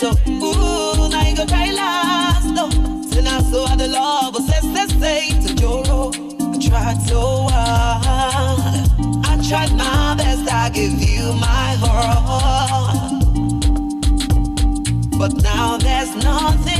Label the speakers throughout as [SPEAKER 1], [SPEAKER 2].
[SPEAKER 1] so. Ooh, now you go try last, no. Till now, so the love, says, says, say, to Joro. I tried so hard. I tried my best, I give you my heart. But now there's nothing.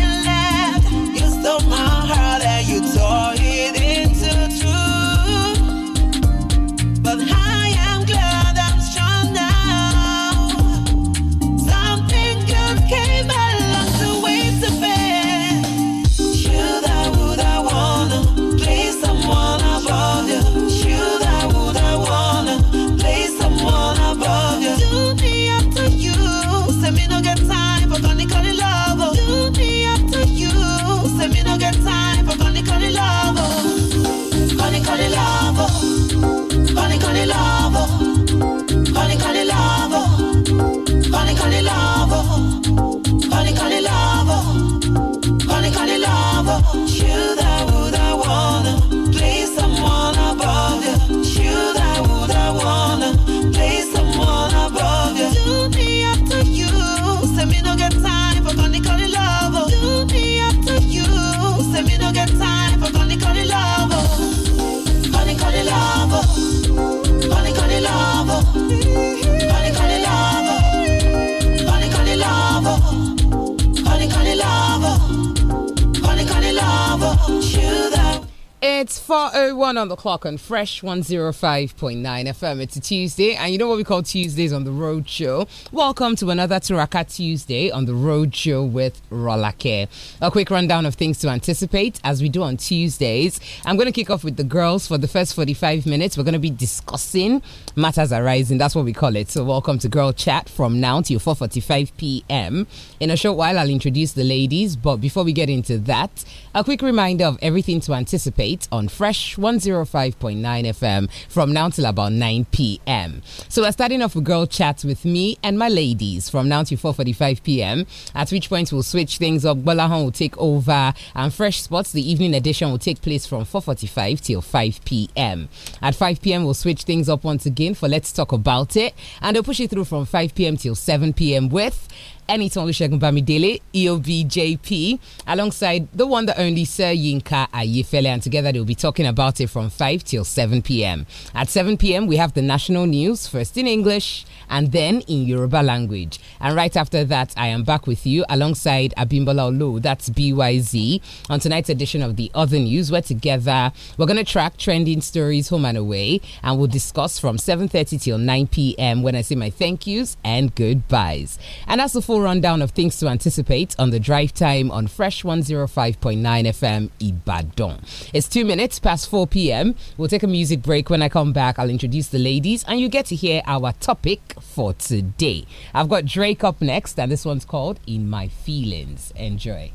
[SPEAKER 2] 4.01 on the clock on Fresh 105.9 FM. It's a Tuesday, and you know what we call Tuesdays on the Road Show. Welcome to another Turaka Tuesday on the Road Show with Rolake. A quick rundown of things to anticipate as we do on Tuesdays. I'm going to kick off with the girls for the first 45 minutes. We're going to be discussing matters are rising. That's what we call it. So welcome to Girl Chat from now till 4:45 p.m. In a short while, I'll introduce the ladies. But before we get into that, a quick reminder of everything to anticipate on Fresh 105.9 FM from now till about 9 p.m. So we're starting off with Girl Chat with me and my ladies from now till 4:45 p.m. At which point we'll switch things up. Balahan will take over, and Fresh Sports the evening edition will take place from 4:45 till 5 p.m. At 5 p.m. we'll switch things up once again in for Let's Talk About It. And they'll push you through from 5 p.m. till 7 p.m. with Anytime Olusegun Bamidele, EOBJP, alongside the one that only Sir Yinka Ayefele. And together they'll be talking about it from 5 till 7 p.m. At 7 p.m., we have the national news, first in English and then in Yoruba language. And right after that, I am back with you alongside Abimbola Olu, that's BYZ, on tonight's edition of The Other News. We're together. We're going to track trending stories home and away, and we'll discuss from 7.30 till 9 p.m. when I say my thank yous and goodbyes. And as for full rundown of things to anticipate on the drive time on Fresh 105.9 FM Ibadan. It's two minutes past 4 p.m. We'll take a music break. When I come back, I'll introduce the ladies and you get to hear our topic for today. I've got Drake up next, and this one's called In My Feelings. Enjoy.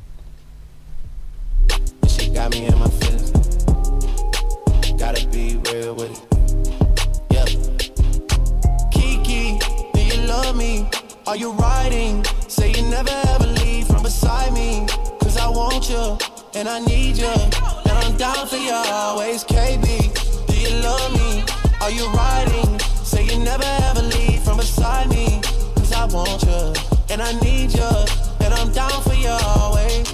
[SPEAKER 3] She got me in my feelings. Gotta be real with it. Yeah. Kiki, do you love me? Are you riding? Say you never ever leave from beside me. Cause I want you and I need you. And I'm down for you always, KB. Do you love me? Are you riding? Say you never ever leave from beside me. Cause I want you and I need you. And I'm down for you always.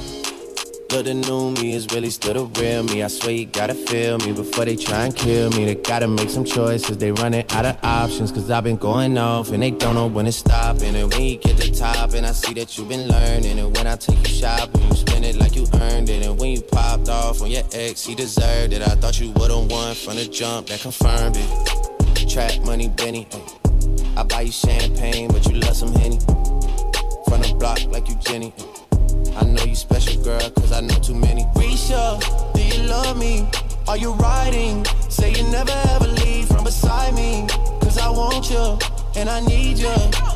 [SPEAKER 3] But the new me is really still the real me. I swear you gotta feel me before they try and kill me. They gotta make some choices. They running out of options. Cause I've been going off and they don't know when to stop. And when you get to top, and I see that you've been learning. And when I take you shopping, you spend it like you earned it. And when you popped off on your ex, he deserved it. I thought you would've won from the jump that confirmed it. Trap money, Benny. I buy you champagne, but you love some Henny. From the block like you Jenny. I know you special, girl, cause I know too many. Risha, do you love me? Are you riding? Say you never ever leave from beside me. Cause I want you, and I need you.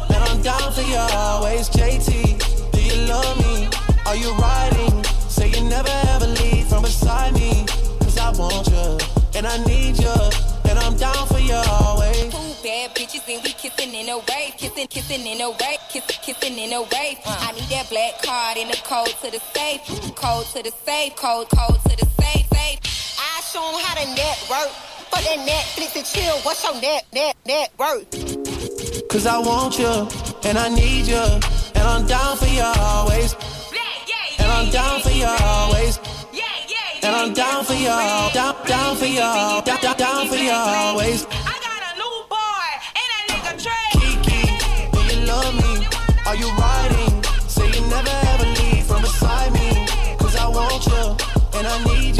[SPEAKER 3] And I'm down for you always, JT. Do you love me? Are you riding? Say you never ever leave from beside me. Cause I want you, and I need you. And I'm down for you always
[SPEAKER 4] bad bitches and we kissing in a way, kissing,
[SPEAKER 1] kissing in a way, kissing, kissing in a way. Uh. I need that black card in the code to the safe, code to the safe, code, code to the safe, safe. I show 'em how to network, for that Netflix and chill. What's your net, net, net worth?
[SPEAKER 3] Cause I want you and I need you and I'm down for you always. Yeah, yeah, and I'm down for you always. And I'm down for y'all, down, down for y'all, down, down, down for y'all always. Are you riding? Say you never ever leave from beside me. Cause I want you and I need you.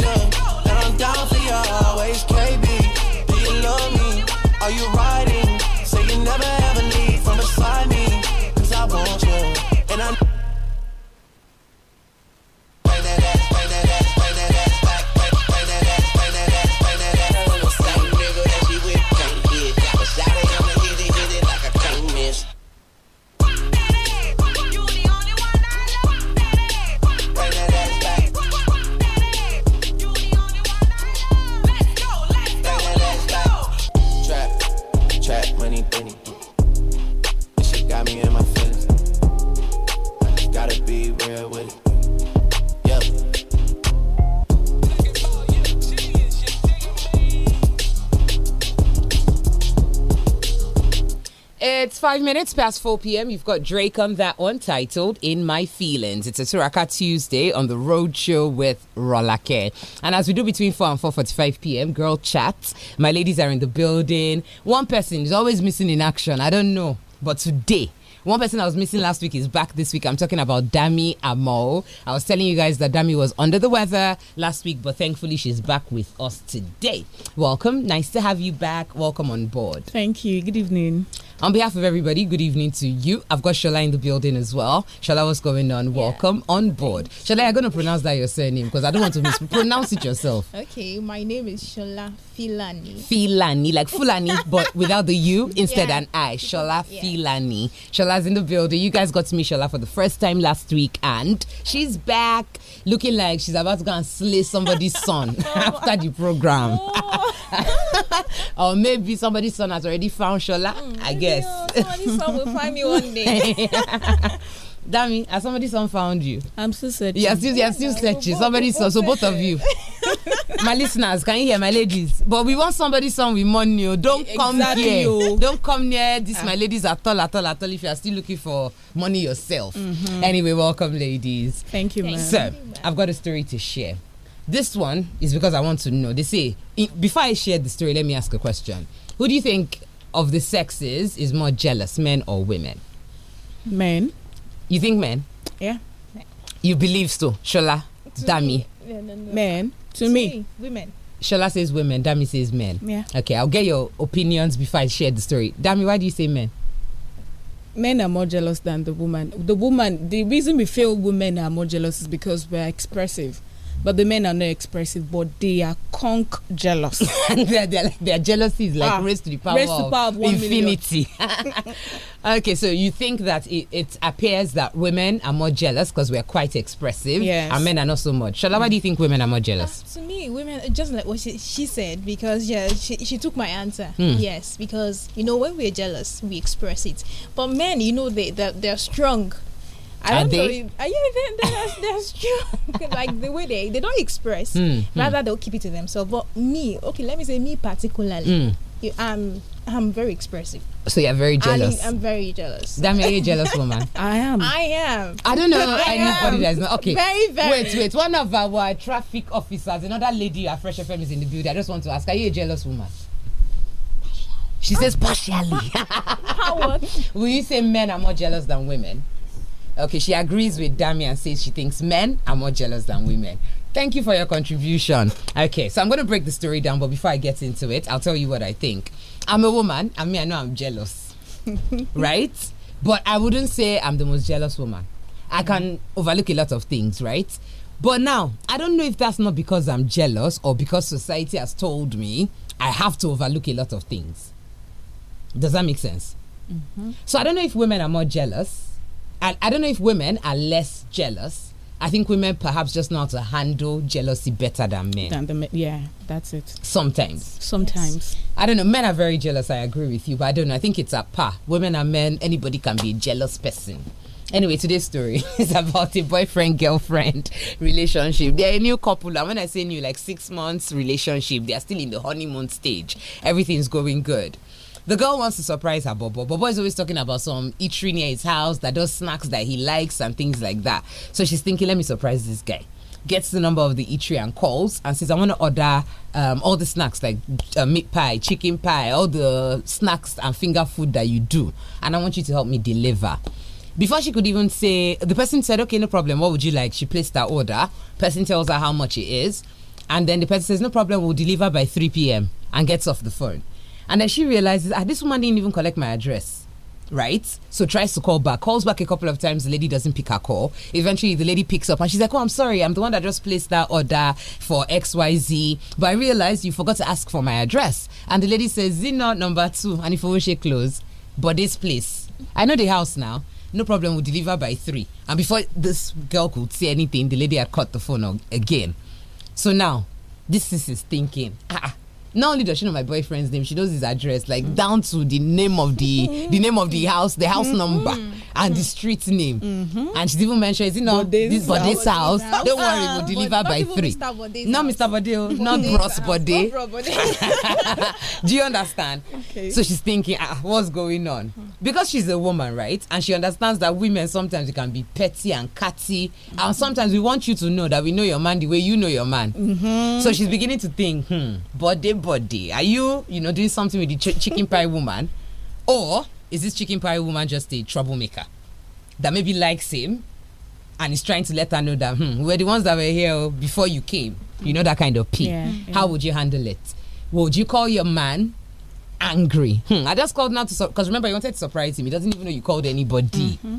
[SPEAKER 2] It's five minutes past 4 p.m. You've got Drake on that one titled In My Feelings. It's a Suraka Tuesday on the road show with Rolake. And as we do between 4 and 4.45 p.m., girl chat. My ladies are in the building. One person is always missing in action. I don't know. But today, one person I was missing last week is back this week. I'm talking about Dami Amol. I was telling you guys that Dami was under the weather last week, but thankfully she's back with us today. Welcome. Nice to have you back. Welcome on board. Thank you. Good evening. On behalf of everybody, good evening to you. I've got Shola in the building as well. Shola, what's going on? Welcome on board. Shola, I'm going to pronounce that your surname because I don't want to mispronounce it yourself.
[SPEAKER 5] Okay, my name is Shola Filani. Filani,
[SPEAKER 2] like Fulani, but without the U, instead yeah. an I. Shola yeah. Filani. Shola's in the building. You guys got to meet Shola for the first time last week, and she's back looking like she's about to go and slay somebody's son oh. after the program. Oh. or maybe somebody's son has already found Shola. Mm. I guess yes.
[SPEAKER 5] Somebody somebody's will find me one day.
[SPEAKER 2] Dammy, has somebody some found you? I'm still searching. You're still, you're still searching. Somebody son. So both of you. my listeners, can you hear my ladies? But we want somebody some with money. Oh. Don't exactly. come here. Oh. Don't come near this, ah. my ladies, at all, at all, at all, if you are still looking for money yourself.
[SPEAKER 6] Mm -hmm. Anyway,
[SPEAKER 2] welcome, ladies. Thank you, ma'am. So, I've got a story to share. This one is because I want to know. They say, before I share the story, let me ask a question. Who do you think of the sexes is more jealous, men or women? Men. You think men? Yeah. You believe so, Shola,
[SPEAKER 5] to Dami. No, no, no. Men. To, to me. me. Women.
[SPEAKER 2] Shola says women, Dami says men. Yeah. Okay, I'll get your opinions before I share the story. Dami, why do you say men?
[SPEAKER 7] Men are more jealous than the woman. The woman, the reason we feel women are more jealous is because we're expressive but the men are not expressive, but they are conk jealous. their, are
[SPEAKER 2] their jealousy is like ah, raised to the
[SPEAKER 7] power, raised to power of, of infinity.
[SPEAKER 2] okay, so you think that it, it, appears that women are more jealous because we're quite expressive, yes. and men are not so much. Shala, why do you think women are more jealous?
[SPEAKER 5] Uh, to me, women, just like what she, she said, because yeah, she, she took my answer. Mm. Yes, because you know, when we're jealous, we express it. But men, you know, they, they're, they're strong
[SPEAKER 8] I don't Are know. They? Uh,
[SPEAKER 5] yeah, that, that's, that's true. like the way they they don't express, mm, rather mm. they'll keep it to themselves. But me, okay, let me say me particularly, mm. you, I'm very expressive.
[SPEAKER 2] So you're very jealous. I, am
[SPEAKER 5] very jealous. That are you jealous woman? I am. I am. I don't know I anybody that's not okay. Very, very. Wait,
[SPEAKER 2] wait. One of our traffic officers, another lady at Fresh FM is in the building. I just want to ask, are you a jealous woman? She says partially. How? Will you say men are more jealous than women? Okay, she agrees with Dami and says she thinks men are more jealous than women. Thank you for your contribution. Okay, so I'm going to break the story down, but before I get into it, I'll tell you what I think. I'm a woman. I mean, I know I'm jealous, right? But I wouldn't say I'm the most jealous woman. I can overlook a lot of things, right? But now, I don't know if that's not because I'm jealous or because society has told me I have to overlook a lot of things. Does that make sense? Mm -hmm. So I don't know if women are more jealous I, I don't know if women are less jealous. I think women perhaps just know how to handle jealousy better than men. Than the men. Yeah, that's it. Sometimes. Sometimes. Yes. I don't know. Men are very jealous. I agree with you, but I don't know. I think it's a par. Women are men, anybody can be a jealous person. Anyway, today's story is about a boyfriend girlfriend relationship. They're a new couple, and when I say new, like six months relationship, they are still in the honeymoon stage. Everything's going good. The girl wants to surprise her Bobo. Bobo is always talking about some eatery near his house that does snacks that he likes and things like that. So she's thinking, let me surprise this guy gets the number of the eatery and calls and says, I want to order um, all the snacks like uh, meat pie, chicken pie, all the snacks and finger food that you do. And I want you to help me deliver. Before she could even say, the person said, Okay, no problem. What would you like? She placed her order. Person tells her how much it is. And then the person says, No problem. We'll deliver by 3 p.m. and gets off the phone. And then she realizes, ah, this woman didn't even collect my address right? So tries to call back, calls back a couple of times. The lady doesn't pick her call. Eventually, the lady picks up and she's like, "Oh, I'm sorry, I'm the one that just placed that order for X Y Z, but I realized you forgot to ask for my address." And the lady says, "Zina number two, and if we close, but this place, I know the house now." no problem, we'll deliver by three. And before this girl could say anything, the lady had cut the phone again. So now, this is thinking, ah, not only does she know my boyfriend's name, she knows his address, like mm. down to the name of the the name of the house, the house mm -hmm. number, and mm. the street name. -hmm. And she's even mentioned, you know, Bode's this Bode's house. house. Don't worry, we'll deliver by three. not Mr. Bode, not Bros Bode. Do you understand? Okay. So she's thinking, ah, what's going on? Because she's a woman, right? And she understands that women sometimes can be petty and catty, -hmm. and sometimes we want you to know that we know your man the way you know your man.
[SPEAKER 6] Mm-hmm. So she's
[SPEAKER 2] beginning to think, hmm, Bode anybody? Are you, you know, doing something with the ch chicken pie woman? Or is this chicken pie woman just a troublemaker that maybe likes him and is trying to let her know that hmm, we're the ones that were here before you came? You know, that kind of pee. Yeah, yeah. How would you handle it? Would you call your man angry? Hmm, I just called now to, because remember, you wanted to surprise him. He doesn't even know you called anybody. Mm -hmm.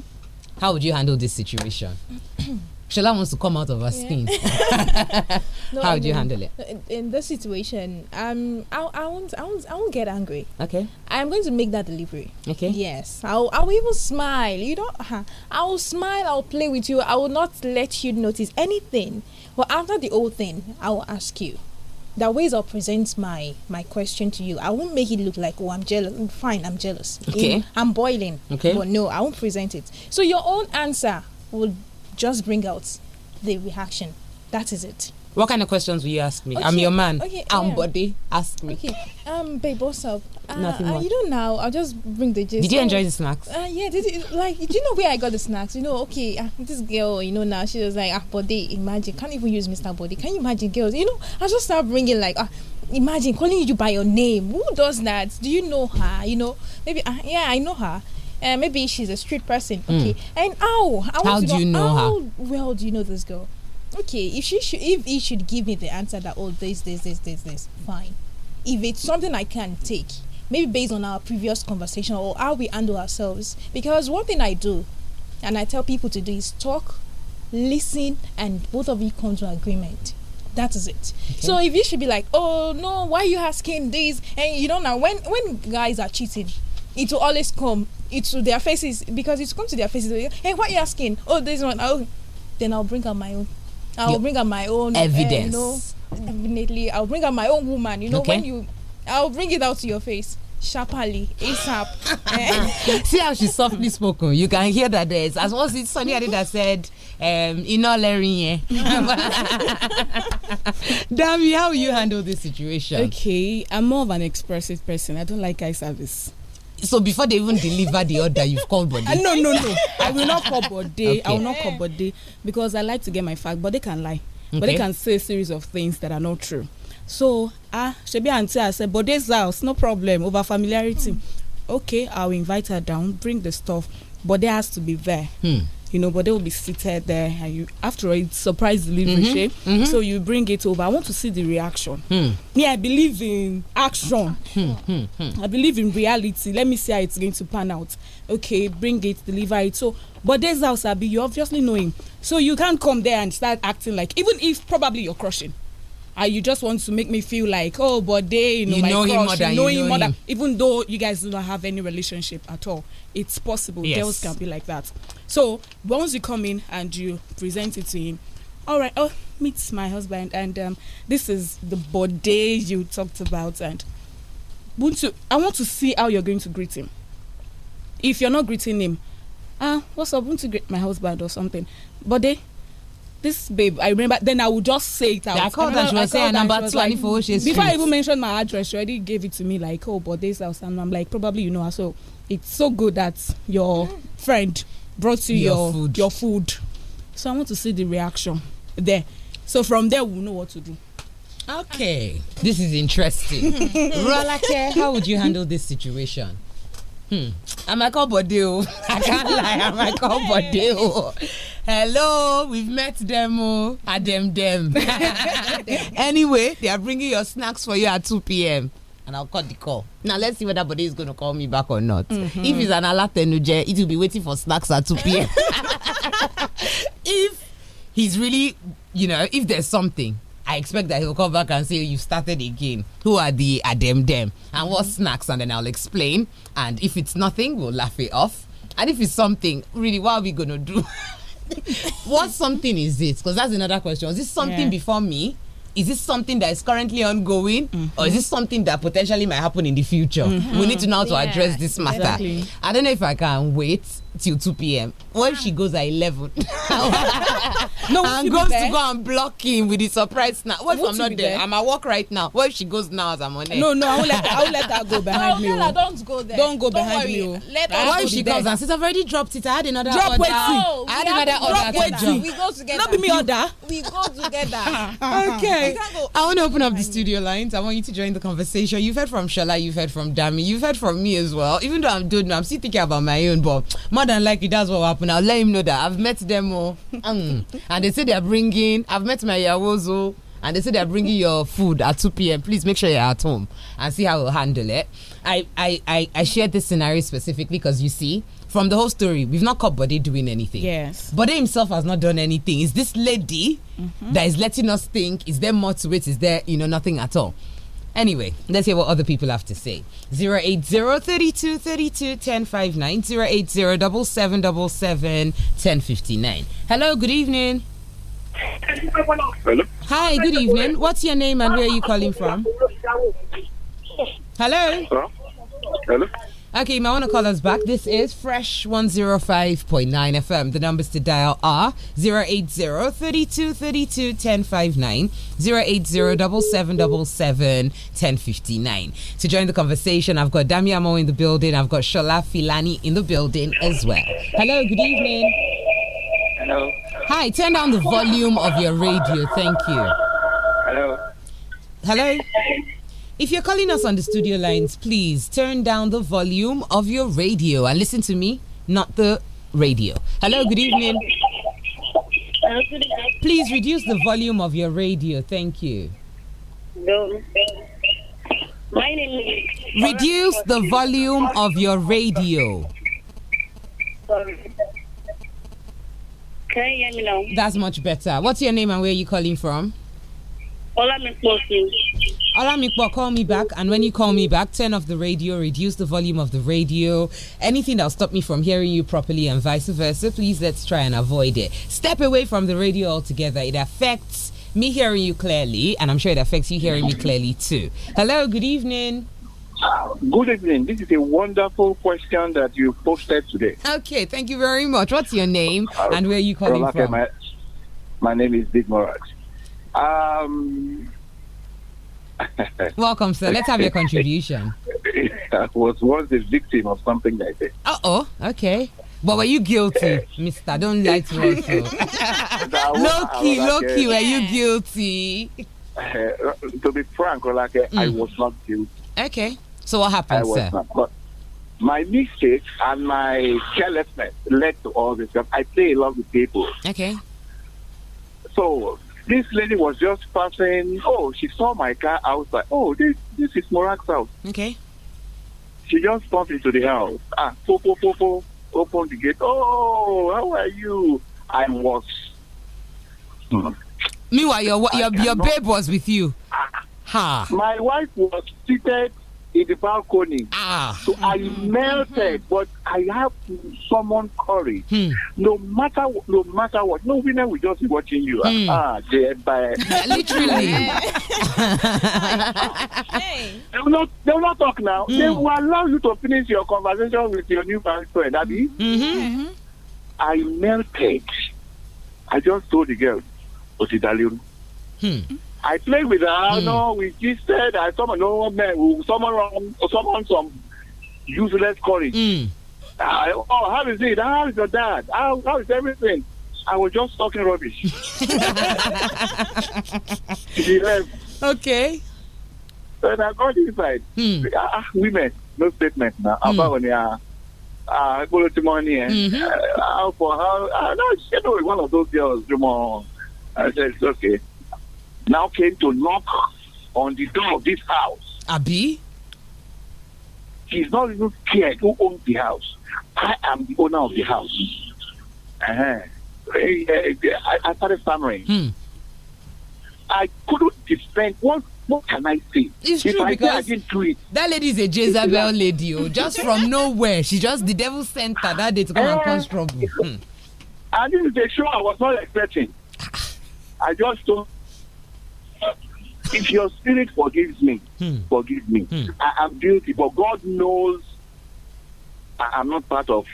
[SPEAKER 2] How would you handle this situation? Shola wants to come out of her yeah. skin.
[SPEAKER 7] no, How do you handle it?
[SPEAKER 5] In this situation, um, I, I won't, I won't, I won't get angry. Okay. I'm going to make that delivery. Okay. Yes. I'll, I'll even smile. You know, uh-huh. I'll smile. I'll play with you. I will not let you notice anything. But after the whole thing, I will ask you that ways I'll present my my question to you. I won't make it look like oh I'm jealous. Mm, fine, I'm jealous. Okay. I'm boiling. Okay. But no, I won't present it. So your own answer will just bring out the reaction. That is it.
[SPEAKER 2] What kind of questions will you ask me? Okay. I'm your man. Okay, I'm yeah. Um, body. Ask me.
[SPEAKER 5] Okay. Um, babe, what's up? Uh, Nothing uh, you don't know. I'll just bring the gist. Did you oh, enjoy the snacks? Uh, yeah. Did you, like? Do you know where I got the snacks? You know, okay. Uh, this girl, you know, now she was like, ah, body. Imagine. Can't even use Mr. Body. Can you imagine, girls? You know, I just start bringing like, ah, imagine calling you by your name. Who does that? Do you know her? You know, maybe. Uh, yeah, I know her uh, maybe she's a street person. Hmm. Okay, mm. and how, how do know, know how her? well do you know this girl? Okay, if she should, if he should give me the answer that oh this this this this this fine. If it's something I can take, maybe based on our previous conversation or how we handle ourselves, because one thing I do, and I tell people to do is talk, listen, and both of you come to agreement. That is it. Okay. So if you should be like, oh no, why are you asking this? And you don't know when when guys are cheating, it will always come into their faces because it's come to their faces. hey, what are you asking? Oh, this one. Oh, then I'll bring out my own. I'll Your bring out my own eh, evidence. Uh, you know, definitely, I'll bring out my own woman. You know, okay. when you, I'll bring it out to your face sharply ASAP.
[SPEAKER 2] Eh? See how she's softly spoken. Oh. You can hear that there's as was it Sonny Ade said, um, in all learning. Dami, how you handle this situation? Okay, I'm more of an
[SPEAKER 7] expressive person. I don't like eye service. so before they even deliver the order you've called body uh, no no no i will not call body okay. i will not call body because i like to get my fact but they can lie okay. but they can say a series of things that are not true so ah shebi aunty i said body's house no problem over familiarity hmm. okay i'll invite her down bring the stuff but there has to be there hmm you know, but they will be seated there. And you, after all, it's surprise delivery, mm -hmm. mm -hmm. so you bring it over. I want to see the reaction. Mm. Yeah, I believe in action.
[SPEAKER 6] Hmm, hmm, hmm.
[SPEAKER 7] I believe in reality. Let me see how it's going to pan out. Okay, bring it, deliver it. So, but there's how Sabi, you obviously knowing, so you can't come there and start acting like even if probably you're crushing you just want to make me feel like oh but they you know you my know crush you know, you him mother him. even though you guys do not have any relationship at all it's possible yes. girls can be like that so once you come in and you present it to him all right oh meet my husband and um, this is the body you talked about and Buntu, I want to see how you're going to greet him. If you're not greeting him, ah, uh, what's up? to greet my husband or something. body? this babe i remember then i would just say it out yeah, i called her she was saying number two like, before i even mentioned my address she already gave it to me like oh but this house and i'm like probably you know her so it's so good that your friend brought you your your food. your food so i want to see the reaction there so from there we'll know what to do
[SPEAKER 2] okay this is interesting
[SPEAKER 7] rolake how would you handle
[SPEAKER 2] this situation Hmm. I'm a oh, Bode I oh. I can't lie I'm Amaka a o hello we've met them o adem dem anyway they are bringing your snacks for you at 2 p.m. and I'll cut the call. Now let's see whether Bode is going to call me back or not. Mm -hmm. If it's an alatenuje, it will be waiting for snacks at 2 p.m. if he's really, you know, if there's something, I expect that he'll come back and say, You started again. Who are the Adem Dem? And what snacks? And then I'll explain. And if it's nothing, we'll laugh it off. And if it's something, really, what are we going to do? what something is it? Because that's another question. Is this something yeah. before me? Is this something that is currently ongoing? Mm -hmm. Or is this something that potentially might happen in the future? Mm -hmm. We mm-hmm. need to know how to yeah, address this matter. Exactly. I don't know if I can wait till 2 p.m. When she goes at 11 no, and goes to go and block him with a surprise snack. What if I'm not there? there? I'm at work right now. What if she goes now as I'm on air? No, no, I won't let, I will let her go behind no, me. No, oh.
[SPEAKER 5] don't go there.
[SPEAKER 2] Don't go don't behind worry. me. Oh. Let her Why if she there. comes and says, I've already dropped it. I had another Drop order. Waiting. No, I had another order. Drop We go
[SPEAKER 6] together. Not be me order. We go together.
[SPEAKER 2] okay. Go. I want to open up the studio lines. I want you to join the conversation. You've heard from Shala. You've heard from Dami. You've heard from me as well. Even though I'm doing, I'm still thinking about my own, but my more than likely that's what will happen. I'll let him know that I've met them all, oh. mm. and they say they're bringing. I've met my yawozo, oh. and they say they're bringing your food at 2 p.m. Please make sure you're at home and see how we'll handle it. I I I, I shared this scenario specifically because you see. From the whole story, we've not caught Bode doing anything. Yes. Bode himself has not done anything. Is this lady mm -hmm. that is letting us think? Is there more to it? Is there, you know, nothing at all? Anyway, let's hear what other people have to say. 080-3232-1059, Hello, good evening. Hello. Hi, good evening. What's your name and where are you calling from?
[SPEAKER 6] Hello.
[SPEAKER 2] Hello. Okay, you might want to call us back. This is Fresh 105.9 FM. The numbers to dial are 080 32 32 080 1059. To join the conversation, I've got Damiamo in the building, I've got Shola Filani in the building as well. Hello, good evening. Hello. Hi, turn down the volume of your radio. Thank you. Hello. Hello. If you're calling us on the studio lines, please turn down the volume of your radio and listen to me, not the radio. Hello, good evening. Please reduce the volume of your radio. Thank you.
[SPEAKER 9] My name is. Reduce
[SPEAKER 2] the volume of your radio.
[SPEAKER 9] Can
[SPEAKER 2] you hear me now? That's much better. What's your name and where are you calling from? Olamide Alamikpo, call me back. And when you call me back, turn off the radio, reduce the volume of the radio, anything that'll stop me from hearing you properly, and vice versa. Please let's try and avoid it. Step away from the radio altogether. It affects me hearing you clearly, and I'm sure it affects you hearing me clearly too. Hello, good evening.
[SPEAKER 10] Good evening. This is a wonderful question that you posted today.
[SPEAKER 2] Okay, thank you very much. What's your name and where are you calling from? My,
[SPEAKER 10] my name is Dick Morat. Um, Welcome, sir. Let's have your contribution. I was once a victim of something like this.
[SPEAKER 2] Uh oh. Okay. But were you guilty, Mister? Don't lie to
[SPEAKER 10] us.
[SPEAKER 6] low key, Were you
[SPEAKER 10] guilty? Uh, to be frank, oh, like, mm. I was not guilty. Okay. So
[SPEAKER 2] what happened, sir? Not,
[SPEAKER 10] but my mistakes and my carelessness led to all this. I play a lot with people. Okay. So this lady was just passing. Oh, she saw my car outside. Oh, this this is Morak's house. Okay. She just bumped into the house. Ah, po po po po. Open the gate. Oh, how are you? I was. Hmm. Meanwhile, your your, your babe was with you. Ah. ha. My wife was seated in the balcony. Ah. So I mm-hmm. melted, mm-hmm. but I have to summon courage. Hmm. No matter no matter what, no women will just be watching you. Hmm. Ah, dear, by literally. They will not. They will not talk now. Mm. They will allow you to finish your conversation with your new friend, Abby. Mm-hmm. mm-hmm. I melted. I just told the girl, "Osidalion." Hmm. I played with her. Mm. No, we just said I summoned no man. Someone, someone, some useless college. Mm. I, oh, how is it? How is your dad? How, how is everything? I was just talking rubbish. she left. Okay. So I got inside. Mm. Ah, women, no statement now. Mm. About when they are uh, money and eh? mm-hmm. uh, for how? Uh, no, she know one of those girls. Come I said, it's okay. now came to knock on the door of this house. Abi? She's not even scared who owns the house. I am the owner of the house. Uh-huh. I, I started stammering. Hmm. I couldn't defend. What what can I say?
[SPEAKER 6] It's if true I because I it,
[SPEAKER 2] that lady is a Jezebel lady, oh, just from nowhere. She just the devil sent her that day to come uh, and cause eh.
[SPEAKER 10] trouble. Hmm. And this is a I was not expecting. Ah. I just don't If your spirit forgives me, hmm. forgive me. Hmm. I am guilty, but God knows I am not part of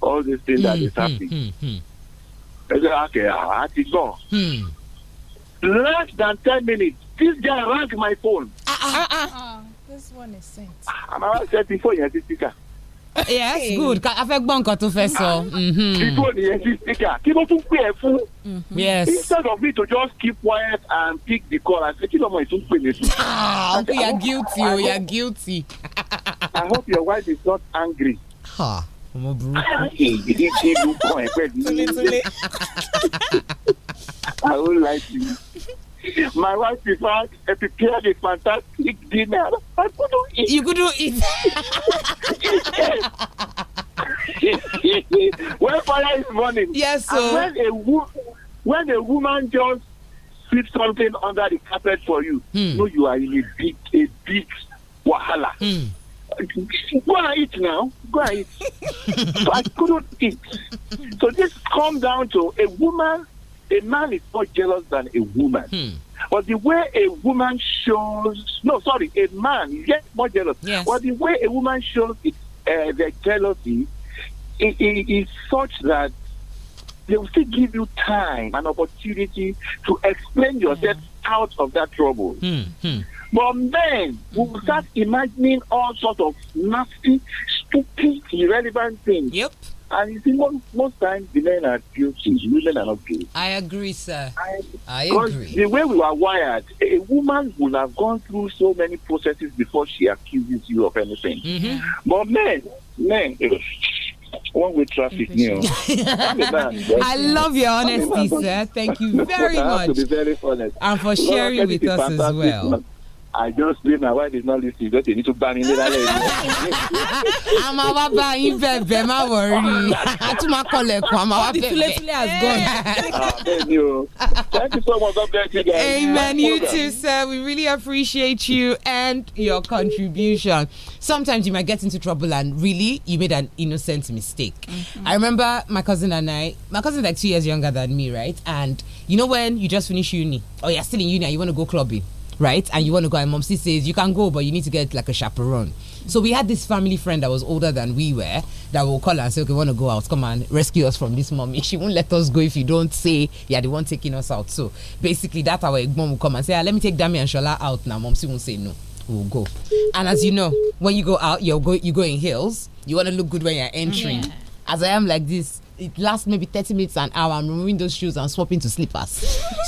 [SPEAKER 10] all these things hmm. that is happening. I said, okay, I had to go. Less than 10 minutes, this guy rang my phone. Ah, ah,
[SPEAKER 6] ah. ah this one is sent.
[SPEAKER 10] I'm about 34 years, this speaker yes good
[SPEAKER 2] a fẹ́ gbọ́ nǹkan tó fẹ́ sọ.
[SPEAKER 10] ìlú ònìyẹn ti speaker kí ló tún pè é fún. yes instead of me to just keep quiet and pick the call I say kí lọmọ ìtún pè mí sùn. ah you are guilty o you are guilty. i hope your wife is not angry.
[SPEAKER 6] ọmọ burúkú. ìdí tí lukọ ẹ pẹ̀lú.
[SPEAKER 10] I won't lie to you. My wife prepared, uh, prepared a fantastic dinner. I couldn't eat. You couldn't eat. when fire is burning. Yes, sir. when a, wo- when a woman just sweep something under the carpet for you, mm. no, you are in a big, a big wahala. Mm. Go and eat now. Go and eat. so I couldn't eat. So this comes down to a woman a man is more jealous than a woman. Hmm. But the way a woman shows, no, sorry, a man gets more jealous. Yes. But the way a woman shows it, uh, eh, their jealousy is, such that they will still give you time and opportunity to explain yourself out of that trouble.
[SPEAKER 6] Hmm. Hmm.
[SPEAKER 10] But men will start hmm. imagining all sorts of nasty, stupid, irrelevant things. Yep and you see, most, most times the men are guilty, women are not guilty.
[SPEAKER 2] I agree, sir. I, I agree.
[SPEAKER 10] The way we are wired, a woman would have gone through so many processes before she accuses you of anything. Mm-hmm. But men, men, eh, one way traffic, you I
[SPEAKER 2] love your honesty, sir. Thank you very much.
[SPEAKER 10] to be very honest. And for sharing with us as well. I just pray my wife is not listening just èyí tó bá mi léra
[SPEAKER 2] lẹ́yìn. a máa wá bá yín bẹ̀bẹ̀ má wọrí a tún máa kọlẹ̀kùn a máa wá bẹ̀bẹ̀. tule tule
[SPEAKER 10] has gone. bẹ́ẹ̀ ni o thank you so much God
[SPEAKER 6] bless you amen you too
[SPEAKER 2] sir we really appreciate you and your contribution. Sometimes you might get into trouble and really you made an innocent mistake. Mm -hmm. I remember my cousin and I, my cousin is like two years younger than me, right? And you know when you just finish uni or oh, you're still in uni and you want to go clubbing right? And you want to go, and mom still says you can go, but you need to get like a chaperone. So we had this family friend that was older than we were that will call and say, okay, want to go out? Come and rescue us from this mommy. She won't let us go if you don't say yeah, the one taking us out. So basically, how a mom will come and say, ah, let me take Dami and Shola out now. Mom still won't say no. We'll go. And as you know, when you go out, you go you go in heels. You want to look good when you're entering. Yeah. As I am like this, it lasts maybe 30 minutes an hour. I'm removing those shoes and swapping to slippers.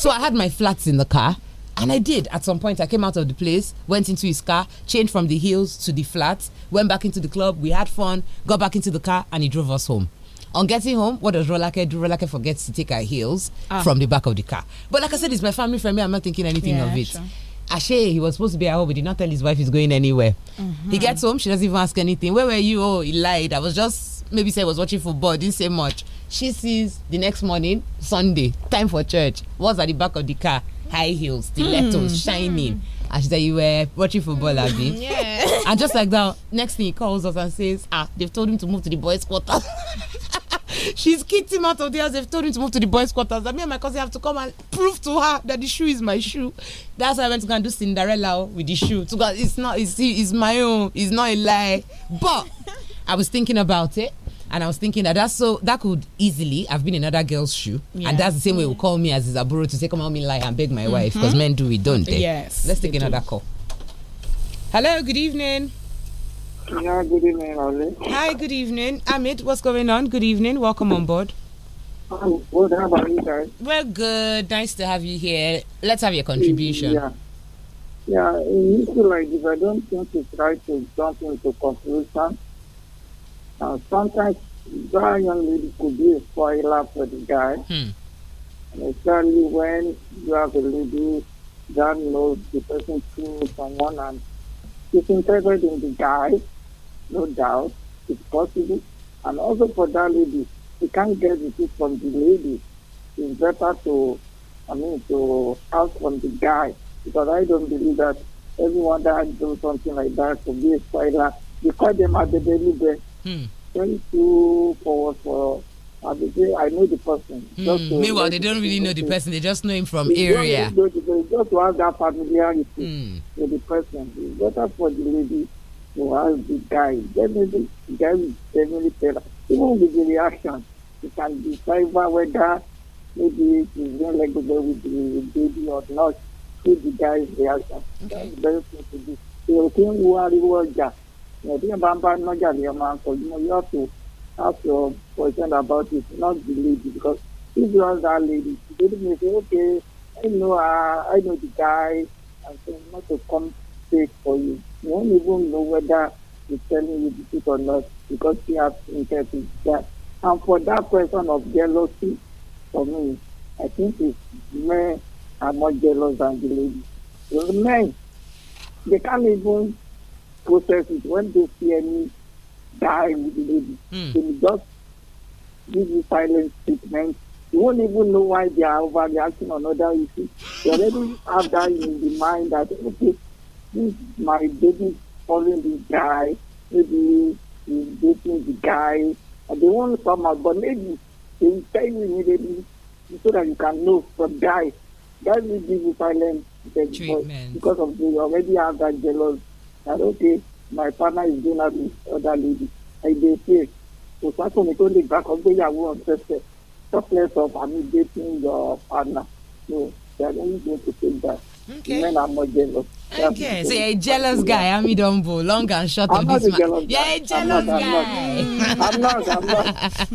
[SPEAKER 2] so I had my flats in the car and I did. At some point, I came out of the place, went into his car, changed from the hills to the flats, went back into the club. We had fun, got back into the car, and he drove us home. On getting home, what does Rolake do? Rolake forgets to take her heels ah. from the back of the car. But like I said, it's my family friend. Me, I'm not thinking anything yeah, of it. Sure. Ashe, he was supposed to be at home. He did not tell his wife he's going anywhere. Mm -hmm. He gets home, she doesn't even ask anything. Where were you? Oh, he lied. I was just maybe say I was watching football. Didn't say much. She sees the next morning, Sunday, time for church. Was at the back of the car high heels, stilettos, mm. shining. Mm. And she said, You were watching football, hmm. Abby. yeah. And just like that, next thing he calls us and says, Ah, they've told him to move to the boys' quarter. She's kicked him out of there. They've told him to move to the boys' quarters. That me and my cousin have to come and prove to her that the shoe is my shoe. That's why I went to go and do Cinderella with the shoe. To go, it's not, it's, it's my own. It's not a lie. But I was thinking about it and I was thinking that that's so that could easily have been another girl's shoe, yeah. and that's the same way we mm. call me as his aburo to say come help me lie and beg my mm -hmm. wife because men do it, don't they? Yes. Let's take another do. call. Hello, good evening. Yeah, good evening, Ali. Hi, good evening, Amit. What's going on? Good evening. Welcome on board. i um, good. How about you guys? Well, good. Nice to have you here. Let's have your contribution. Yeah.
[SPEAKER 8] Yeah, used to like if I don't think to try to jump into conclusion uh, sometimes that young lady could be a spoiler for the guy, hmm. especially when you have a lady that knows the person through someone and she's interested in the guy, no doubt, it's possible. And also for that lady, she can't get the thing from the lady. It's better to, I mean, to ask from the guy because I don't believe that everyone that does something like that could be a spoiler. You call them at the daily best Hmm. Three, two, four, four. Uh, I know the person. Mm. Meanwhile, they don't
[SPEAKER 2] really know the person. They just know him from they area. just
[SPEAKER 8] to have that familiarity mm. with the person. It's better for the lady to have the guy. Definitely, the guy will definitely better. Even with the reaction, you can decipher whether maybe she's not legible with the, baby or not through the guy's reaction. Okay. That's very simple. The thing who are the You know, being Bamba normally a man, so you know, you have to ask your boyfriend about it, not the lady, because if you ask that lady, the lady may say, okay, I know, uh, I know the guy, and so not to come straight for you. You won't even know whether he's telling you the truth or not, because he has interpreted that. And for that question of jealousy, for me, I think it's men are more jealous than the lady. Those men, they can't even Processes when they see any die with the baby, mm. they just give you silent treatment. You won't even know why they are overreacting on other issues. They already have that in the mind that, okay, this my baby following this guy, maybe he's dating the guy, and they want to come out, but maybe they will tell you immediately so that you can know from guy. That will give you silent treatment because of they already have that jealous that okay my partner is doing that with other lady i dey the kò of tó lè gbà kó on ọ̀sẹ̀sẹ̀ talk less of i'm dating your partner no they are only going to take that okay. men are more jealous. Okay, so you're a
[SPEAKER 2] jealous guy, a Dombo. Long and short I'm of this man. You're a jealous guy. I'm not, I'm not.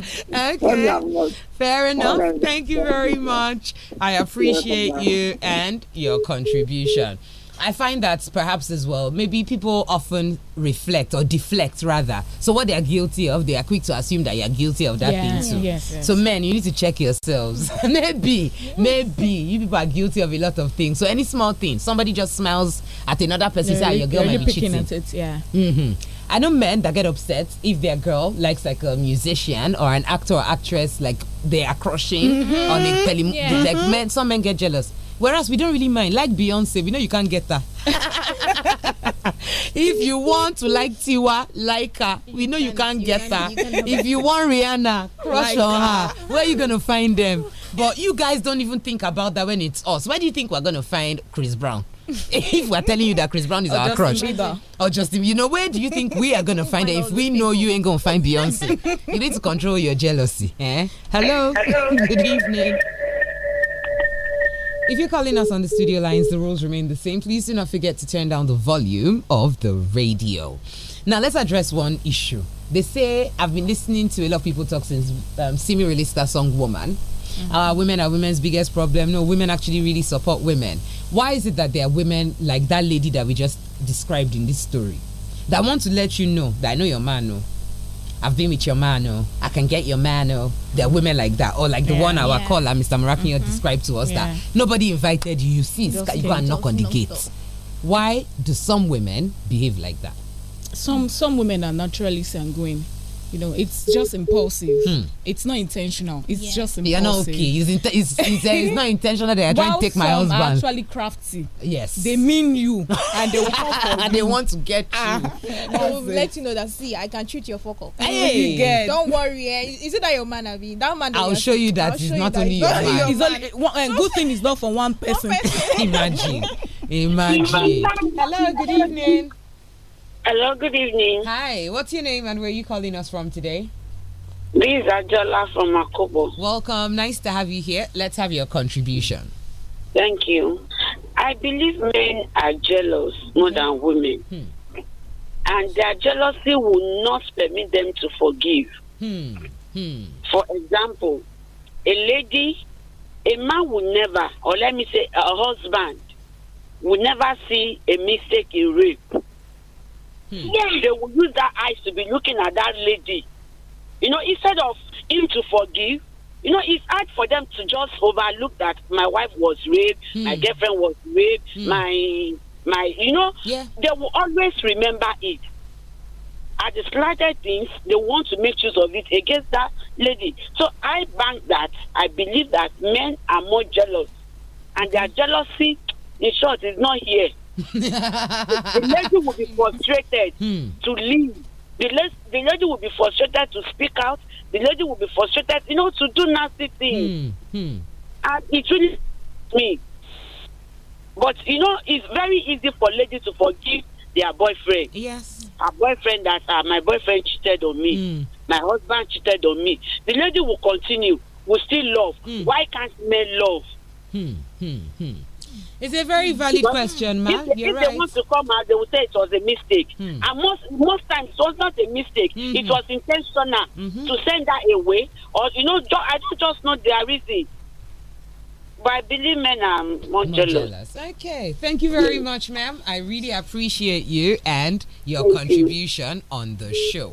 [SPEAKER 2] okay. I'm not. Fair enough. Thank you very much. I appreciate you and your contribution. I find that perhaps as well, maybe people often reflect or deflect rather. So what they are guilty of, they are quick to assume that you are guilty of that yeah, thing too. Yes, yes. So men, you need to check yourselves. maybe, maybe you people are guilty of a lot of things. So any small thing, somebody just smiles at another person, no, say, are ah, your girl might be cheating. At it, yeah. Mm -hmm. I know men that get upset if their girl likes like a musician or an actor or actress, like they are crushing mm -hmm. on a yeah. like men. Some men get jealous Whereas we don't really mind. Like Beyonce, we know you can't get that. if you want to like Tiwa, like her. we know you can't get her. if you want Rihanna, crush like on her. Where are you gonna find them? But you guys don't even think about that when it's us. Where do you think we're gonna find Chris Brown? if we're telling you that Chris Brown is or our crush, Bieber. or Justin, you know, where do you think we are gonna find it? If we know you ain't gonna find Beyonce, you need to control your jealousy. Eh? Hello. Hello. Good evening. If you're calling us on the studio lines, the rules remain the same. Please do not forget to turn down the volume of the radio. Now, let's address one issue. They say I've been listening to a lot of people talk since um, Simi released that song "Woman." Mm -hmm. uh, women are women's biggest problem. No, women actually really support women. Why is it that there are women like that lady that we just described in this story that want to let you know that I know your man, no, I've been with your mano. Oh. I can get your mano. Oh. There are women like that, or like the yeah, one our yeah. caller, Mr. Marapino, mm -hmm. described to us yeah. that nobody invited you. You see, you go and knock on the gate. Why do some women behave like that?
[SPEAKER 7] Some some women are naturally sanguine you know, it's just impulsive. Hmm. It's not intentional. It's yeah. just impulsive. You're not okay. It's, in, it's, it's, eh, it's, not intentional that they are trying to take my husband. Are
[SPEAKER 5] actually crafty.
[SPEAKER 2] Yes. They mean you and they will and they want to get ah. you.
[SPEAKER 5] they will let you know that see, I can treat your fuck up. Hey, hey. don't worry. Eh? Is it that your man have been? That man.
[SPEAKER 2] I'll show you that it's not only your man. It's
[SPEAKER 7] only one, eh, good thing is not for one person. One
[SPEAKER 2] person. Imagine. Imagine. Hello, good evening. Hello, good evening. Hi, what's your name and where are you calling us from today? This is Ajola from
[SPEAKER 9] Makobo.
[SPEAKER 2] Welcome, nice to have you here. Let's have your contribution.
[SPEAKER 9] Thank you. I believe men are jealous more than hmm. women. Hmm. And their jealousy will not permit them to forgive.
[SPEAKER 6] Hmm. Hmm.
[SPEAKER 9] For example, a lady, a man will never, or let me say, a husband will never see a mistake in rape Hmm. they will use that eyes to be looking at that lady. You know, instead of him to forgive, you know, it's hard for them to just overlook that my wife was raped, hmm. my girlfriend was raped, hmm. my my you know, yeah. they will always remember it. At the slightest things, they want to make use of it against that lady. So I bank that. I believe that men are more jealous. And their hmm. jealousy, in short, is not here the lady will be frustrated hmm. to leave. The, le the lady will be frustrated to speak out. The lady will be frustrated, you know, to do nasty things. Hmm. hmm. And it really me. But you know, it's very easy for ladies to forgive their boyfriend. Yes. A boyfriend that uh, my boyfriend cheated on me. Hmm. My husband cheated on me. The lady will continue. Will still love. Hmm. Why can't men love?
[SPEAKER 6] Hmm, hmm, hmm.
[SPEAKER 9] It's a very valid but question, ma. If, You're if right. they want to come out, they will say it was a mistake. Mm. And most most times it was not a mistake. Mm -hmm. It mm-hmm. was intentional mm -hmm. to send that away. Or you know, I don't just know their reason. But I believe men are more, jealous.
[SPEAKER 2] Okay. Thank you very much, ma'am. I really appreciate you and your contribution on the show.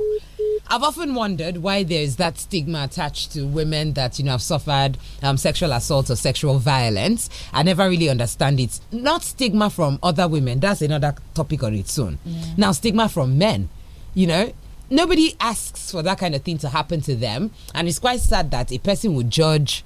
[SPEAKER 2] I've often wondered why there's that stigma attached to women that, you know, have suffered um, sexual assault or sexual violence. I never really understand it. Not stigma from other women, that's another topic on its own. Yeah. Now, stigma from men, you know, nobody asks for that kind of thing to happen to them. And it's quite sad that a person would judge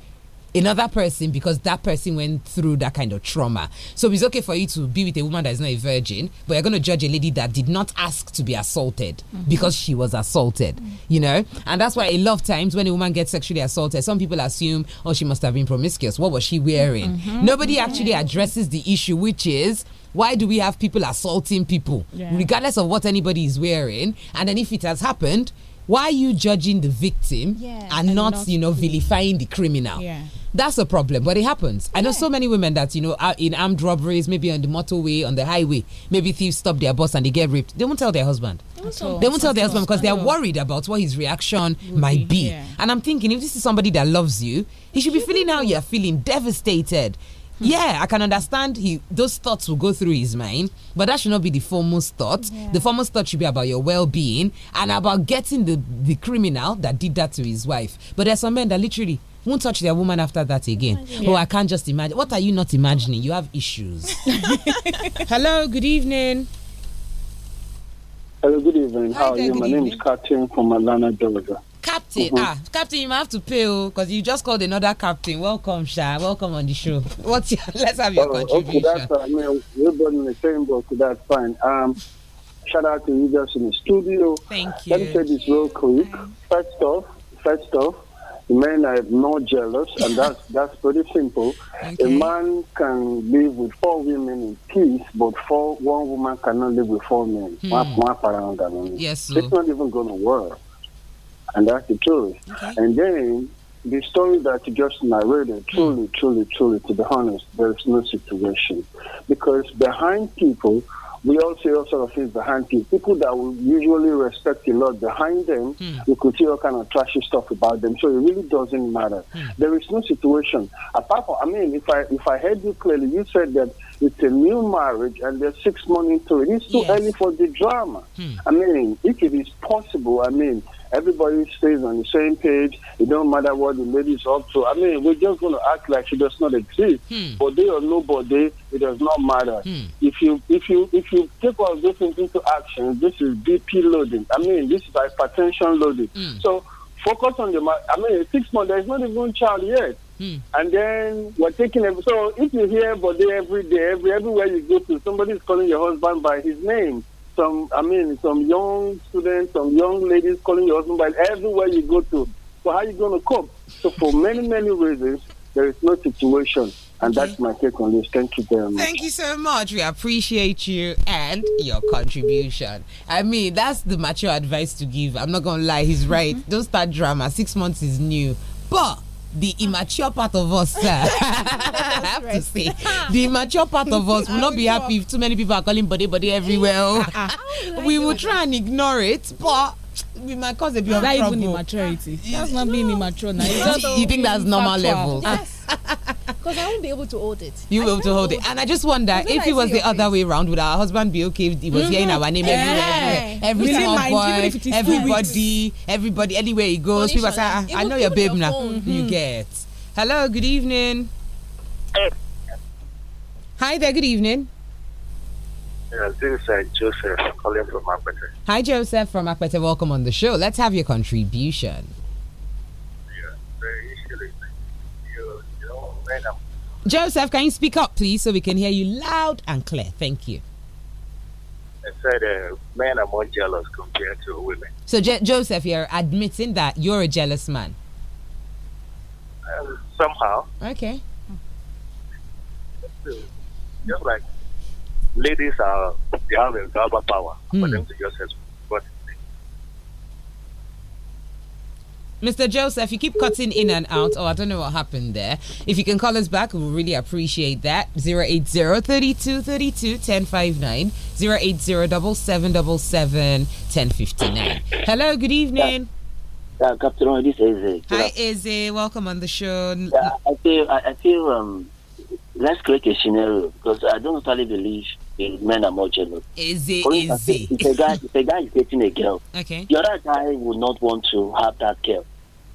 [SPEAKER 2] another person because that person went through that kind of trauma. So it's okay for you to be with a woman that is not a virgin, but you're going to judge a lady that did not ask to be assaulted mm -hmm. because she was assaulted, mm -hmm. you know? And that's why a lot of times when a woman gets sexually assaulted, some people assume, oh, she must have been promiscuous. What was she wearing? Mm -hmm. Nobody actually addresses the issue, which is, why do we have people assaulting people yeah. regardless of what anybody is wearing and then if it has happened why are you judging the victim yeah, and, and not, not, you know vilifying the criminal yeah. that's a problem but it happens i know so many women that you know are in armed robberies maybe on the motorway on the highway maybe thieves stop their bus and they get raped they won't tell their husband
[SPEAKER 6] they won't tell, they won't tell
[SPEAKER 2] their husband because they are worried about what his reaction Would might be, be. and i'm thinking if this is somebody that loves you he should be feeling how you're feeling devastated Hmm. yeah, I can understand he those thoughts will go through his mind, but that should not be the foremost thought. Yeah. The foremost thought should be about your well-being and about getting the the criminal that did that to his wife. But there's some men that literally won't touch their woman after that again. Oh, yeah. Oh, I can't just imagine. What are you not imagining? You have
[SPEAKER 11] issues.
[SPEAKER 2] Hello, good evening.
[SPEAKER 11] Hello, good evening. How are you? My evening. name is Katrin from Atlanta, Georgia captain ah
[SPEAKER 2] captain you have to pay oh because you just called another captain welcome sha welcome on the show what's your let's have your uh,
[SPEAKER 11] contribution okay that's fine uh, everybody in the same boat that's fine um shout out to you guys in the studio
[SPEAKER 6] thank you let me
[SPEAKER 11] say this real quick first off first off men are not jealous and that's that's pretty simple okay. a man can live with four women in peace but four one woman cannot live with four men hmm. yes it's oh. not even going to work and that's the truth. Okay. And then the story that you just narrated, truly, hmm. truly, truly, to be honest, there is no situation. Because behind people, we all see all sort of things behind people. People that we usually respect a lot behind them, mm. we could see all kind of trashy stuff about them. So it really doesn't matter. Mm. There is no situation. Apart from, I mean, if I if I heard you clearly, you said that it's a new marriage and they're six months into it. It's too yes. early for the drama. Mm. I mean, if it is possible, I mean, Everybody stays on the same page. It don't matter what the lady's up to. I mean, we're just going to act like she does not exist. Hmm. But they or nobody, it does not matter. Hmm. If you if you if you take all these things into action, this is BP loading. I mean, this is hypertension loading. Hmm. So focus on the. I mean, six months. There is not even child yet. Hmm. And then we're taking every, so if you hear body every day, every everywhere you go to, somebody is calling your husband by his name some, I mean, some young students, some young ladies calling your husband by everywhere you go to. So how are you going to cope? So for many, many reasons, there is no situation. And okay. that's my take on this. Thank you
[SPEAKER 6] very much.
[SPEAKER 2] Thank you so much. We appreciate you and your contribution. I mean, that's the mature advice to give. I'm not going to lie. He's right. Mm -hmm. Don't start drama. Six months is new. But the immature part of us, sir. I have right. to say, the immature part of us will not be happy if too many people are calling body body everywhere. we will try and ignore it, but with my cousin, be bit of that even immaturity? That's not no. being immature now. you think that's normal level? Ah. Yes.
[SPEAKER 5] Because I won't be able to hold it.
[SPEAKER 2] You will be able to hold, it. it. And I just wonder do if it was the other way around, would our husband be okay if he was mm -hmm. our name yeah. everywhere? Every really small mind, boy, everybody, everybody, anywhere he goes, people say, ah, I, know your babe now. You mm-hmm. get. Hello, good evening. Hi there, good evening
[SPEAKER 10] this is uh, Joseph calling from
[SPEAKER 2] Hi, Joseph from Apete. Welcome on the show. Let's have your contribution.
[SPEAKER 6] Yeah, you, you know,
[SPEAKER 2] Joseph, can you speak up, please, so we can hear you loud and clear? Thank you.
[SPEAKER 10] I said uh, men are more jealous compared to women.
[SPEAKER 2] So, Je Joseph, you're admitting that you're a jealous man?
[SPEAKER 10] Um, somehow. Okay. Just like ladies are they have a global power mm. for them to just express
[SPEAKER 2] Mr. Joseph, you keep cutting in and out. Oh, I don't know what happened there. If you can call us back, we'll really appreciate that. 080 32 1059 Hello, good evening.
[SPEAKER 9] Yeah, Captain, this is Izzy. Hi, Izzy. Welcome on the show. Yeah, I feel, I, I feel um, let's create a scenario because I don't totally believe men are more jealous. Easy, easy. If a guy, if a guy is dating a girl, okay, the other guy would not want to have that girl,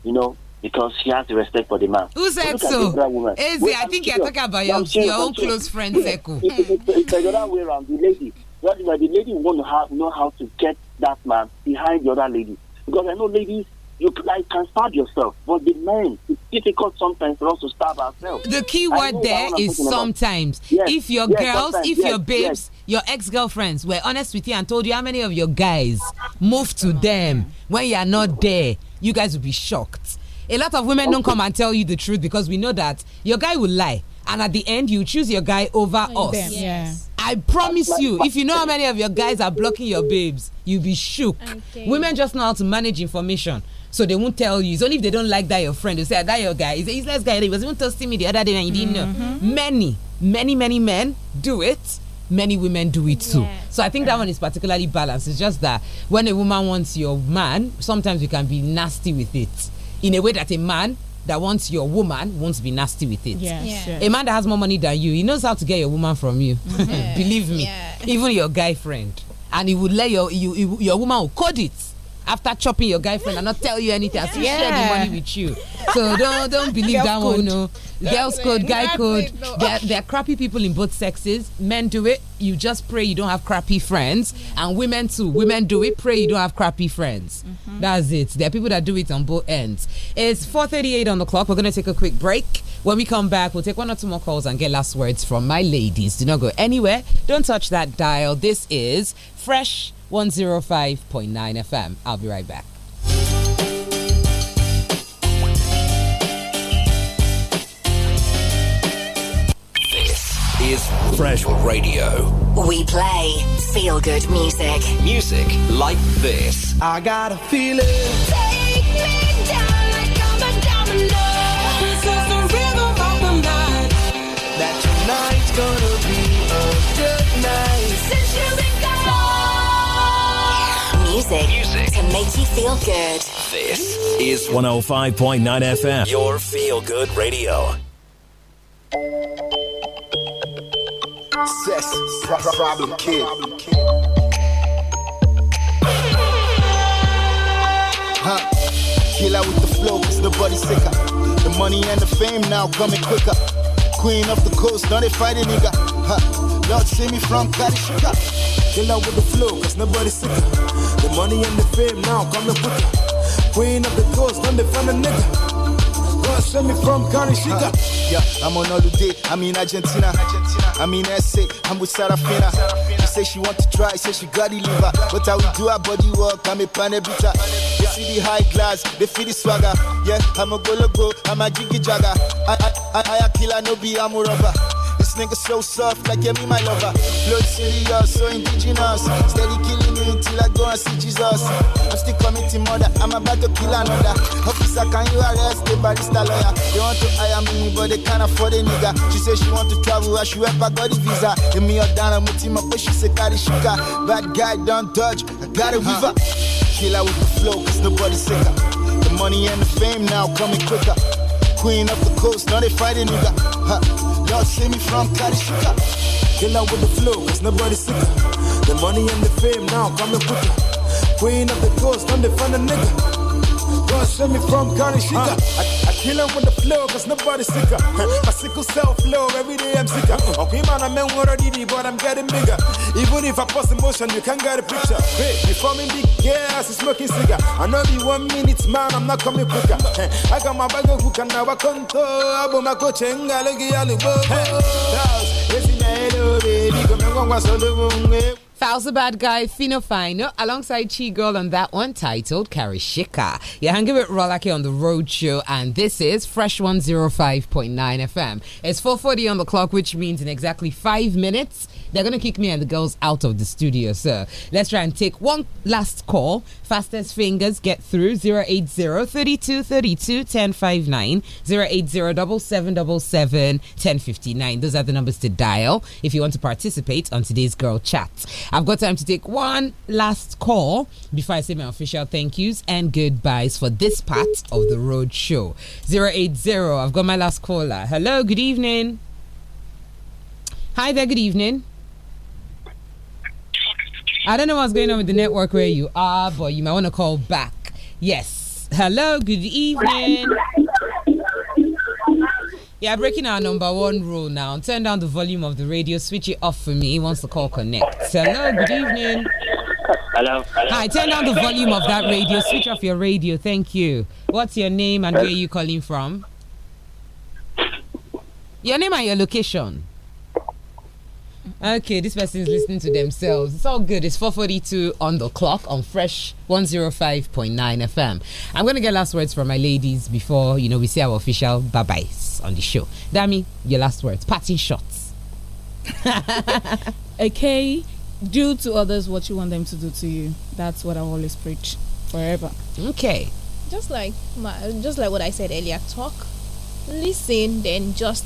[SPEAKER 9] you know, because she has the respect for the man. Who said so? Easy, Wait, I think serious. you're talking about your, serious, own close friend circle.
[SPEAKER 10] it's the other way around. The lady, the lady want to have know how to get
[SPEAKER 9] that man behind the other lady because I know ladies you like, can starve yourself, but the men, it's difficult sometimes for us to starve ourselves. The key word there is
[SPEAKER 2] sometimes. Yes, if your yes, girls, if yes, your babes, your ex girlfriends were honest with you and told you how many of your guys moved to them when you are not there, you guys would be shocked. A lot of women okay. don't come and tell you the truth because we know that your guy will lie and at the end you choose your guy over us. Yes. I promise you, if you know how many of your guys are blocking your babes, you'll be shook. Okay. Women just know how to manage information so they won't tell you. It's only if they don't like that your friend, they say, ah, that your guy. He's a useless guy. He was even testing me the other day and he didn't mm -hmm. know. Mm-hmm. Many, many, many men do it. Many women do it too. So I think that one is particularly balanced. It's just that when a woman wants your man, sometimes you can be nasty with it in a way that a man that wants your woman won't be nasty with it. Yes. Yes. Yes. A man that has more money than you, he knows how to get your woman from you. Believe me. Yeah. Even your guy friend. And he would let your you, your woman will code it after chopping your girlfriend, friend and not tell you anything and still yeah. share the money with you. So don't don't believe Girl that code. one. No, girls it. code, guy That's code. It, no. are are crappy people in both sexes. Men do it. You just pray you don't have crappy friends, and women too. Women do it. Pray you don't have crappy friends. Mm -hmm. That's it. There are people that do it on both ends. It's 4:38 on the clock. We're gonna take a quick break. When we come back, we'll take one or two more calls and get last words from my ladies. Do not go anywhere. Don't touch that dial. This is fresh 105.9 FM. I'll be right back.
[SPEAKER 3] This is Fresh Radio. We play feel good music. Music like this. I got a feeling. Take me down like I'm a
[SPEAKER 1] domino. This is the rhythm of the night. That tonight's gonna music, music to make you feel good. This
[SPEAKER 12] is 105.9 FM, your feel good radio.
[SPEAKER 4] Sex, problem kid. Huh. Killer with the flow, It's the body sicker. The money and the fame now coming quicker. Queen of the coast, not a fighting nigga. Huh. Lord save me from that sugar. Kill out with the flow, cause nobody's sick. The money and the fame now coming quicker. Queen of the coast, don't defend a nigga. God save me from Gary Sugar. Yeah, I'm on holiday, I'm in Argentina. Argentina. I'm in SA, I'm with Sarafina. She say she want to try, say she got the liver. But I will do her body work, I'm a panebita. They see the high glass, they feel the swagger. Yeah, I'm a go, I'm a jiggy jagger. I, I, I, I a killer, no be, I'm a robber. This nigga so soft, like yeah, me my lover. Blood serious, so indigenous. Steady killing me till I go and see Jesus. I'm still committing murder, I'm about to kill another. Officer, can you arrest the barista lawyer? They want to hire me, but they can't afford a nigga. She says she want to travel, I she help her got the visa. Give me a down, I'm with him, but she said, Carry sugar. Bad guy, don't dodge. I got a uh-huh. Kill her with the flow, cause nobody's sicker. The money and the fame now coming quicker. Queen of the coast, now they fighting nigga. Huh. God save me from Karishika. Kill out with the flow, cause nobody's sicker. The money and the fame now coming quicker. Queen of the coast, come to find a nigga. Gun send me from Ghana, she uh, I, I kill him with the flow, cause nobody sicker. My sickle cell flow, every day I'm sicker. Okay, man, I'm in already, but I'm getting bigger. Even if I post emotion, you can't get a picture. Hey, before me big gas, is smoking cigar. I know be one minute, man, I'm not coming quicker. I got my bag of hook and now I control. I'm my coach and I look at you. Fouls
[SPEAKER 2] the eh? Bad Guy, Fino Fino, alongside Chi Girl on that one titled Karishika. You're hanging with Rolake on the Road Show, and this is Fresh 105.9 FM. It's 4.40 on the clock, which means in exactly five minutes, they're going to kick me and the girls out of the studio, so let's try and take one last call. Fastest fingers get through 080 32 1059, 080 1059. Those are the numbers to dial if you want to participate on today's Girl Chat. I've got time to take one last call before I say my official thank yous and goodbyes for this part of the road show. 080, I've got my last caller. Hello, good evening. Hi there, good evening. I don't know what's going on with the network where you are, but you might want to call back. Yes. Hello, good evening. Yeah, breaking our number one rule now. Turn down the volume of the radio, switch it off for me. He wants to call connect. Hello, good evening.
[SPEAKER 6] Hello, hello. Hi,
[SPEAKER 2] turn down the volume of that radio. Switch off your radio. Thank you. What's your name and where are you calling from? Your name and your location. Okay, this person is listening to themselves. It's all good. It's 4:42 on the clock on Fresh 105.9 FM. I'm gonna get last words from my ladies before you know we say our official bye byes on the show. Dami, your last words, parting shots.
[SPEAKER 7] okay, do to others what you want them to do to you. That's what I always preach forever. Okay.
[SPEAKER 5] Just like my, just like what I said earlier, talk, listen, then just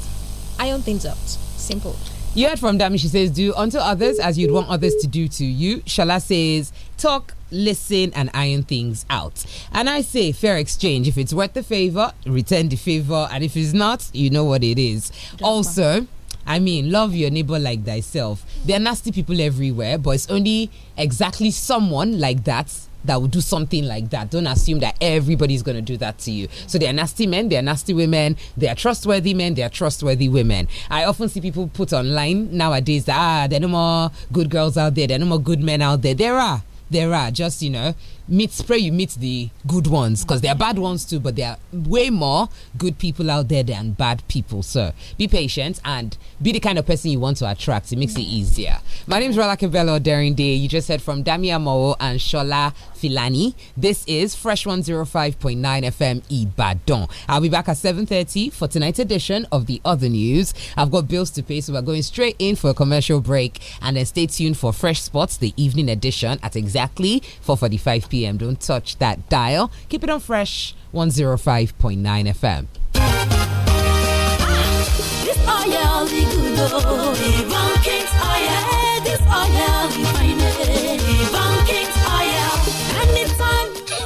[SPEAKER 5] iron things out. Simple.
[SPEAKER 2] You heard from Dami. She says, "Do unto others as you'd want others to do to you." Shala says, "Talk, listen, and iron things out." And I say, fair exchange. If it's worth the favor, return the favor, and if it's not, you know what it is. also. I mean, love your neighbor like thyself. There are nasty people everywhere, but it's only exactly someone like that that will do something like that. Don't assume that everybody's going to do that to you. So they are nasty men, they are nasty women, they are trustworthy men, they are trustworthy women. I often see people put online nowadays that ah, there are no more good girls out there, there are no more good men out there. There are there are just you know meet pray you meet the good ones because there are bad ones too but there are way more good people out there than bad people so be patient and be the kind of person you want to attract it makes it easier my name is Rala Bello during day you just heard from Damia Moro and Shola Filani. This is Fresh 105.9 FM Ibadan. I'll be back at 7.30 for tonight's edition of The Other News. I've got bills to pay, so we're going straight in for a commercial break. And then uh, stay tuned for Fresh Sports, the evening edition at exactly 4.45 p.m. Don't touch that dial. Keep it on Fresh 105.9 FM.
[SPEAKER 1] Ah, this oil, good oh,
[SPEAKER 6] King's oil, this oil,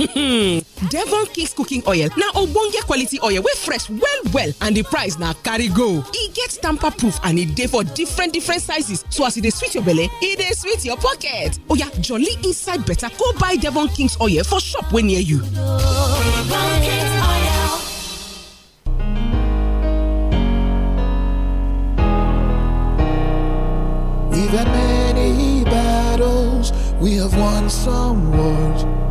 [SPEAKER 2] devon king's cooking oil na ogbonge quality oil wey fresh well well and di price na carry go e get tamper proof and e dey for different different sizes so as e dey sweet your belle e dey sweet your pocket oya jolly inside better go buy devon king's oil for shop wey near you
[SPEAKER 4] We've had many battles, we have won some wars.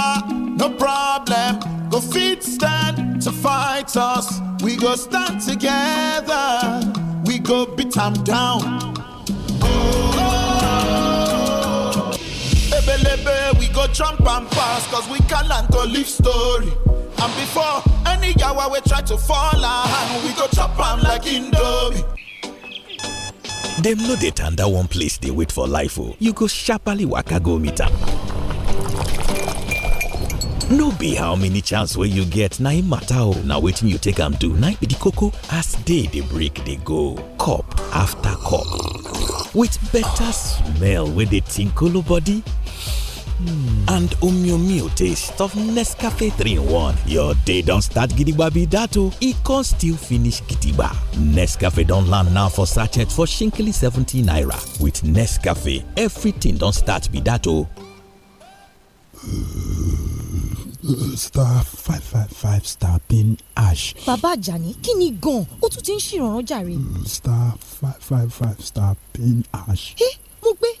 [SPEAKER 4] us, we go stand together, we go beat them down. Oh, oh Ebelebe, we go jump and pass, cause we can't and go live story. And before any yawa we try to fall and we go chop them like Indomie.
[SPEAKER 12] Them no dey tanda one place They wait for life Oh, you go sharparly waka go meet am no be how many chance wey you get na im matter o na wetin you take am do na im be di koko as day dey break dey go cup after cup with better smell wey dey tinkolo body hmm. and omyomyo taste of nescafe 3 in 1 your day don start gidigba be dat o e con still finish gidigba nescafe don land now for sachet for shinkali 70 naira with nescafe everything don start be dat o
[SPEAKER 13] star five five five star pin ash. bàbá àjàní kí ni gan-an ó tún
[SPEAKER 5] ti ń ṣèrànràn jàre.
[SPEAKER 13] star five five five star pin ash. ẹ eh, mo
[SPEAKER 5] gbé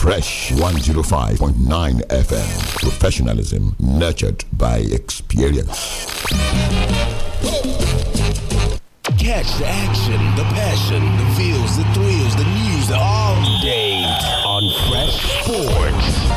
[SPEAKER 12] Fresh 105.9 FM. Professionalism nurtured by experience. Catch the action, the passion, the feels, the thrills, the news
[SPEAKER 11] all day on Fresh Sports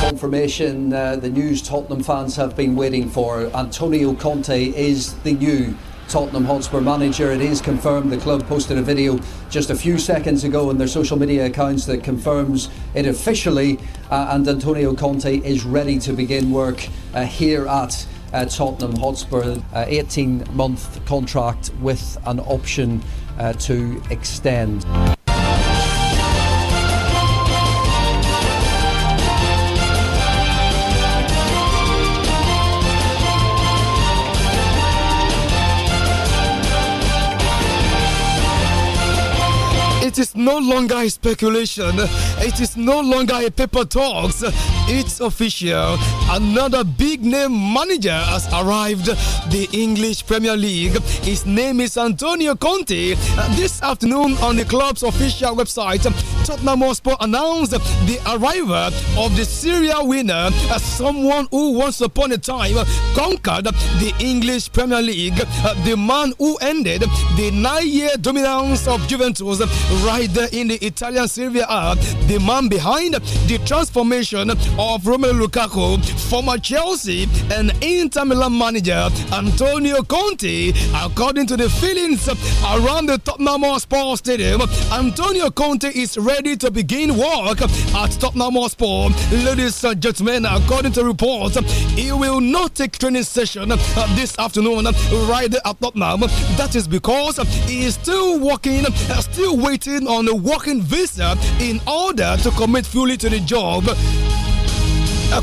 [SPEAKER 11] confirmation uh, the news Tottenham fans have been waiting for. Antonio Conte is the new Tottenham Hotspur manager. It is confirmed. The club posted a video just a few seconds ago on their social media accounts that confirms it officially. Uh, and Antonio Conte is ready to begin work uh, here at. Uh, Tottenham Hotspur, uh, 18 month contract with an option uh, to extend.
[SPEAKER 14] It is no longer a speculation. It is no longer a paper talks. It's official. Another big name manager has arrived. The English Premier League. His name is Antonio Conte. This afternoon on the club's official website, Tottenham Hotspur announced the arrival of the Syria winner, as someone who once upon a time conquered the English Premier League, the man who ended the nine-year dominance of Juventus right there in the Italian Serie A. The man behind the transformation of Romelu Lukaku, former Chelsea and Inter Milan manager Antonio Conte, according to the feelings around the Tottenham Hotspur Stadium, Antonio Conte is ready to begin work at Tottenham Hotspur. Ladies and gentlemen, according to reports, he will not take training session this afternoon right at Tottenham. That is because he is still working, still waiting on a working visa in order to commit fully to the job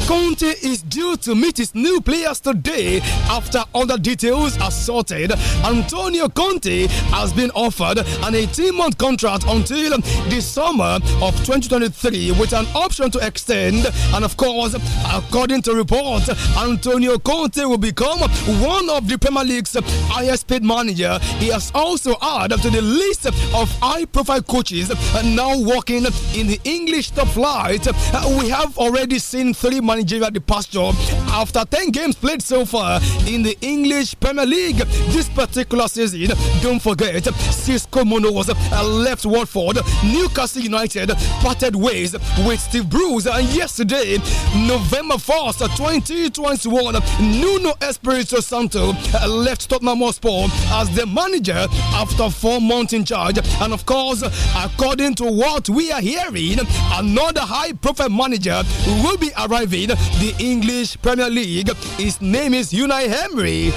[SPEAKER 14] Conte is due to meet his new players today after all the details are sorted. Antonio Conte has been offered an 18 month contract until the summer of 2023 with an option to extend. And of course, according to reports, Antonio Conte will become one of the Premier League's highest paid manager. He has also added to the list of high profile coaches now working in the English top flight. We have already seen three temporary managerial departure after 10 games played so far in the English Premier League this particular season. Don't forget, Cisco Mono was uh, left Watford. Newcastle United parted ways with Steve Bruce. And yesterday, November 1st, 2021, Nuno Espirito Santo uh, left Tottenham Hotspur as the manager after four months in charge. And of course, according to what we are hearing, another high profile manager will be arriving driving the English Premier League. His name is Unai Emery.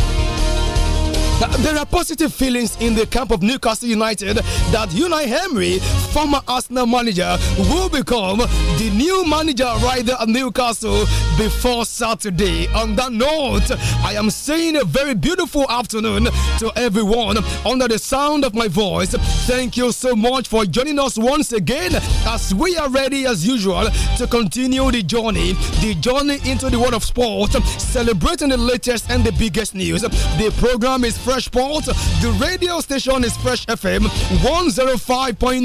[SPEAKER 14] There are positive feelings in the camp of Newcastle United that Unai Emery, former Arsenal manager, will become the new manager rider at Newcastle before Saturday. On that note, I am saying a very beautiful afternoon to everyone under the sound of my voice. Thank you so much for joining us once again as we are ready as usual to continue the journey, the journey into the world of sport, celebrating the latest and the biggest news. The program is Freshport. The radio station is Fresh FM 105.9.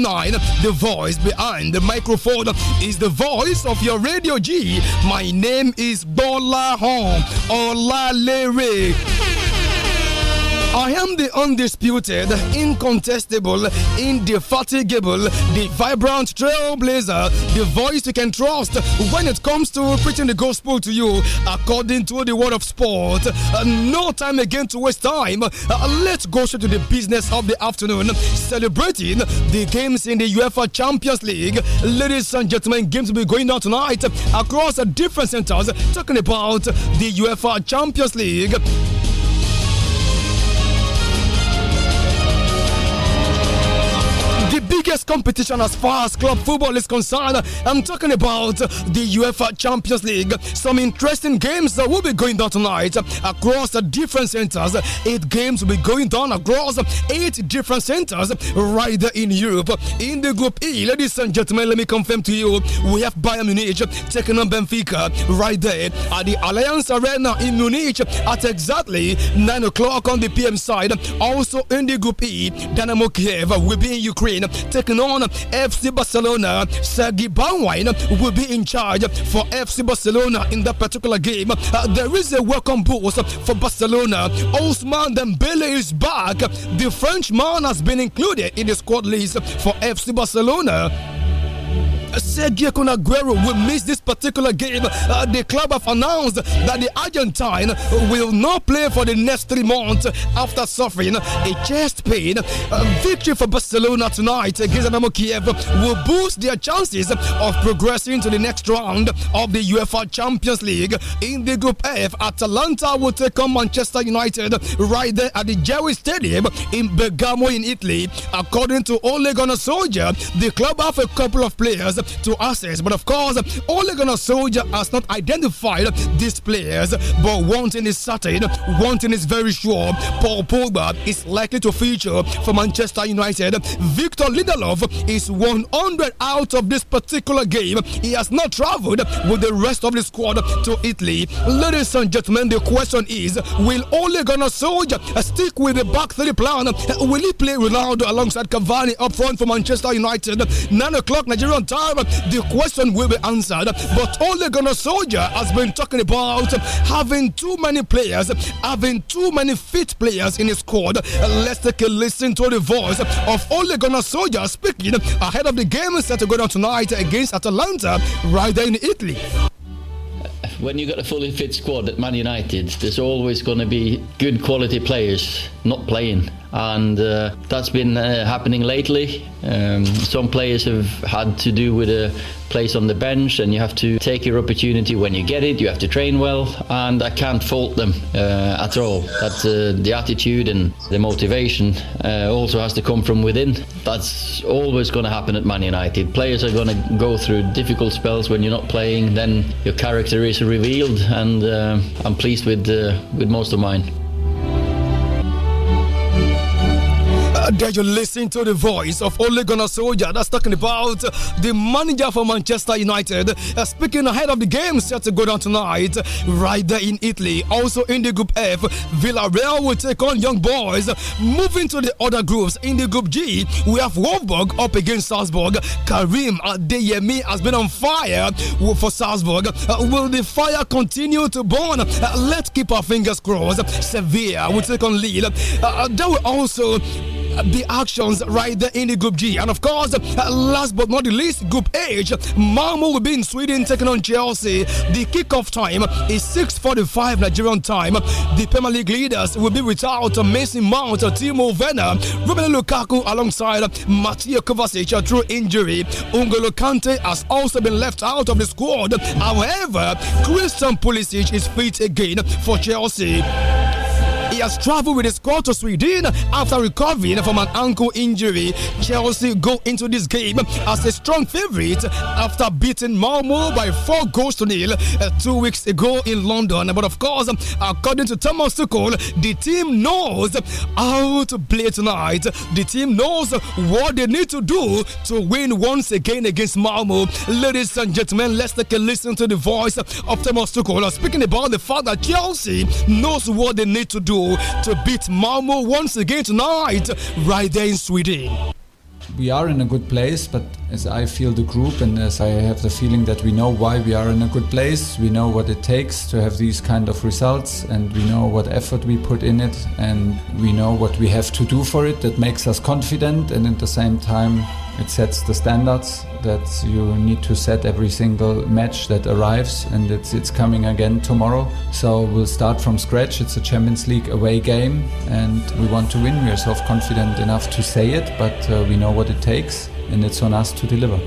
[SPEAKER 14] The voice behind the microphone is the voice of your radio G. My name is Bola Hon Olalere. I am the undisputed, incontestable, indefatigable, the vibrant trailblazer, the voice you can trust when it comes to preaching the gospel to you according to the word of sport. Uh, no time again to waste time. Uh, let's go straight to the business of the afternoon, celebrating the games in the UEFA Champions League. Ladies and gentlemen, games will be going on tonight across different centers, talking about the UEFA Champions League. biggest competition as far as club football is concerned. I'm talking about the UEFA Champions League. Some interesting games that will be going down tonight across the different centers. Eight games will be going down across eight different centers right there in Europe. In the Group E, ladies and gentlemen, let me confirm to you we have Bayern Munich taking on Benfica right there at the Allianz Arena in Munich at exactly 9 o'clock on the PM side. Also in the Group E, Dynamo Kiev will be in Ukraine taking on FC Barcelona. Sergi Banwine will be in charge for FC Barcelona in that particular game. Uh, there is a welcome boost for Barcelona. Osman Dembele is back. The Frenchman has been included in the squad list for FC Barcelona. Sergio Conaguero will miss this particular game. Uh, the club have announced that the Argentine will not play for the next three months after suffering a chest pain. Uh, victory for Barcelona tonight against Dynamo Kiev will boost their chances of progressing to the next round of the UEFA Champions League. In the Group F, Atalanta will take on Manchester United right there at the Jerry Stadium in Bergamo in Italy. According to Ole Gunnar Soldier, the club have a couple of players to access. But of course, Ole Gunnar Soldier has not identified these players. But one thing is certain, one thing is very sure: Paul Pogba is likely to feature for Manchester United. Victor Lindelof is 100 out of this particular game. He has not traveled with the rest of the squad to Italy. Ladies and gentlemen, the question is: Will Ole Gunnar Soldier stick with the back three plan? Will he play Ronaldo alongside Cavani up front for Manchester United? Nine o'clock Nigerian time the question will be answered. But only Gunnar Soldier has been talking about having too many players, having too many fit players in his squad. Let's take a listen to the voice of Ole Gunnar Soldier speaking ahead of the game set to go down tonight against Atalanta right there in Italy
[SPEAKER 8] when you got a fully fit squad at Man United, there's always going to be good quality players not playing and uh, that's been uh, happening lately. Um, some players have had to do with a place on the bench, and you have to take your opportunity when you get it. You have to train well, and I can't fault them uh, at all. That uh, the attitude and the motivation uh, also has to come from within. That's always going to happen at Man United. Players are going to go through difficult spells when you're not playing. Then your character is revealed, and uh, I'm pleased with with most of mine.
[SPEAKER 14] There that you listen to the voice of Ole Gunnar soldier That's talking about the manager for Manchester United uh, speaking ahead of the game set to go down tonight right there in Italy. Also in the Group F, Villarreal will take on Young Boys. Moving to the other groups in the Group G, we have Wolfsburg up against Salzburg. Karim Adeyemi has been on fire for Salzburg. Uh, will the fire continue to burn? Uh, let's keep our fingers crossed. Sevilla will take on Lille. Uh, uh that will also the actions right there in the Group G. And of course, last but not the least, Group H, Malmo will be in Sweden taking on Chelsea. The kickoff time is 6.45 Nigerian time. The Premier League leaders will be without Mason Mount, Timo Werner, Romelu Lukaku alongside Matteo Kovacic through injury. Ungolo Kante has also been left out of the squad. However, Christian Pulisic is fit again for Chelsea. He has travelled with his squad to Sweden after recovering from an ankle injury. Chelsea go into this game as a strong favourite after beating Malmo by four goals to nil uh, two weeks ago in London. But of course, according to Thomas Tuchel, the team knows how to play tonight. The team knows what they need to do to win once again against Malmo. Ladies and gentlemen, let's take a listen to the voice of Thomas Tuchel speaking about the fact that Chelsea knows what they need to do to beat Malmo once again tonight, right there in Sweden
[SPEAKER 7] we are in a good place, but as I feel the group and as I have the feeling that we know why we are in a good place, we know what it takes to have these kind of results, and we know what effort we put in it, and we know what we have to do for it that makes us confident, and at the same time, it sets the standards that you need to set every single match that arrives, and it's, it's coming again tomorrow. So we'll start from scratch. It's a Champions League away game, and we want to win. We are self confident enough to say it, but uh, we know what it takes, and it's on us to deliver.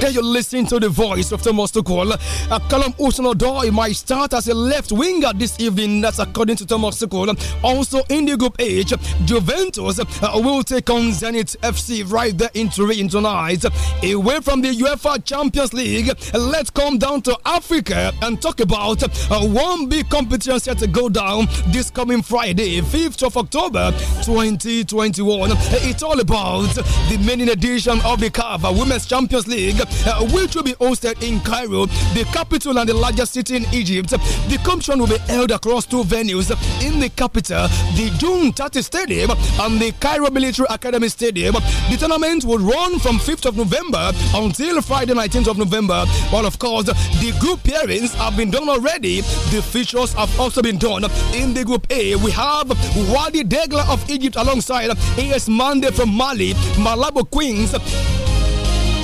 [SPEAKER 14] There you listen to the voice of Thomas Tuchel. Uh, Callum Hudson-Odoi might start as a left winger this evening. That's according to Thomas Tuchel. Also in the group H, Juventus uh, will take on Zenit FC right there in Turin tonight. Away from the UEFA Champions League, let's come down to Africa and talk about uh, one big competition set to go down this coming Friday, 5th of October 2021. It's all about the main edition of the CAF Women's Champions League uh, which will be hosted in Cairo, the capital and the largest city in Egypt. The competition will be held across two venues in the capital, the June 30 Stadium and the Cairo Military Academy Stadium. The tournament will run from 5th of November until Friday 19th of November. Well, of course, the group pairings have been done already. The features have also been done. In the group A, we have Wadi Degla of Egypt alongside AS Mande from Mali, Malabo Queens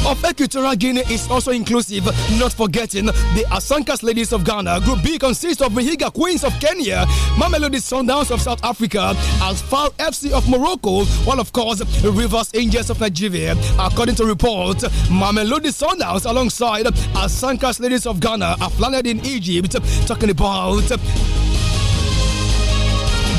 [SPEAKER 14] of Equatorial Guinea is also inclusive, not forgetting the Asankas Ladies of Ghana. Group B consists of Vihiga Queens of Kenya, Mamelodi Sundowns of South Africa, Alfal FC of Morocco, while of course Rivers Angels of Nigeria. According to report, Mamelodi Sundowns alongside Asankas Ladies of Ghana are planted in Egypt, talking about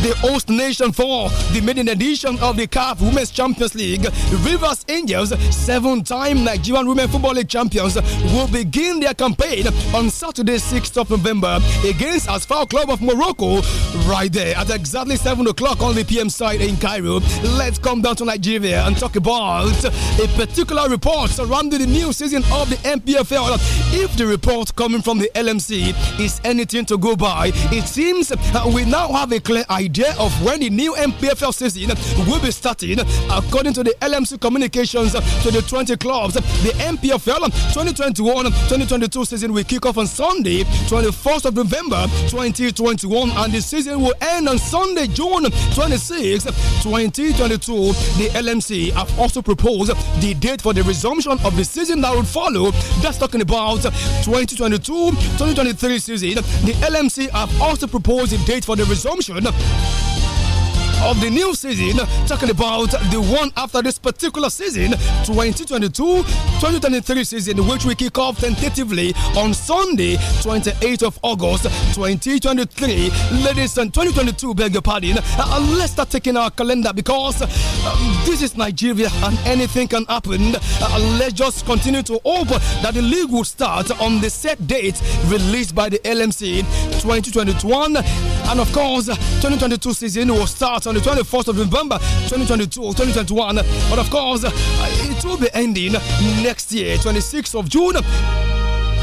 [SPEAKER 14] the host nation for the maiden edition of the CAF Women's Champions League. Rivers Angels, seven time Nigerian Women Football League champions, will begin their campaign on Saturday, 6th of November, against Asfal Club of Morocco, right there at exactly 7 o'clock on the PM side in Cairo. Let's come down to Nigeria and talk about a particular report surrounding the new season of the MPFL. If the report coming from the LMC is anything to go by, it seems uh, we now have a clear idea day of when the new MPFL season will be starting. According to the LMC communications to the 20 clubs, the MPFL 2021-2022 season will kick off on Sunday, 21st of November 2021, and the season will end on Sunday, June 26, 2022. The LMC have also proposed the date for the resumption of the season that would follow. That's talking about 2022-2023 season. The LMC have also proposed a date for the resumption yeah of the new season, talking about the one after this particular season, 2022-2023 season, which we kick off tentatively on Sunday, 28th of August, 2023. Ladies and 2022, beg your pardon. Uh, let's start taking our calendar because uh, this is Nigeria and anything can happen. Uh, let's just continue to hope that the league will start on the set date released by the LMC 2021, and of course, 2022 season will start on the 21st of November 2022 or 2021. But of course, uh, it will be ending next year, 26th of June.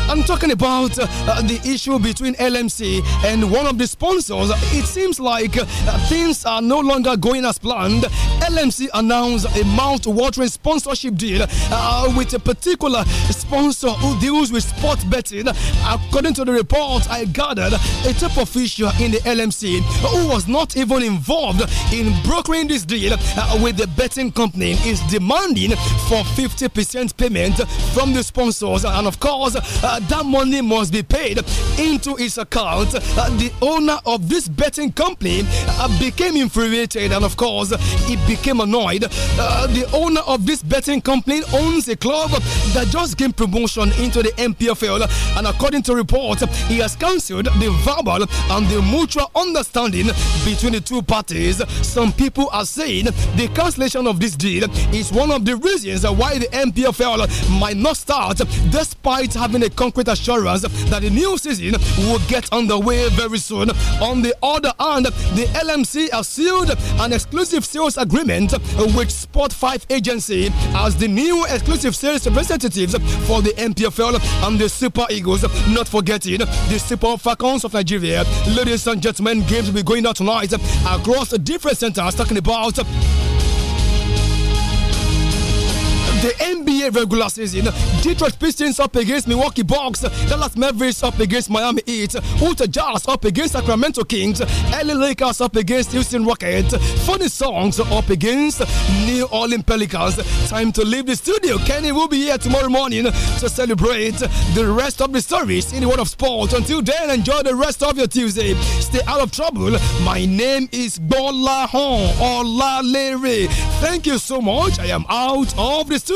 [SPEAKER 14] I'm talking about uh, uh the issue between LMC and one of the sponsors. It seems like uh, things are no longer going as planned. LMC announced a Mount watering sponsorship deal uh, with a particular sponsor who deals with sports betting. According to the report I gathered, a top official in the LMC who was not even involved in brokering this deal uh, with the betting company is demanding for 50% payment from the sponsors and of course uh, uh, that money must be paid into his account. Uh, the owner of this betting company uh, became infuriated and, of course, he became annoyed. Uh, the owner of this betting company owns a club that just gained promotion into the MPFL, and according to reports, he has cancelled the verbal and the mutual understanding between the two parties. Some people are saying the cancellation of this deal is one of the reasons why the MPFL might not start despite having a concrete assurance that the new season will get underway very soon. On the other hand, the LMC has sealed an exclusive sales agreement with Sport 5 Agency as the new exclusive sales representatives for the MPFL and the Super Eagles. Not forgetting the Super Falcons of Nigeria. Ladies and gentlemen, games will be going out tonight across different centers, talking about the NBA regular season. Detroit Pistons up against Milwaukee Bucks. Dallas Mavericks up against Miami Heat. Utah Jazz up against Sacramento Kings. LA Lakers up against Houston Rockets. Funny Songs up against New Orleans Pelicans. Time to leave the studio. Kenny will be here tomorrow morning to celebrate the rest of the series in the world of sport. Until then, enjoy the rest of your Tuesday. Stay out of trouble. My name is Bola Hon Larry. Thank you so much. I am out of the studio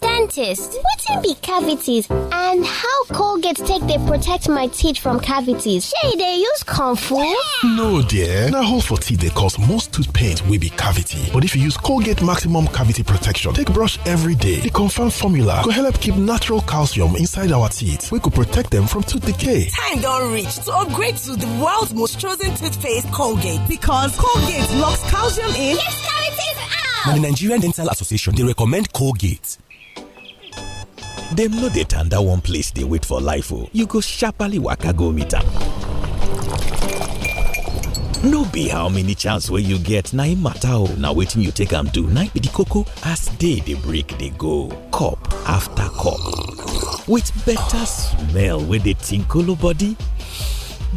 [SPEAKER 14] Dentist,
[SPEAKER 15] What in be cavities and how colgate take they protect my teeth from cavities shey they use use comfort?
[SPEAKER 16] no dear na hole for teeth they cause most tooth pain will be cavity but if you use colgate maximum cavity protection take brush every day the confam formula go help keep natural calcium inside our teeth We could protect them from tooth decay
[SPEAKER 1] time don't reach to upgrade to the world's most chosen toothpaste colgate because colgate locks calcium in
[SPEAKER 6] yes cavities out!
[SPEAKER 17] And the nigerian dental association they recommend colgate
[SPEAKER 12] dem no dey tanda one place dey wait for life o oh. you go sharparly waka go meet am no be how many chance wey you get na im matter o oh. na wetin you take am do na im be di koko as day dey break dey go cup after cup with better smell wey dey tinkolo body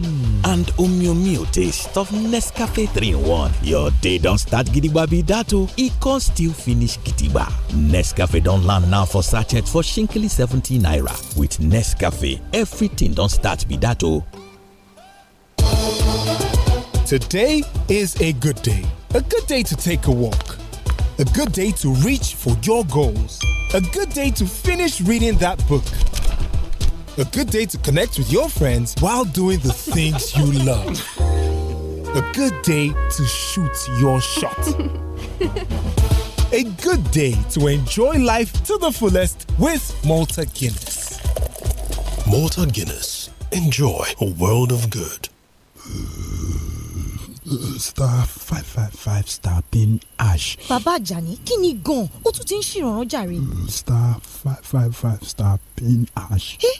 [SPEAKER 12] And Omyo Mio taste of Nescafe 3 in 1. Your day don't start gidigba be dato. It can still finish gidigba. Nescafe don land now for sachet for shinkily 70 naira. With Nescafe, everything don't start be dato.
[SPEAKER 16] Today is a good day. A good day to take a walk. A good day to reach for your goals. A good day to finish reading that book. A good day to connect with your friends while doing the things you love. A good day to shoot your shot. A good day to enjoy life to the fullest with Malta Guinness. Malta Guinness. Enjoy a world of good.
[SPEAKER 13] star five five five star pin ash.
[SPEAKER 5] bàbá àjàní kini gan ó tún ti ń jàre.
[SPEAKER 13] star five five five star pin ash. Hey
[SPEAKER 5] eh,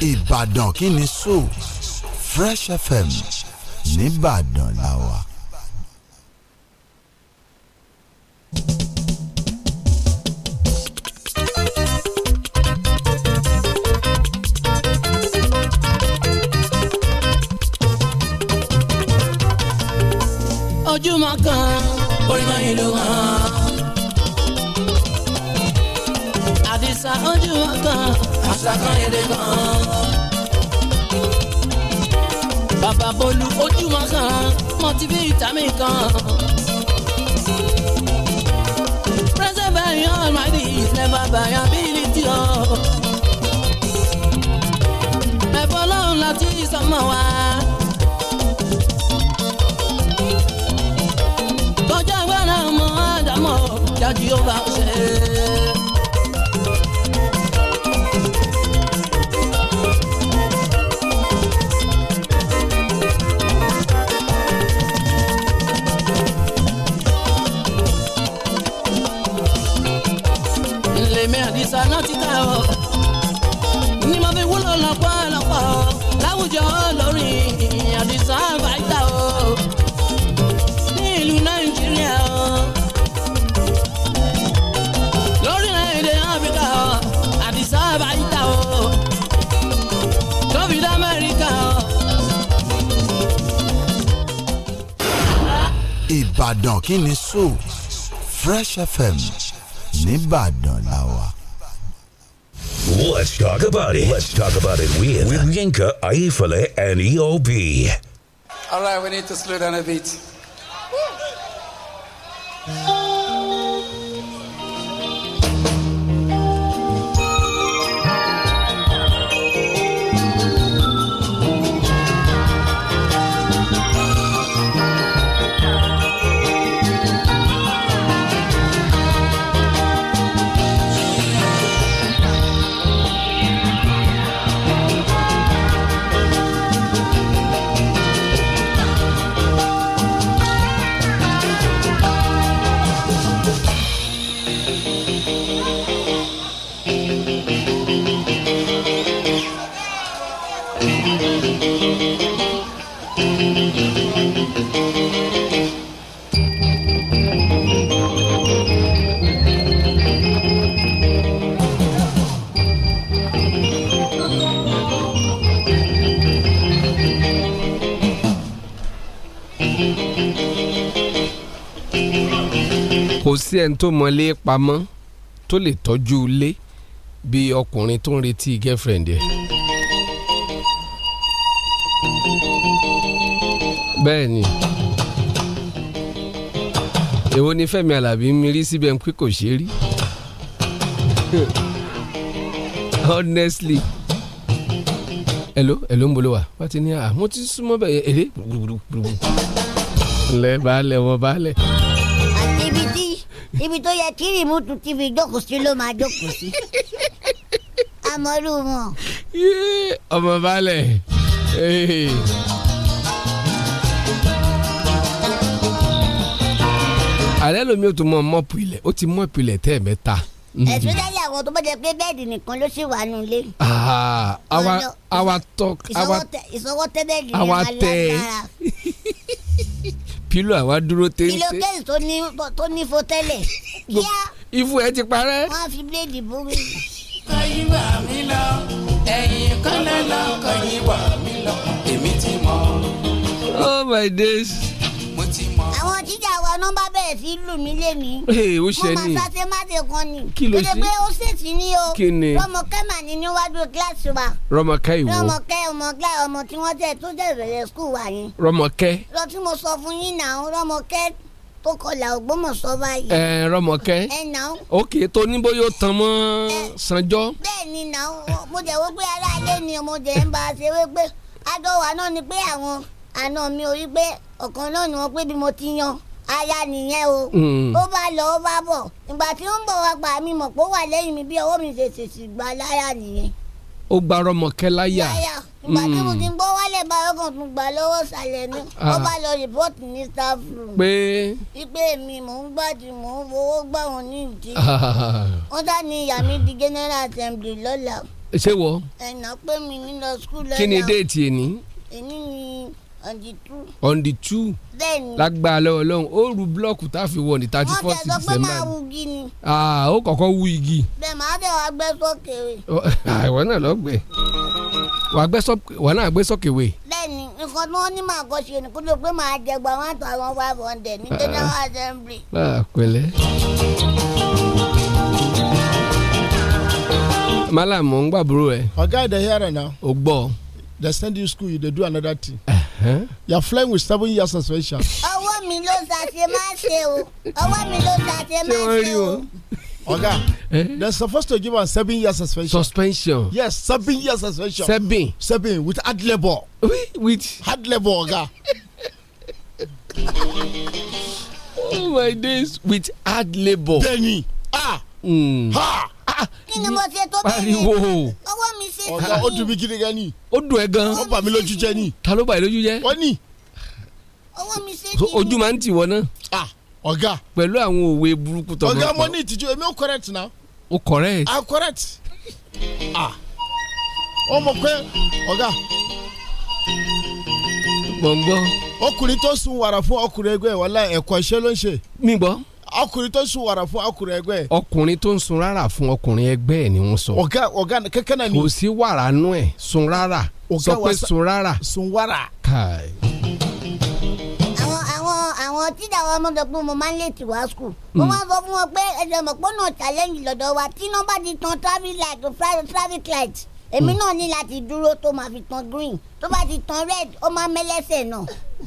[SPEAKER 13] Ìbàdàn kí ni so
[SPEAKER 4] Fresh FM nìbàdàn la wà.
[SPEAKER 1] ojúmọ́ kan orí mọ́yìn ló hàn. àdìsá ojúmọ́ kan ṣàkànyẹ̀dẹ̀ gan. bàbá bọ́lú ojú wọn kan mọ̀tífìtà mi kan. present by your almighty is never by your ability o. Oh. ẹ̀fọ́ ọlọ́run láti sọmọ wa. kọjá agbára ọmọ àdámọ̀ jáde ó bá ṣe é.
[SPEAKER 13] ìbàdàn kí
[SPEAKER 4] ni so fresh fm nìbàdàn la wà.
[SPEAKER 12] let's talk about it let's talk about it with, with yinka ayifale and eob.
[SPEAKER 18] all right we need to slow down a bit. tó mọlé pamọ́ tó lè tọ́jú ilé bí ọkùnrin tó ń retí girlfriend ẹ̀. bẹ́ẹ̀ ni èwo ni Fẹ́mi Alábí mi rí síbẹ̀ pé kò ṣeé rí honestly hello hello ń bolo wa wá ti ní àmọ́ tí súnmọ́ bẹ́ẹ̀ yẹ èrè gbùgbùgbùgbù lẹ́ baálẹ̀ wọ́n baálẹ̀
[SPEAKER 15] ibi tó yẹ tí rìmútù tv jókòó sí ló máa jókòó sí amọ̀lú wọn.
[SPEAKER 18] ọmọ balẹ̀ ààrẹ lomi ò tún mọ mọ́pù ilẹ̀ ó ti mọ́pù ilẹ̀ tẹ́ ẹ̀ mẹ́ta. ẹ̀sùn dájú
[SPEAKER 15] àwọn tó bá jẹ pé bẹ́ẹ̀dì nìkan ló sì wà nù ilé.
[SPEAKER 18] Ah, àwa tọ́ àwa
[SPEAKER 15] tẹ́ bẹ́ẹ̀dì yẹn wà lára
[SPEAKER 18] pílò àwa dúró téńté. pílò
[SPEAKER 15] kéèsì tó ní tó ní fo tẹ́lẹ̀. ifu ẹ ti parẹ́. wọ́n fi bíléèdì bú mi. kọ́yìn wà mí lọ ẹ̀yìn kọ́lẹ́ lọ wà mí lọ
[SPEAKER 18] èmi ti mọ̀. oh my days
[SPEAKER 15] mo ti mọ. àwọn jíjà wa náà bá bẹ̀rẹ̀ sí lù mí lẹ́ni. ee eh, o ṣe ni mo máa sáté má ṣe kan ni. kí ló ṣe kéde pé ó ṣèṣì ní o. kí ni rọmọkẹ́ mà ní níwájú kíláàsì wa.
[SPEAKER 18] rọmọkẹ́ ìwọ. rọmọkẹ́
[SPEAKER 15] ọmọ kílá ọmọ tí wọ́n tẹ̀ tó jẹ́ ìbẹ̀rẹ̀ skul wa yẹn. rọmọkẹ́. lọ tí mo sọ fún yín náà rọmọkẹ́ tó kọlà Ògbómọ̀ṣọ́ báyìí. ẹ eh,
[SPEAKER 18] rọmọkẹ́. ẹ eh, nà ó. ok tó ní bóyá ó tan mọ́ sanjọ́.
[SPEAKER 15] bẹ́ẹ̀ ni nà ó mo jẹ́ wípé aráalé ni mo jẹ́ ń bá a ṣe wípé adọ́wà náà ni pé àwọn àna mi ò rí pé ọ̀kan náà ni wọ́n pé bí mo ti yan aya nìyẹn o hmm. ó bá lọ ó bá bọ̀ ìgbà tí ó ń bọ̀ wá gbà mí mọ̀ pé ó wà lẹ́yìn mi bí ọwọ́ mi ṣe ṣèṣì gba láyà nìyẹn.
[SPEAKER 18] ó gba rọmọkẹ láyà. láyà ìgbà tí mo ti hmm. ń
[SPEAKER 15] gbọ́ wálẹ̀ báyọ̀ kan tún gbà lọ́wọ́ sàlẹ̀ ni ó ah. bá lọ rìpọ́tì ní staff room. pé ipe mi mò ń gbàdí mò ń fowó gbà wọn ní ìdí. Ah, ah, wọ́n dá ní ìyá mi di general assembly lọ́la. ṣé wọ. ẹ̀nà pé mi ní lọ school lọ́la. kí ni déètì
[SPEAKER 18] èní. èní
[SPEAKER 15] ni on the two.
[SPEAKER 18] on the two. bẹ́ẹ̀ni. lágbára lọ́wọ́ Ọlọ́run ó ru blọọkù tá a fi wọ ní thirty first december. wọ́n tẹ̀sọ́ pé máa wu igi ni. aa ah, ó kọ́kọ́ wu igi.
[SPEAKER 15] bẹ́ẹ̀ máa tẹ̀ wá gbẹ́ sọ́kèwé.
[SPEAKER 18] àìwọ ah, náà lọ gbẹ wà gbẹ sọ wà náà gbẹ sọkèwé.
[SPEAKER 15] bẹ́ẹ̀ni nǹkan tí wọn ní màá kọ ṣe ni kó ló pé màá jẹ gba one thousand five hundred ní general ah, assembly.
[SPEAKER 18] pẹ̀lẹ́. málàmù ń gbàbúrò ẹ. ọ̀gá ìdẹ̀yẹrẹ náà. ò gbọ́ they send you school you dey do another thing. Uh -huh. you are flying with seven years suspension.
[SPEAKER 15] ọwọ́ mi ló ṣàṣe máa ṣe o ọwọ́ mi ló ṣàṣe máa ṣe
[SPEAKER 4] o. oga eh? they are supposed to give am seven years
[SPEAKER 18] suspension. suspension. yes
[SPEAKER 4] seven years suspension. seven. seven with hard labour.
[SPEAKER 18] with. hard labour oga. oh my days with hard labour. bẹ́ẹ̀ni ah mm. ha. Ah, nínú bó ṣe tó bẹ́ẹ̀ ni ọwọ́
[SPEAKER 15] mi ṣe tó ní. ó dùn mí
[SPEAKER 18] gidi gan ni. ó dùn ẹ gan. ó bà mí lójú jẹ́ ni. ta ló bà yín lójú jẹ́. wọ́n ní. ọwọ́ mi ṣe tó ní. ojú máa ń tì wọ́n náà. Ah, ọ̀gá. pẹ̀lú àwọn òwe burúkú tọ́gbọ́n. ọ̀gá mo ní ìtìjú èmi ó correct now. ó correct. ah correct.
[SPEAKER 4] ah ọmọ pé ọ̀gá. gbọ̀ngbọ̀n. ọkùnrin tó sun wàrà fún ọkùnrin ẹgbẹ́ wàhálà ẹ̀kọ́ iṣẹ́ ló ń ṣe. mi gbọ́ ọkùnrin tó ń sun wàrà fún ọkùnrin ẹgbẹ́
[SPEAKER 18] ọkùnrin tó ń sun rárá fún ọkùnrin ẹgbẹ́ ẹ̀ ni wọ́n sọ. ọ̀gá ọ̀gá kẹ́kẹ́ náà ni. kò sí wàrà nú ẹ̀ sun rárá sọ pé sun rárá. sun wàrà. káì.
[SPEAKER 15] àwọn àwọn àwọn tíjà wa mọ̀ pé mo máa ń lè tì wá skul. mo máa hmm. sọ fún wọn pé ẹ̀jẹ̀ mọ̀ pé challenge lọ́dọ̀ wa tí iná ti tan traffic light traffic light èmi hmm. náà ní láti dúró tó máa fi tan green tó bá ti tan red ó máa mẹ́lẹ́sẹ̀ náà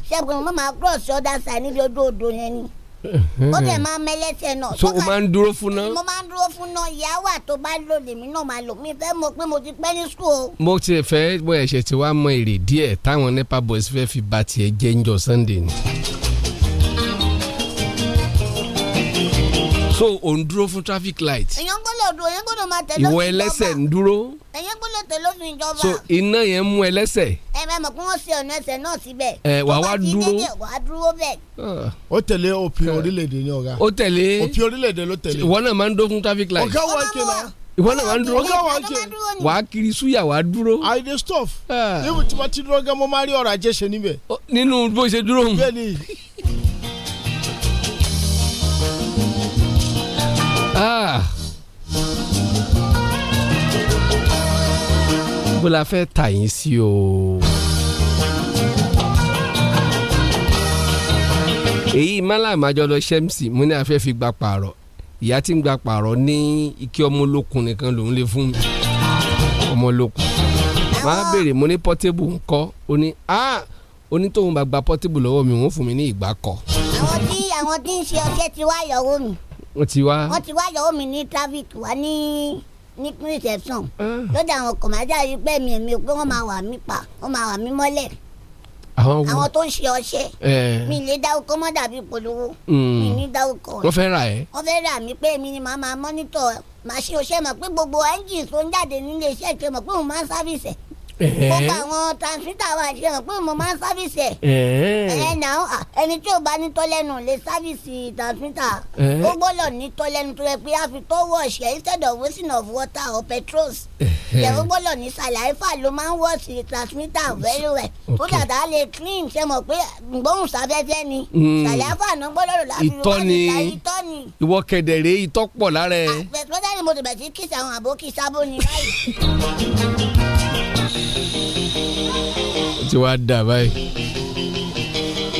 [SPEAKER 15] ṣẹ́gun mo máa cross the other níbi ojú odò yẹn ni ó dẹ̀ hmm. máa mẹ́lẹ́sẹ̀ náà. so o máa ń dúró fún náà. mo máa ń dúró fún náà ìyá wà tó bá lò lèmi náà máa lò mí fẹ́ mọ̀ pé mo ti pẹ́ ní school o.
[SPEAKER 18] mo ti fẹ́ bọ́ ẹ̀ṣẹ̀ tí wàá mọ èrè díẹ̀ táwọn nepa boys fẹ́ fi ba tiẹ̀ jẹ́ ń jọ sunday ni. so ò ń dúró fún traffic light.
[SPEAKER 15] èyàn gbọ́dọ̀ dùn èyàn gbọ́dọ̀ máa tẹ̀lé ìjọba ìwọ
[SPEAKER 18] ẹlẹ́sẹ̀ ń dúró.
[SPEAKER 15] èyàn gbọ́dọ̀ tẹ̀lé òfin ìjọba. so
[SPEAKER 18] iná yẹn mú ẹlẹ́sẹ̀.
[SPEAKER 15] ẹ máa mọ̀ pé wọ́n ṣe ọ̀nà ẹsẹ̀ náà síbẹ̀.
[SPEAKER 18] ẹ wà wá dúró
[SPEAKER 15] wà á dúró bẹ́ẹ̀. Ah.
[SPEAKER 18] ó tẹ̀lé òfin ah. orílẹ̀-èdè ni ọ̀gá. ó tẹ̀lé òfin orílẹ̀-èdè ló tẹ̀lé. ìwọ náà máa ń dó fún traffic light. ọ̀gá wa
[SPEAKER 14] kìlọ̀ ìwọ náà wà ń dúró
[SPEAKER 18] wà á kiri súyà wà á dúró. i dey stop. Ah. níbi tí mo ti dúró gan mo máa rí ọ̀rọ̀ ajé ṣe níbẹ̀. nínú bó ṣe dúró hùn. bẹ́ẹ̀ni Ah. bó la fẹ́ tà yín sí o. èyí málàmá jọ lọ ṣẹ́mùsì mo ní afẹ́ fi gba pààrọ̀ ìyá tí ń gba pààrọ̀ ní ike ọmọ olókun nìkan lòún lè fún ọmọ olókun máa ah. béèrè mo ní pọ́tébù ńkọ́ ó ní onítòhun ah! bá gba pọ́tébù lọ́wọ́ mi wọ́n fún mi ní ìgbà kọ.
[SPEAKER 15] àwọn tí àwọn tí ń ṣe ọṣẹ ti wá yọ̀wọ́ mi
[SPEAKER 18] wọ́n ti wá. wọ́n ti
[SPEAKER 15] wá yọ̀wọ́ mi ní traffic wá ní ní reception. Ah. lọ́dọ̀ àwọn kọ̀mádà yìí pé mi mi pé wọ́n máa wà mí pa wọ́n máa wà mí mọ́lẹ̀. àwọn tó ń ṣe ọṣẹ eh. mi lè dáwọ́kọ́ mọ́ dàbí polówó hmm. mi ní dáwọ́kọ́. wọ́n fẹ́ rà ẹ́. wọ́n fẹ́ rà mí pé mi ni màá máa mọ́nítọ̀ màá ṣe ọṣẹ mọ̀ pé gbogbo engine tó ń jáde nílé iṣẹ́ ìṣe mọ̀ pé òun máa ń sáfìsì gbogbo àwọn transmitter wa ṣe hàn pé mo máa ń sáfìsì ẹ̀ ẹ̀ náà ẹni tí ò bá ní tọ́lẹ́nu lè sáfìsì transmitter ó gbọ́dọ̀ ní tọ́lẹ́nu tó yẹ pé a fi tó wọ̀ṣẹ̀ instead of wasting of water or petrol ṣe ó gbọ́dọ̀ ní sàlàyéfà ló máa ń wọ̀ṣì transmitter very well tó dàda lè clean ṣe mọ̀ pé gbóhùn sáfẹ́fẹ́ ni hmm. sàlàyéfà náà gbọ́dọ̀ lò láti rò wá níta ìtọ́
[SPEAKER 18] ni ìwọ kẹ̀dẹ̀rẹ́ ìtọ́ pọ̀ lára ẹ̀. àpẹẹrẹ
[SPEAKER 15] tó dání mo ti bẹ̀ sí kìsà àwọn àbókì sábó ni báyìí.
[SPEAKER 18] ti wá dà báyìí.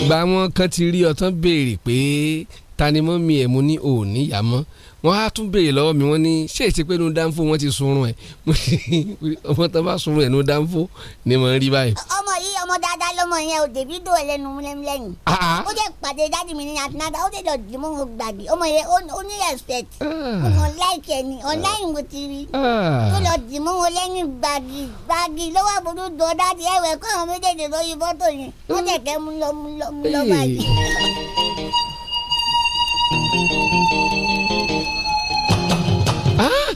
[SPEAKER 18] ìgbà wọn kan ti rí ọtán béèrè pé ta mi ẹ̀ mú ní òní yá mọ́ wọ́n á tún béèrè lọ́wọ́ mi wọ́n ní ṣé èsì pé inú dánfó wọ́n ti sunrun ẹ̀ ọmọ tó bá sunrun ẹ̀ inú dánfó ni mo ń rí báyìí.
[SPEAKER 15] ọmọ yìí ọmọ dáadáa lọmọ yẹn o dèbí dò lẹnu lẹ́yìn ó jẹ́ ah, ah. pàdé dáàdì mi ní àtúnáda ó dèjọ́ dì mọ́ mo gbàgbé ọmọ yẹn ó ní respect ah. mo like ni online mo ti rí tó lọ dì mọ́ mo lẹ́yìn gbàgbé gbàgbé lọ́wọ́ àbúrò dọ̀ dáàdì ẹ̀wẹ̀ kọ́ àwọn Ah!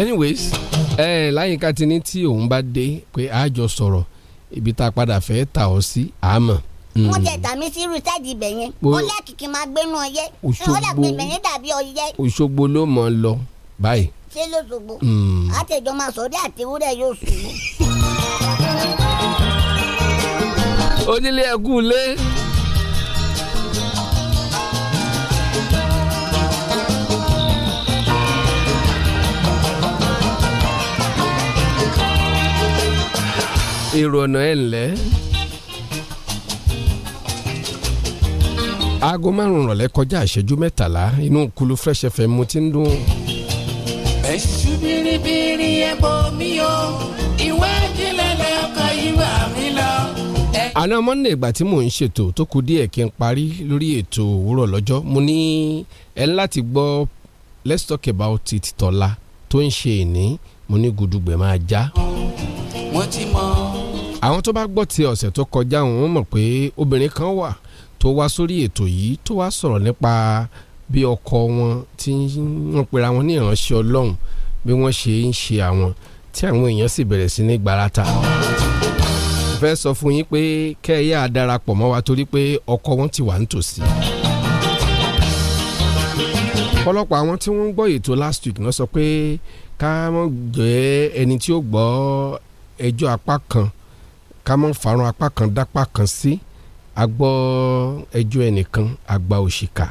[SPEAKER 18] anyways eh, láyìnká ti ní tí òun bá dé pé àjọ sọ̀rọ̀ ibi tá a padà fẹ́ tà ọ́ sí àmọ́. wọ́n hmm. jẹ
[SPEAKER 15] tàmí sí irú sáàdì ibẹ̀ yẹn ó lákìkí máa gbénu ọyẹ́ wọ́n dàgbé ibẹ̀ yẹn dàbí ọyẹ́.
[SPEAKER 18] Òṣogbo ló mọ̀ ọ́ lọ báyìí.
[SPEAKER 15] ṣé lóṣogbo àtẹjọ́ hmm. máa sọ̀rọ̀ àti ewúrẹ́ yóò sùn.
[SPEAKER 18] onílé ẹkú lé. èrò ọ̀nà ẹ̀ ńlẹ́. aago márùn-ún rọ̀lẹ́ kọjá ìṣẹ́jú mẹ́tàlá inú kulu fresh fm mo ti ń dún.
[SPEAKER 3] ẹ̀sùn bìrìbìrì ẹ̀bọ̀ mi o ìwé ìjìnlẹ̀ lẹ́kọ̀ọ́ ìwà mi lọ.
[SPEAKER 18] àná monday ìgbà tí mò ń ṣètò tó kù díẹ̀ kí n parí lórí ètò òwúrọ̀ lọ́jọ́ mo ní ẹ láti gbọ́ let's talk about it tọ́la tó ń ṣe ìní mo ní gudugbẹ̀ máa já. mo ti mọ̀ àwọn tó bá gbọ́ ti ọ̀sẹ̀ tó kọjá òun mọ̀ pé obìnrin kan wà tó wá sórí ètò yìí tó wá sọ̀rọ̀ nípa bí ọkọ wọn tí wọ́n pera wọn ní ìránṣẹ́ ọlọ́run bí wọ́n ṣe ń ṣe àwọn tí àwọn èèyàn sì bẹ̀rẹ̀ sí ní gbarata. fẹ́ sọ fún yín pé kẹ́ẹ̀yà darapọ̀ mọ́ wa torí pé ọkọ wọn ti wà nítòsí. ọ̀pọ̀lọpọ̀ àwọn tí wọ́n ń gbọ́ ètò last week náà sọ pé ká mọ̀ jẹ́ ẹni tí ó gbọ́ ẹjọ́ apá kan ká mọ̀ farun apá kan dápá kan sí a gbọ́ ẹjọ́ ẹnìkan àgbà òṣìkà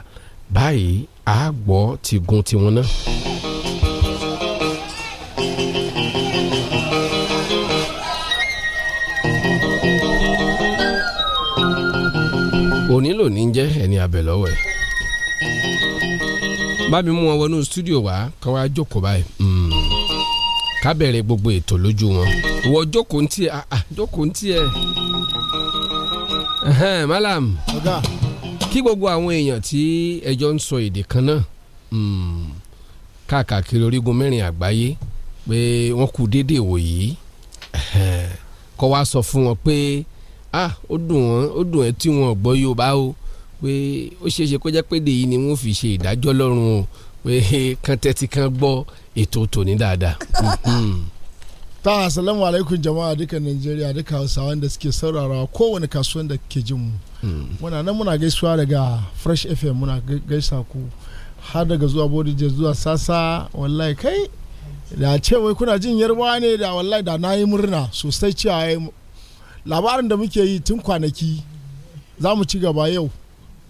[SPEAKER 18] báyìí a gbọ́ ti gun tiwọn náà. onílò ní jẹ́ ẹni abẹ lọ́wọ́ ẹ̀ bá mi mú wọn wọnú stúdíò wá kán wá jókòó báyìí hmm. ká bẹ̀rẹ̀ gbogbo ètò lójú wọn ìwọ jókòó ntí ẹ ah, ah, jókòó ntí ẹ malam kí gbogbo àwọn èèyàn tí ẹjọ́ ń sọ èdè kan náà hmm, káàkiri orígun mẹ́rin àgbáyé pé wọ́n kú déédéé wò yìí kọ́ wa sọ fún wọn pé ah ó dùn wọn ó dùn ẹ tí wọn gbọ́ Yorùbá o pé ó ṣeé ṣe kó jẹ́ pé dèyí ni wọ́n fi ṣe ìdájọ́ lọ́rùn o pé kan tẹ́tí kan gbọ́ ètò tòní dáadáa. Hmm. ta assalamu alaikum jama'a duka nigeria duka hausawa da suke saurarawa kowane kasuwan da ke jin mu muna nan muna gaisuwa daga fresh fm muna gaisa ku har daga zuwa bodije zuwa sasa
[SPEAKER 4] wallahi kai da ce wai kuna jin yarwa ne da wallahi da na yi murna sosai cewa labarin da muke yi tun kwanaki za mu ci gaba yau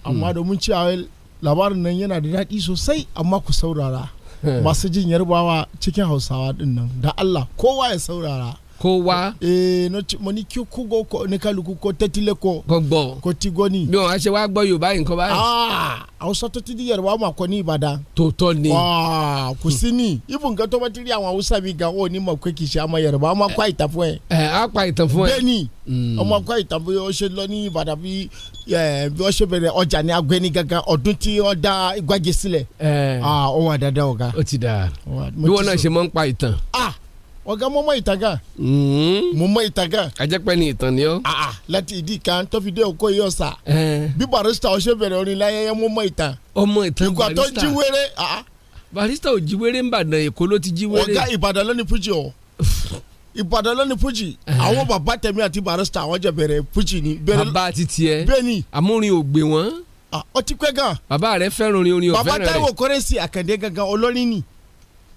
[SPEAKER 4] amma domin cewa labarin nan yana da daɗi sosai amma ku saurara Hmm. masu jin yarbawa cikin hausawa din nan da Allah
[SPEAKER 18] kowa ya saurara kowa. ee eh, no ti mo ni kí kú ko ní kálukú ko tẹ́tílẹ̀ kọ. gbọ̀ngbọ̀n ko ti gọ́ ni. bí wọn a ṣe wá gbọ́ yorùbá yìí nǹkan báyìí. aa ah, hausa tó ti di yorùbá ma kọ ní ìbàdàn. tòótọ́ ni. aa ah, kò
[SPEAKER 19] sí
[SPEAKER 4] ni ibùn nǹkan tó bá ti rí àwọn hausa mi gan o ní mọ̀ pé kì í ṣe àmọ́ yorùbá a máa kọ́ àìtàn fún ẹ.
[SPEAKER 18] ẹ eh, a kọ́ àìtàn fún ẹ. bẹ́ẹ̀ni ọmọ
[SPEAKER 4] hmm. kọ́ àìtàn fún ẹ ó ṣe lọ ní ìbàdàn bí wọ́n ṣe ọjà ní agbẹ́ni gangan ọdún tí wọ́n dá igbájẹ sílẹ̀
[SPEAKER 18] wà dáadáa ọ̀gá. ti daa. bí wọn náà ṣe máa ń pa ìtàn. ọ̀gá mo mọ mm-hmm. mo mọ ajẹ́pẹ́ ni ìtàn ni láti ìdí kan tó dé òkó yìí ọ̀sà. barista ṣe bẹ̀rẹ̀ orin láyẹyẹ mọ ìtàn. ọmọ ìtàn barista ìgbà tó jí wéré. barista ò jí wéré ń bàdàn èkó ti jí wéré. ọ̀gá ìbàdàn ìbàdàn lónìí Fuji àwọn bàbá tèmi àti barista àwọn jẹ bẹ̀rẹ̀ Fuji ni. bàbá ti tiẹ̀ bẹ́ẹ̀ni amúrin ò gbé wọn. ó ti pẹ́ gan. bàbá rẹ̀ fẹ́ràn orin orin ò fẹ́ràn rẹ̀. bàbá Táíwò Kọ́rẹ́sì Àkàndé gangan olórin ni.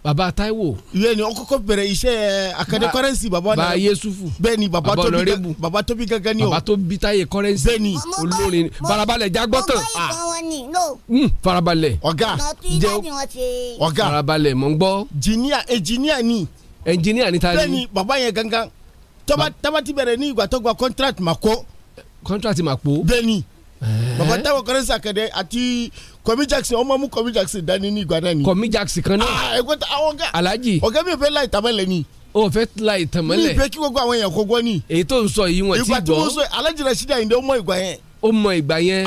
[SPEAKER 18] bàbá Táíwò. ìyẹn ni ó kọ́kọ́ bẹ̀rẹ̀ iṣẹ́ eh, Àkàndé Kọ́rẹ́sì bàbá náà. bàbá Yéṣùfù. bẹ́ẹ̀ni bàbá tóbi gan bàbá tóbi gangan ni o. bàbá tó bí Táyé Kọ́rẹ́sì. bẹ́ẹ̀ni olórin farabalẹ̀ jagbọ́tàn. Hmm, farabalẹ̀. ọ̀gá farabalẹ̀ ẹnjiníà ni ta ni. bẹ́ẹ̀ni bàbá yẹn gangan tọ́ba ti bẹ̀rẹ̀ ní gba contract ma kó. contract ma kó. bẹ́ẹ̀ni eh. bàbá táwọn kọrẹ sàkẹdẹ àti Kọmi Jackson ọmọ mu Kọmi Jackson dání ní ìgbà náà ni. Kọmi Jackson kan náà. Ah, ẹgbẹ́ ta àwọn ọ̀gá Alhaji. ọ̀gá mi ò fẹ́ láì tamẹ́lẹ̀ ni. o fẹ́ láì tamẹ́lẹ̀. mi ìfẹ́ kí gbogbo àwọn èèyàn kó gbọ́ ni. èyí tó ń sọ yìí wọ́n ti gbọ́. ìgbà mo sọ Alhaji Rasheed Ayinde ó mọ ìgbà yẹn. ó mọ ìgbà yẹn.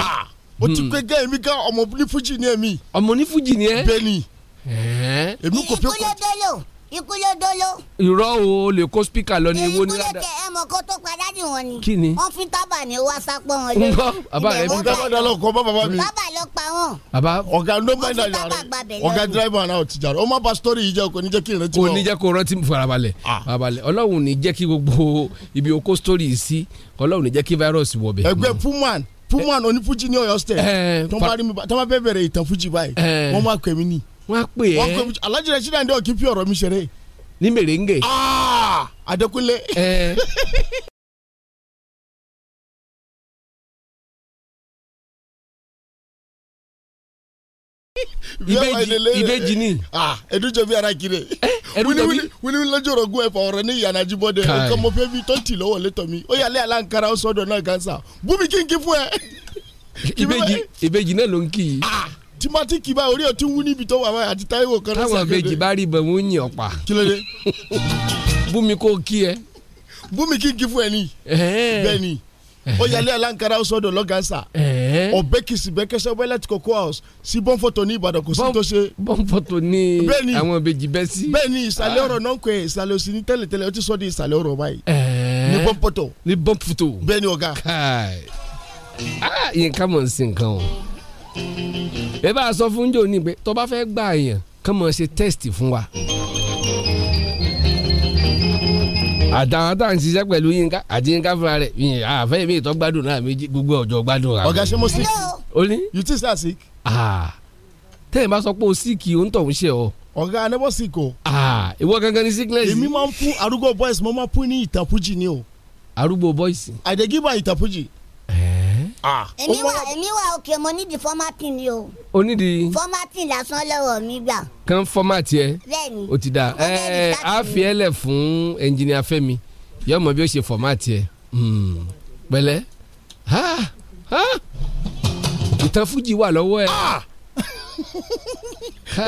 [SPEAKER 18] o ah, ti hmm. pé gẹ́ èmi gan ọmọ ní ni èmi. ọmọ ní ni ẹ. bẹ́ẹ̀ni. Eh. èmi
[SPEAKER 15] kò fẹ́ kọ́ ikú ló dolo.
[SPEAKER 18] irọ́ o lè kó spíkà lọ ní ewo ní ládàá. ikú ló tẹ
[SPEAKER 15] ẹ mọ kó tó padà ní wọn ni. kí ni. wọn fi tábà ní wásápọ wọn lé. nbọ bàbá rẹ bí. tábà dá lọ kọ
[SPEAKER 4] bá bàbá mi. bàbá
[SPEAKER 15] ló pa wọn.
[SPEAKER 18] bàbá ọ̀gá ló bá
[SPEAKER 4] ìdájà rẹ ọ̀gá
[SPEAKER 18] dírẹ́bù àná ò ti jà rẹ ó má ba sítórì yìí jẹ́ kò ní jẹ́ kí ìrántí wọn. kò ní jẹ́ kó rántí farabalẹ̀ farabalẹ̀ ọlọ́run ní jẹ́ kí gbogbo ibi oko sítórì sí ọlọ́run ní jẹ́
[SPEAKER 13] kí wọ́n á pè é.
[SPEAKER 4] Alhaji Rasheed Ayinde ò kí fi ọ̀rọ̀ mi ṣeré. ní mèrèǹgè. Ah!
[SPEAKER 6] Adékúnlé. ìbejì ni. Ah! ẹdúnjọ
[SPEAKER 20] bí ara kiri. ẹdúnjọ bí wíníwíní lọ́jọ́ rọ̀gùn ẹ̀fọ́ ọ̀rọ̀ ní ìyànàjú bọ́dẹ̀ nǹkan mo fẹ́ fi tọ́tì lọ́wọ́ létọ́ mi ó yàlẹ́ aláǹkara ó sọ́dọ̀ náà gánsa bùnmi kí fún ẹ. ìbejì
[SPEAKER 18] ìbejì náà ló ń kì í
[SPEAKER 13] timothy kiba orí ẹ ti wú níbi tó wà báyìí àti Táíwò kan náà. táwọn méjì
[SPEAKER 18] bá rí ibẹ̀ wọ́n ń yàn pa. kí ló dé. bùnmi kò kí ẹ. bùnmi kì í kí fún ẹ ní. bẹ́ẹ̀ ni ó yálé aláǹkárá sọ́dọ̀ lọ́gàṣà ọ̀bẹ kìsì bẹ́kẹsẹ̀ wẹ́lẹ́tì kókó house sí bọ́ǹfọ̀tò ní Ìbàdàn kò sí tó ṣe. bọ́ǹfọ̀tò ní àwọn ìbejì bẹ́ sí. bẹ́ẹ̀ ni ìsàlẹ̀ ah. ọ̀rọ̀ náà ń pè é ìsàlẹ̀ òsì ní tẹ́lẹ̀tẹ́lẹ̀ ó ti sọ di ìsàlẹ̀ ọ̀rọ̀ báyìí. ní bọ́ǹfọ̀tò. ní bọ́ǹfọ̀tò. bẹ́ẹ̀ ni ọ̀gá ẹ bá a sọ fún jò ní pé tó bá fẹ́ gba èèyàn kàn mọ̀ ṣe test fún wa. àtàwọn tá à ń ṣiṣẹ́ pẹ̀lú yínká àti yínká fúnra rẹ̀ yìnyín àfẹ́ mi ìtọ́ gbádùn náà méjì gbogbo ọjọ́ gbádùn rà. ọ̀gá ṣe mo sick. o ní. you too start sick. tẹ́ bá sọ pé o sick o ń tọ̀ ń ṣe ọ. ọ̀gá anẹ́bọ̀ sick o. ìwọ gangan ni sickness. èmi máa ń fún arúgbó boys mo máa ń fún ní ìtàpújì ni o. arúgbó boys. I dey give her ìtàpújì. Ah. èmi wà
[SPEAKER 15] èmi wà òkè mo nídìí fọ́mátì ni o. o nídìí. fọ́mátì lásán lọ́wọ́ mi gbà.
[SPEAKER 18] kán fọ́mátì ẹ. bẹ́ẹ̀ni o ti da ẹ ẹ a fi ẹ lẹ fún ẹnjìnìà Fẹ́mi yóò mọ bí ó ṣe fọ́mátì ẹ hmm. Ha. ìtàn fújì wà lọ́wọ́ ẹ. Ah!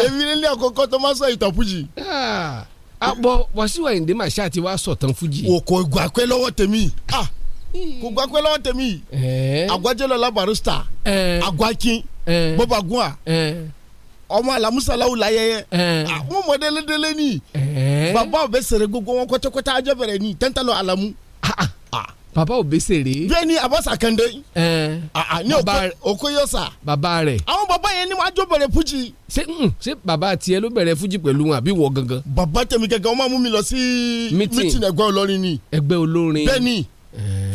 [SPEAKER 18] èmi nílé àkọ́kọ́ tó máa sọ ìtàn fújì. àbọ̀ Wàsíù Àyìndé màṣá àti wàá sọ̀tàn fújì. òkò ìgbà pẹ́ lọ́wọ́ tèmi. Ah! kò gbà pé lọ́wọ́ tèmi yìí eh. àgbájẹ́lọ labaru star
[SPEAKER 6] eh.
[SPEAKER 4] àgbákin eh. bọ́bàgún à ọmọ alamusalawo layẹyẹ àwọn ah, mọdẹlẹdẹlẹ ni bàbá ò bẹ sèré gbogbo wọn kọtẹkọtẹ ajọ bẹrẹ ni tẹntẹlọ alamu. Ah,
[SPEAKER 18] ah. bàbá ò bẹ sèré. bẹ́ẹ̀ ni abasa kande. ní okoyosa. baba rẹ̀. àwọn bàbá yẹn ni wọn ajọ bẹrẹ fújì. ṣé baba hmm, bàbá tiẹ̀ ló bẹ̀rẹ̀ fújì pẹ̀lú wọn àbí wọ gangan. bàbá tèmi gẹ́gẹ́ wọn máa mú mi lọ sí mítìn ẹgbẹ́ olórin ni. ẹgbẹ́ olórin. bẹ́ẹ̀ ni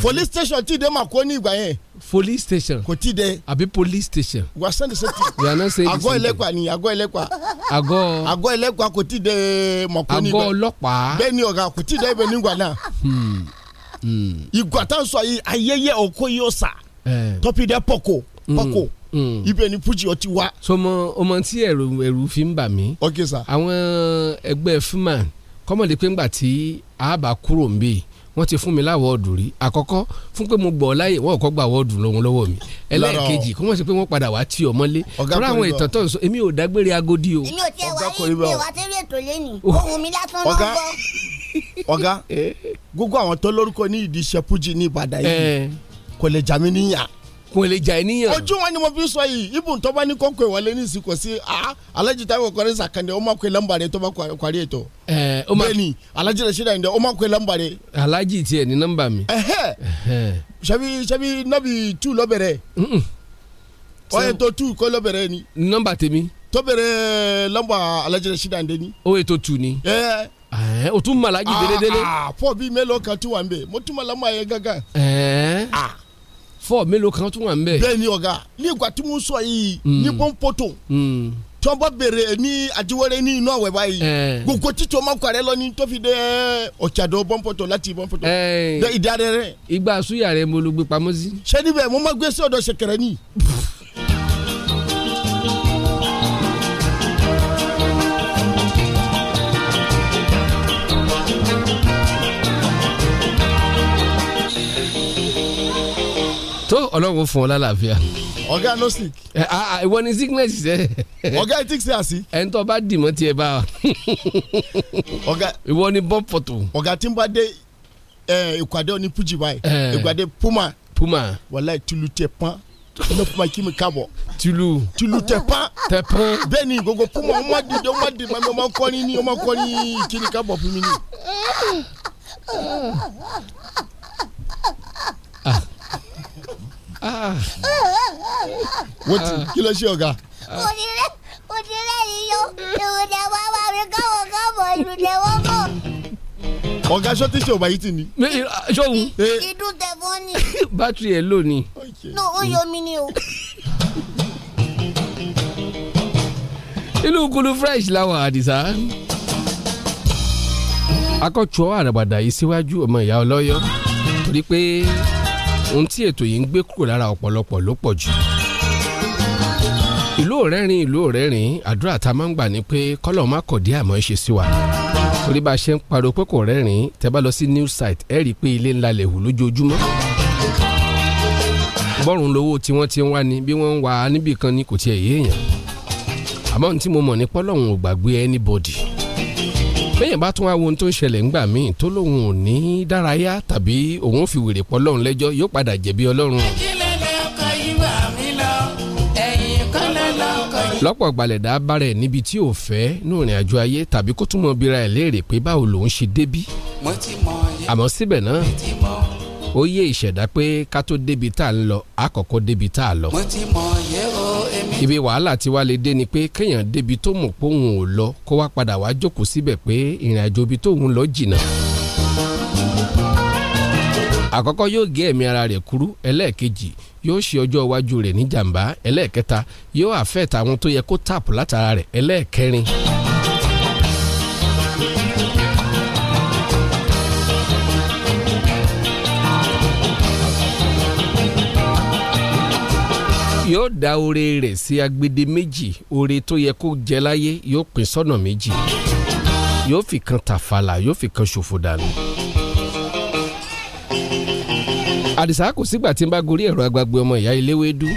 [SPEAKER 18] police station ti de mako ní ìgbà yẹn. police station kò ti dẹ. àbí police station. we are saying the we are not saying the same thing. àgọ́ ẹlẹ́kwa ni àgọ́ ẹlẹ́kwa. àgọ́ àgọ́ ẹlẹ́kwa
[SPEAKER 20] kò ti dẹ mako ní ìgbà. àgọ́ ọlọ́pàá. bẹ́ẹ̀ ni ọ̀gá kò ti dẹ ibẹ̀ nígbà náà.
[SPEAKER 18] Hmm,
[SPEAKER 6] hmm.
[SPEAKER 20] ìgbà tá a sọ yìí ayẹyẹ ọkọ yìí ó sà. tọ́pì dẹ pọ̀kọ̀ hmm, pọ̀kọ̀
[SPEAKER 18] ni Fuji ọtí wá. sọmọ ọmọ tí ẹrù ẹrù fi ń bà mí. ok sir. àwọn ẹgbẹ́ fúnmà kọ́mọ̀lẹ́pẹ́ ńgbà tí àbá kúrò ń bẹ́ẹ̀ wọ́n ti fún mi láwọ́ọ̀dù rí àkọ́kọ́ fún pé mo gbọ́ láyè wọ́n kọ́ gba àwọ́ọ̀dù lọ́wọ́ lọ́wọ́ mi ẹlẹ́ẹ̀kejì kó mọ̀ sí pé wọ́n padà wá tí ọ mọ́lé rárá àwọn ìtàn tó ń sọ èmi ò dágbére agodi o. èmi
[SPEAKER 15] ò tẹ wáyé mi ò wá tẹ́lẹ̀ ètò lẹ́nu ohun mi lásán ló ń bọ́.
[SPEAKER 20] ọ̀gá eh? gbogbo àwọn tó lórúkọ ní ìdí ìṣẹ́pújì ní Ìbàdàn yìí eh. kò lè jà mí níyà kun èlé jà ènìyàn. ojú wọn ni mo fi sọ yìí ibùn tó ní kókó ìwọlé ní ìsìnkú sí a alájí táwọn kọrin sàkàndé ó máa kó lẹ́mbà rẹ
[SPEAKER 4] tó
[SPEAKER 18] bá kwari ètò. ẹ o ma bẹ́ẹ̀ni alájí rẹ ṣẹlẹ ǹdẹ ó máa kó lẹ́mbà rẹ. alájí tiẹ̀ ní nọ́mbà mi. ṣebí ṣebí nọ́bì tù lọ́bẹ̀rẹ̀ ọ̀yẹ̀ tó tù kọ́ lọ́bẹ̀rẹ̀ ni. nọ́mbà tèmi. tó bẹ̀rẹ̀ lọ́mbà alájí rẹ ṣẹlẹ ǹdẹ ni. ó yẹ tó tù ni. ẹ ẹ o tún mọ alájí délédélé. fọ fọ́ mélòó kan tún wà ń bẹ̀. ni
[SPEAKER 20] ọ̀gá ní ìgbà
[SPEAKER 4] tí mo sọ yìí hmm. ní pọ́npọ́tò
[SPEAKER 18] hmm. tí
[SPEAKER 4] wọ́n bá bèrè ní àtiwọ́rẹ́ ní inú àwẹ̀ báyìí eh. gbogbo títí o máa kọ́ àrẹ lọ ní tó fi dé eh, ọ̀tsàdọ̀ bọ́npọ̀tọ̀ láti bọ́npọ̀tọ̀ eh. ìdí àrẹ rẹ.
[SPEAKER 18] ìgbà àsúyà rẹ mo ló gbé pamọ́ sí. ṣé níbẹ̀ mo máa gbé sí ọ̀dọ̀ ṣẹkẹrẹ ọlọ́run fún ọ lálàáfíà. ọ̀gá no sick. ìwọ ni sickness ṣe. ọ̀gá etí ṣe àṣì. ẹni tó bá dì mọ́ tiẹ̀ bá. ọ̀gá ìwọ ni bọ́ pọ̀tù. ọ̀gá tí n bá dé ìpàdé ní puji báyìí ìpàdé puma. puma. wàláì tulu tẹ pọ́n ne kuma kí mi kábọ̀. tulu. tulu tẹ pọ́n. tẹ pọ́n. bẹ́ẹ̀ ni gbogbo puma ọmọ dìde ọmọ dìde ọmọ kọ́ni
[SPEAKER 6] ni ọmọ kọ́ni kí ni
[SPEAKER 20] kábọ̀ fún mi ni. Ah
[SPEAKER 15] kí ló ṣe ọ̀gá. òdìrẹ́ òdìrẹ́ yìí yọ ìròyìn àwọn àwọn mi káwọn káwọn ìròyìn wọn bọ̀.
[SPEAKER 18] ọ̀gá aṣọ tí ṣe ọ̀bà yìí ti ni. ṣóhun. ìdún tẹ̀fọ́ ni. bátìrì ẹ̀ lò ní.
[SPEAKER 15] no ó yọ mí ni o.
[SPEAKER 18] inú kulu fresh làwọn àdìsá akọ́tù ọ̀ àràbàdà yìí síwájú ọmọ ìyá ọlọ́yọ́ torí pé ohun tí ètò yìí ń gbé kúrò lára ọ̀pọ̀lọpọ̀ ló pọ̀ jù ìlú òrẹ́rìn ìlú òrẹ́rìn àdúrà tá a máa ń gbà ní pé kọ́lọ̀ má kọ̀ dé àmọ́ ṣe sí wa torí bá a ṣe ń pariwo pé kò rẹ́rìn tẹ́ bá lọ sí news site ẹ rí i pé ilé ńlá lè hù lójoojúmọ́ bọ́rùn lówó tí wọ́n ti ń wá ni bí wọ́n ń wá níbì ni kò tiẹ̀ yéèyàn àmọ́ ohun tí mo mọ̀ ní pọ́lọ́hún ò gbàgbé anybody bẹ́yẹn bá tún wá wo ohun tó ń ṣẹlẹ̀ ńgbà míì tó lóun ò ní dárayá tàbí òun ò fi wèrè pọ̀ lọ́run lẹ́jọ́ yóò padà jẹ̀bi ọlọ́run. lọ́pọ̀ gbalẹ̀dá bára ẹ̀ níbi tí ò fẹ́ ní òrìn àjò ayé tàbí kó túmọ̀ bíra ẹ̀ léèrè pé báwo lòun ṣe débí. àmọ́ síbẹ̀ náà ó yé ìṣẹ̀dá pé ká tó débi tá a ń lọ àkọ́kọ́ débi tá a lọ. mo ti
[SPEAKER 6] mọ̀
[SPEAKER 3] yẹ́
[SPEAKER 18] ibi wàhálà tí wàá lè dé ni pé kéèyàn débi tó mọ̀ pé òun ò lọ kó wá padà wá jókòó síbẹ̀ pé ìrìn àjò ibi tóun lọ jìnnà àkọ́kọ́ yóò gé ẹ̀mí ara rẹ̀ kúrú ẹlẹ́ẹ̀kejì yóò ṣe ọjọ́ iwájú rẹ̀ ní jàǹbá ẹlẹ́ẹ̀kẹta yóò àfẹ́ẹ̀tà àwọn tó yẹ kó tààpù látara rẹ̀ ẹlẹ́ẹ̀kẹrin yóò dá oore rẹ̀ sí agbede méjì oore tó yẹ kó jẹ láyé yóò pín sọ́nà méjì yóò fi kan tàfàlà yóò fi kan ṣòfò dànù. àdìsá kò sígbà tí n bá gorí ẹ̀rọ agbagbe ọmọ ìyá eléwédú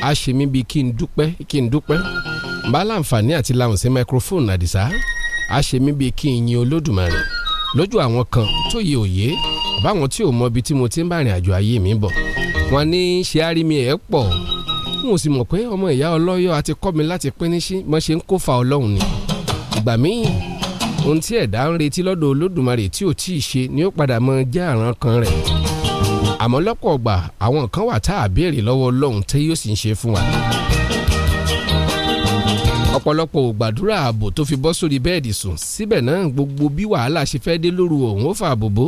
[SPEAKER 18] a ṣe mí bíi kí n dúpẹ́ kí n dúpẹ́ n bá láǹfààní àti lahùn sí microphone àdìsá a ṣe mí bíi kí n yin olódùmarè lójú àwọn kan tó yẹ òye báwọn tí ò mọ ibi tí mo ti ń bá rìn àjò ayé mi bọ̀ wọ́n ní ṣe á rí mi ẹ̀ pọ̀ n ò sì mọ̀ pé ọmọ ìyá ọlọ́yọ̀ àti kọ́ mi láti pín níṣí mo ṣe ń kó fa ọlọ́run ni ìgbà míì ohun tí ẹ̀dá ń retí lọ́dọ̀ olódùmarè tí ò tíì ṣe ni ó padà mọ jẹ́ àrán kan rẹ̀ àmọ́ lọ́pọ̀ ọgbà àwọn kan wà tá a béèrè lọ́wọ́ ọlọ́run tí yóò sì ń ṣe fún wa ọ̀pọ̀lọpọ̀ ò gbàdúrà ààbò tó fi bọ́ sórí bẹ́ẹ̀dì sùn síbẹ̀ náà gbogbo bí wàhálà ṣe fẹ́ dé lóru òun ó fà bòbó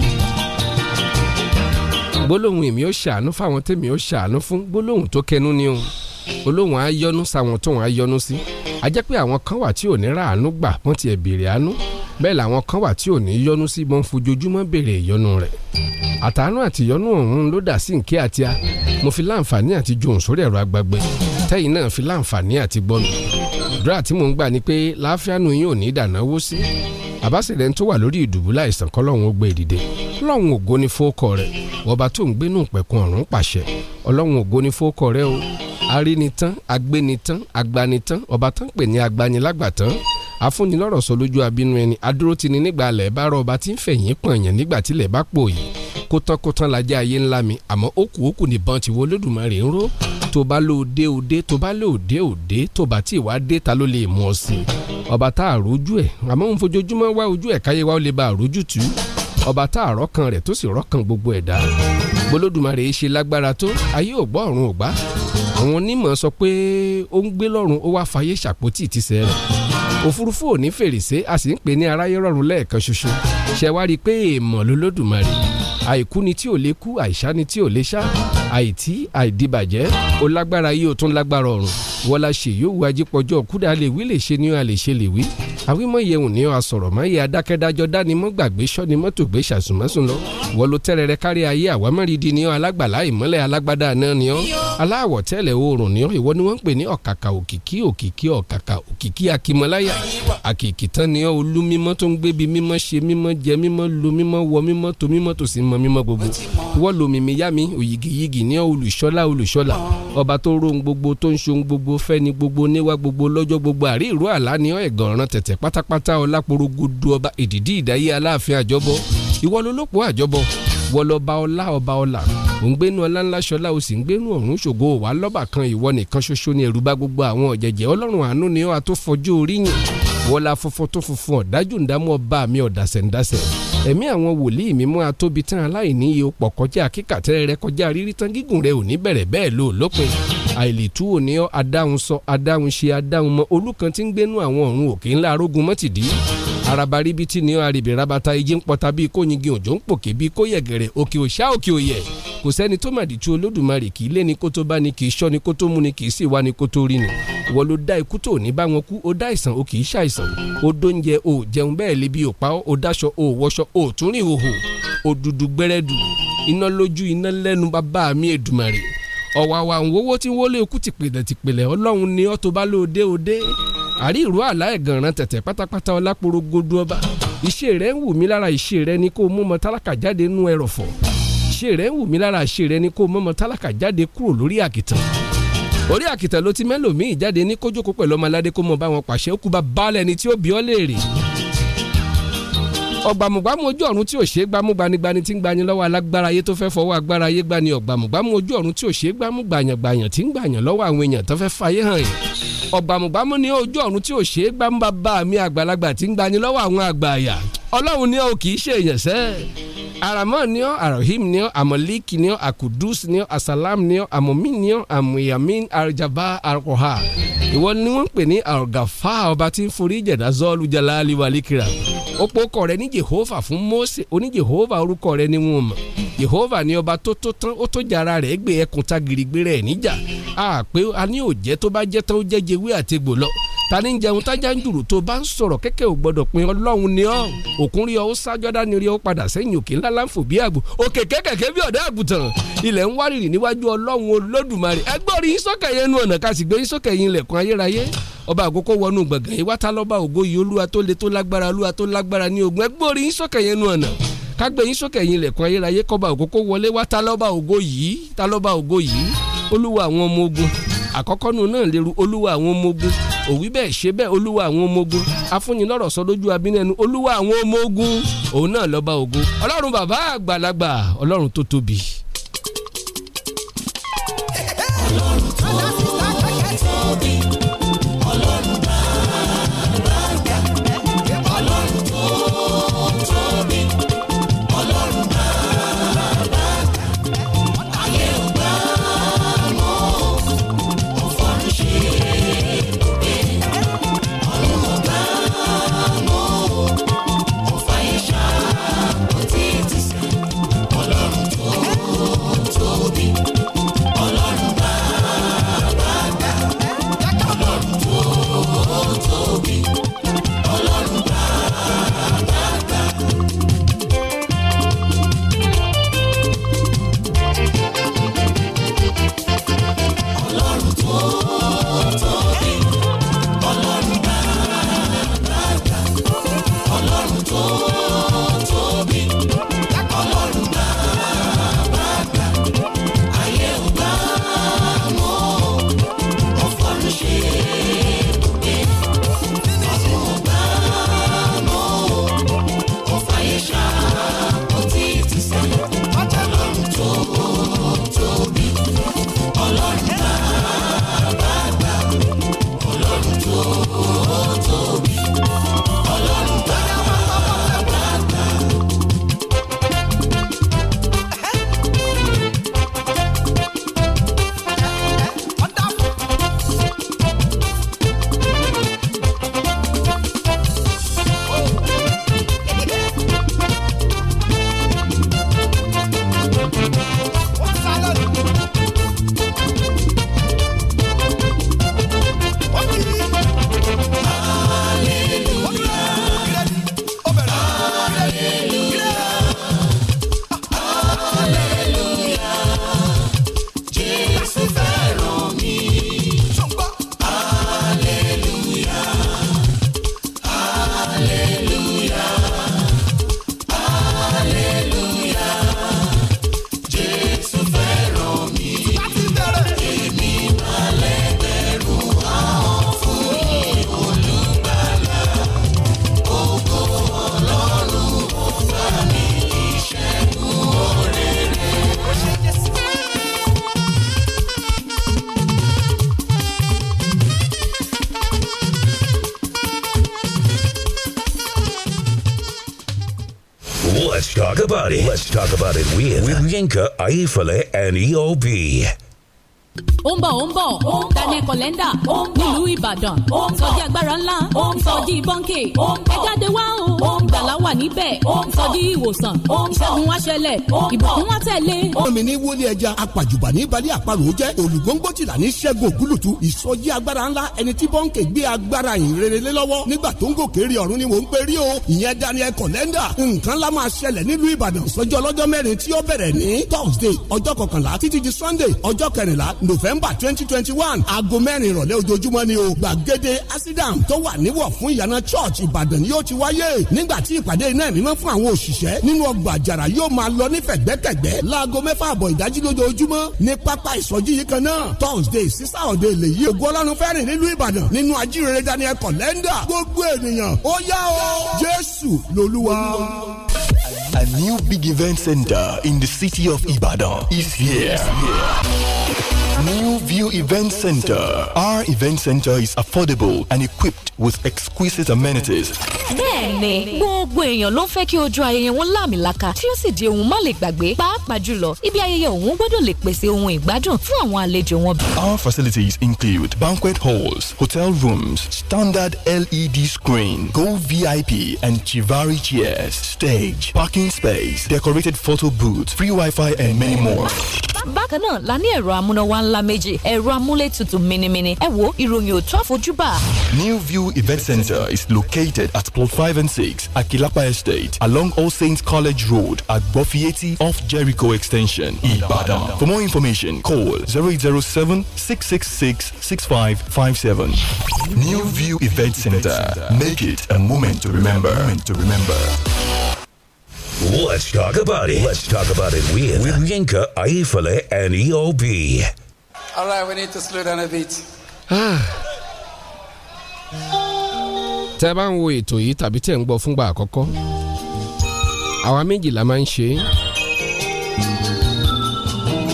[SPEAKER 18] gbólóhùn èmi ó ṣàánú fáwọn tèmi ó ṣàánú fún gbólóhùn tó kẹnu ni o olóhùn á yọ́nú sáwọn tóun á yọ́nú sí a jẹ́ pé àwọn kan wà tí ò ní ráàánú gbà wọ́n ti ẹ̀ béèrè àánú bẹ́ẹ̀ làwọn kan wà tí ò ní yọ́nú sí bọ́n fojoojúmọ́ béèrè ìyọ́nú rẹ̀ àtàánú àti ìyọ́nú ọ̀hún ló dà sí nkẹ́ àti a mo fi láǹfààní àti johun sórí ẹ̀rọ agbagbe tẹ́yìn náà fi láǹfààní àti gbọ́nu àdúrà tí mò ń gbà ni pé láàfíàánú yín ò ní dànáwó sí àbáṣẹ̀lẹ̀ tó wà lórí ìdùbúlà àìsàn kọ́lọ́hún ó gbé ìdìde e ọlọ́run ògo ni fóókọ rẹ̀ wọ́n tó ń gbénú pẹ̀kun ọ̀run pàṣẹ ọlọ́run ògo ni fóókọ rẹ̀ o arínitán agbénitán agbanitán ọba tán pè ní agbanilágbàtán afúnilọ́rọ̀ sọ lójú abínú ẹni adúró ti ni nígbà alẹ̀ bá rọ ọba tí ń fẹ̀yìn pọ̀nyàn nígbà tílẹ̀ bá pò yìí kó tán kó tán lajẹ́ ayé ńlá mi àmọ́ òkú òkú nìbọn ti wo lódùmarè ń ró tó bá lò dé òde tó bá lò dé òde tó bá tí ìwà dé ta ló lè mú ọ sí ọba tá a rójú ẹ̀ àmọ́ òun fojoojúmọ́ wá ojú ẹ̀ káyé wa ó lè ba àrójútùú ọba tá a rọ́kàn rẹ̀ tó sì rọ́kàn gbogbo ẹ̀dá bólódùmarè ṣe lágbára tó ayé ò gbọ́ ọ̀run ò gbá àwọn onímọ̀ sọ pé ó ń gbé lọ́rùn ó wá fàyè ṣàpótì tìṣẹ́ rẹ̀ òfurufú ò ní fèrèsé a sì ń pè ní aráyé rọ̀rùn lẹ́ẹ̀kan ṣoṣo ṣe wá rí i pé èèmọ̀ lólódùmarè àìkú ni tí ò lè kú àìsá ni tí ò lè sá àìtí àìdìbàjẹ́ ó lágbára yìí tún lágbára ọ̀run wọ́lá ṣèyí òwú ajípọ̀jọ́ kúdà lè wí lè ṣe ni ó lè ṣe lè wí àwímọ̀ye òní asọ̀rọ̀ mọ́ye adákẹ́dájọ́ dánimọ̀ gbàgbé sọ́ni mọ́tò gbé ṣàṣùmọ́sùn lọ wọ́n ló tẹ́rẹ̀rẹ́ kárí ayé àwámọ́rìndì ni ọ́ alágbàlá ìmọ́lẹ̀ alágbádá náà ni ọ́ aláwọ̀ tẹ́lẹ̀ oòrùn ni ọ́ ìwọ ni wọ́n ń pè ní ọ̀kàkà òkìkí òkìkí ọ̀kàkà òkìkí akímọ́láyà àkìkì tán ni ọ́ olú mímọ́ tó ń gbé bi mímọ́ ṣe mímọ́ jẹ mímọ́ lo mímọ́ wọ mímọ́ to ni ọ́ olùṣọ́lá olùṣọ́lá ọba tó rohun gbogbo tó ń ṣohun gbogbo fẹ́ni gbogbo níwá gbogbo lọ́jọ́ gbogbo àrí ìró àlá ni ọ́ ẹ̀gàn ọ̀ràn tẹ̀tẹ̀ àtẹ̀ pátápátá ọláporogodo ọba èdìdí ìdáyé aláàfin àjọbọ ìwọ lólópò àjọbọ wọlọba ọlá ọba ọlà òǹgbẹ́nu ọláńlá ṣọlá o sì ń gbẹ́nu ọ̀run ṣògo wà lọ́ba kan ìwọ nìkan ṣoṣo ni ẹ̀rù bá gbogbo àwọn ọ̀jẹ̀jẹ̀ ọlọ́run àánú ni ọ́ àtúfọ́jú orí yìn wọlá funfun tó funfun ọ̀dájú ǹdámú ọba mi ọ̀dàsẹ̀ ǹdàsẹ̀ ẹ̀mí àwọn wòlíì mímọ́ atóbi tán aláìníye ó pọ̀ kọjá kíkàtẹ́ rẹ kọjá rírí tán gígùn rẹ ò ní bẹ̀rẹ̀ bẹ́ẹ̀ lò àìlètú òní adáhùn sọ adáhùn ṣe adáhùn mọ olùkan tí ń gbénú àwọn ọ̀run òkè ńlá arógun mọ́tìdí araba ríbitì ní àríbì rabata igi ń pọta bíi kóyingi òjò ń pòkè bíi kóyẹ gẹ̀rẹ̀ òkè òṣà òkè òyẹ kò sẹ́ni tó màdì tí olódùmarè kì í lé ni kó tó bá ni kì í ṣọ́ ni kó tó mú ni kì í sì wá ni kó tó rí ni wọ́n ló dá ikú tó ní bá wọn kú ó dá ìsàn ó kì í ṣàìsàn ó dóúnjẹ ó jẹun bẹ́ẹ̀ lé bí ó pa ó dáṣọ ó wọṣọ ó tún rí ó dúdú gbẹ́rẹ́dù iná lójú iná lẹ́nu bàbá mi Èdùmàrè ọ̀wàwà òwòwò tí wọ́n lé okú tìpìlẹ̀ tìpìlẹ̀ ọlọ́run ni ọ́ tó bá lóde òde àrí ìró àlá ẹ̀gànràn tẹ̀tẹ̀ pátápátá ọlápòrò godo ọba iṣẹ́ rẹ̀ ń wù mí lára iṣẹ́ rẹ̀ ni kó mú ọmọ tálákà jáde nú ẹrọ̀fọ̀ iṣẹ́ rẹ̀ ń wù mí lára iṣẹ́ rẹ̀ ni kó mú tálákà jáde kúrò lórí àkìtàn orí àkìtàn ló ti mẹ́lòmíì jáde ní kójókòó pẹ̀lú ọmọ aládé kó mọ bá wọn pàṣẹ ó kú ni tí ó bí ọ́ léèrè ọ̀gbàmùgbàmù ojú ọ̀run tí ò ṣe é gbámú gbanigbani tí ń gbani lọ́wọ́ alágbára ayé tó fẹ́ fọwọ́ agbára ayé gbani ọ̀gbàmùgbàmù ojú ọ̀run tí ò ṣe é gbámú gbàyàngbàyàn tí ń gbàyàn lọ́wọ́ àwọn èèyàn tó fẹ́ fayé hàn yìí ọ̀bàmùbámú ní ojú ọ̀run tí ò ṣeé gbámúbá bá mi àgbàlagbà tí ń gbani lọ́wọ́ àwọn àgbà àyà ọlọ́run ni ó kì í ṣe èèyàn sẹ́ aramọ́ ni ó arahim ni ó amọ̀líkì ni ó akudus ni ó asalam ni ó amọ̀mí ni ó amúyàmí arjaba arkoha ìwọ ni wọ́n ń pè ní argafa ọba tí ń forí jẹ̀dá zọ́ọ̀lù jalali walikira ó pokọ̀ rẹ̀ ní jehova fún mose oní jehova orúkọ rẹ̀ ni wọ́n mọ̀ Yehova ni ọba tó tó tán ó tó jara rẹ̀ gbé ẹkùn tagirigbe rẹ̀ níjà a pé a ní òjẹ́ tó bá jẹ́ tán ó jẹ́ jewé àtegbò lọ ta ní jẹun tájà ń dùrù tó bá ń sọ̀rọ̀ kẹ́kẹ́ ò gbọ́dọ̀ pin ọlọ́run ni ọ́ òkun rí ọ ó sá jọ́dá ni rí ọ padà sẹ́yìn òkè ńlá láǹfò bí àgbò òkè kẹ́kẹ́kẹ́ bí ọ̀dá àgùntàn ilẹ̀ ń wárìrì níwájú ọlọ́run olódùmarè ẹgbẹ́ orí sókè yẹn nu ọ̀nà kásì gbé sókè yín lẹ̀kùn ayérayé ọba àkókò wọnú gbọ̀ngàn yìí wá kágbé yín sókè yín lẹ̀kùn ayérayé kọ́ba ògo kó wọlé wá ta lọ́ba ògo yìí ta lọ́ba ògo yìí olúwa àwọn ọmọ ogun àkọ́kọ́ nu náà lè olúwa àwọn ọmọ ogun òwí bẹ́ẹ̀ ṣe bẹ́ẹ̀ olúwa àwọn ọmọ ogun afúnilọ́rọ̀ sọ lójú abínẹ́nu olúwa àwọn ọmọ ogun òun náà lọ́ba ògo ọlọ́run bàbá àgbàlagbà ọlọ́run tó tóbi.
[SPEAKER 15] ọlọ́run tó tóbi.
[SPEAKER 12] Let's talk about it with, with Yinka, Aifale, and EOB.
[SPEAKER 5] ó ń bọ̀ ó ń bọ̀ ó ń Daniel Kolenda
[SPEAKER 7] nílùú Ìbàdàn ó ń sọjí agbára ńlá ó ń sọjí bọ́ńkè ó ń wà níbẹ̀ ó ń sọ di ìwòsàn ó ń ṣẹ́gun wá ṣẹlẹ̀ ìbùkún wá tẹ̀lé.
[SPEAKER 20] ọmọ ní wọlé ẹja apàjùbà ní balẹ̀ àparò jẹ́ olùgbòǹgbò tìlà ní ṣẹ́gun ògúlùtù ìsọjí agbára ńlá ẹni tí bọ́ǹkì gbé agbára ìrere lọ́wọ́ nígbà tó ń gòkè rí ọ̀run ni mò ń pè rí o ìyẹn Daniel Kolenda nǹkan la máa ṣẹlẹ̀ nílùú Ìbàdàn sọjọ́ ọlọ́jọ́ mẹ́rin tí Thursday ọjọ́ kọkànlá títí di Sunday ọjọ́ kẹrìnlá November twenty twenty one aago mẹ́rin asidam tó wà níwọ̀ church Ìbàdàn ni yóò ti wáyé nígbà ìpàdé iná mímọ́ fún àwọn òṣìṣẹ́ nínú ọgbà àjàrà yóò máa lọ ní fẹ̀gbẹ́kẹ̀gbẹ́ láago mẹ́fà àbọ̀ ìdájí lójoojúmọ́ ní pápá ìsọjí yìí kan náà Thursday sísá ọ̀dẹ èlé yìí ògo ọlọ́run fẹ́rìn nílùú Ìbàdàn nínú ajírere Daniel kọ̀lẹ́ndà gbogbo ènìyàn ó yá o
[SPEAKER 16] Jésù lolúwa. A new big event center in the city of Ibadan is here. Is here. New View Event Center. Our event center is affordable and equipped with exquisite amenities.
[SPEAKER 5] Bẹ́ẹ̀ni,
[SPEAKER 7] gbogbo èèyàn ló ń fẹ́ kí ojú ayẹyẹ wọn lámìlaka tí ó sì di ohun má lè gbàgbé pàápàá jùlọ ibi ayẹyẹ òun gbọ́dọ̀ lè pèsè ohun ìgbádùn fún àwọn àlejò wọn.
[SPEAKER 16] Our facilities include banquet halls, hotel rooms, standard LED screen, gold VIP and Chivari chairs, stage, parking space, decorated photo booths, free Wi-Fi and many more.
[SPEAKER 7] Bákan náà, la ní ẹ̀rọ amúnáwá ńlá ńlá méjì ẹ̀rọ amúlétutù minimini ẹ wo
[SPEAKER 5] ìròyìn òtún àfojúbà.
[SPEAKER 16] New View Event Center is located at plot five and six Akilapa Estate along All Saints College Road at Gbofieti off Jericho Extension, Ibadan. For more information, call 007 666 6557. New View Event Center. Make it a moment to remember. Moment to remember. Let's talk about it. Let's talk about it with, with
[SPEAKER 18] Yinka, Aifale, and EOB. All right, we need to slow down a bit. tẹ́ bá ń wo ètò yìí tàbí tẹ́ ń gbọ́ fúngbà àkọ́kọ́ àwa méjì la máa ń ṣe é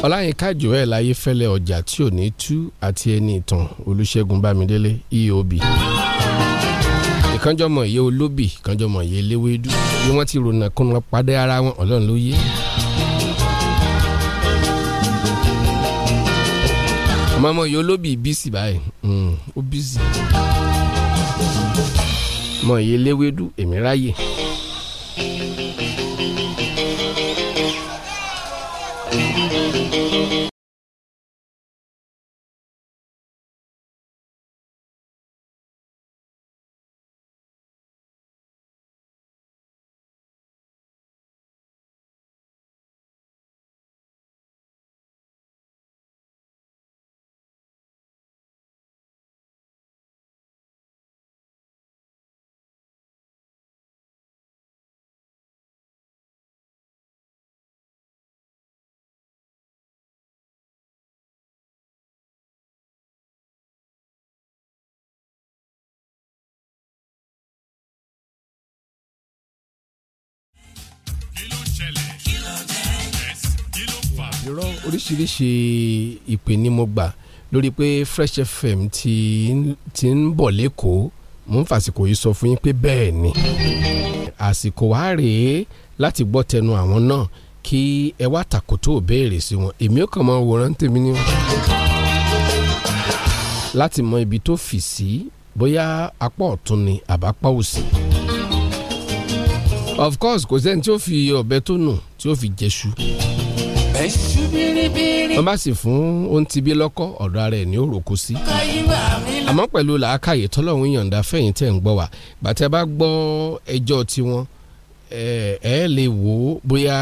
[SPEAKER 18] ọláyínká joel ayéfẹ́lẹ́ ọjà tí ò ní tú àti ẹni ìtàn olùṣègùn bámidélé eob ìkànjọmọ ìyẹ olóbì ìkànjọmọ ìyẹ eléwédú bí wọ́n ti rònà kún wọn padà ara wọn ọlọ́run ló yé. mọ́mọ́ yìí olóbì bísí báyìí hmm, ó bísí mọ iye léwédú èmi ráyè. thank you oríṣiríṣi ìpè ni mo gbà lórí pé Fresh FM ti ti ń bọ̀ lẹ́kọ̀ọ́ mo ń fàsìkò yìí sọ fún yín pé bẹ́ẹ̀ ni àsìkò wá rèé láti gbọ́ tẹnu àwọn náà kí ẹ wá tàkótó béèrè sí wọn èmi ò kàn máa wòran tèmi ni láti mọ ibi tó fì sí bóyá apá ọ̀tún ni àbápá òsì of course kò sẹ́ni tí ó fi ọ̀bẹ tó nù tí ó fi jẹ́ṣu
[SPEAKER 6] wọ́n bá
[SPEAKER 18] sì fún ohun ti bí lọ́kọ́ ọ̀dọ̀ ara ẹ̀ ní òròkó sí. àmọ́ pẹ̀lú làákàyè tọ́lọ́hún yọ̀ǹda fẹ̀yìn tẹ̀ ń gbọ́ wa bàtẹ́ bá gbọ́ ẹjọ́ tiwọn ẹ lè wò ó bóyá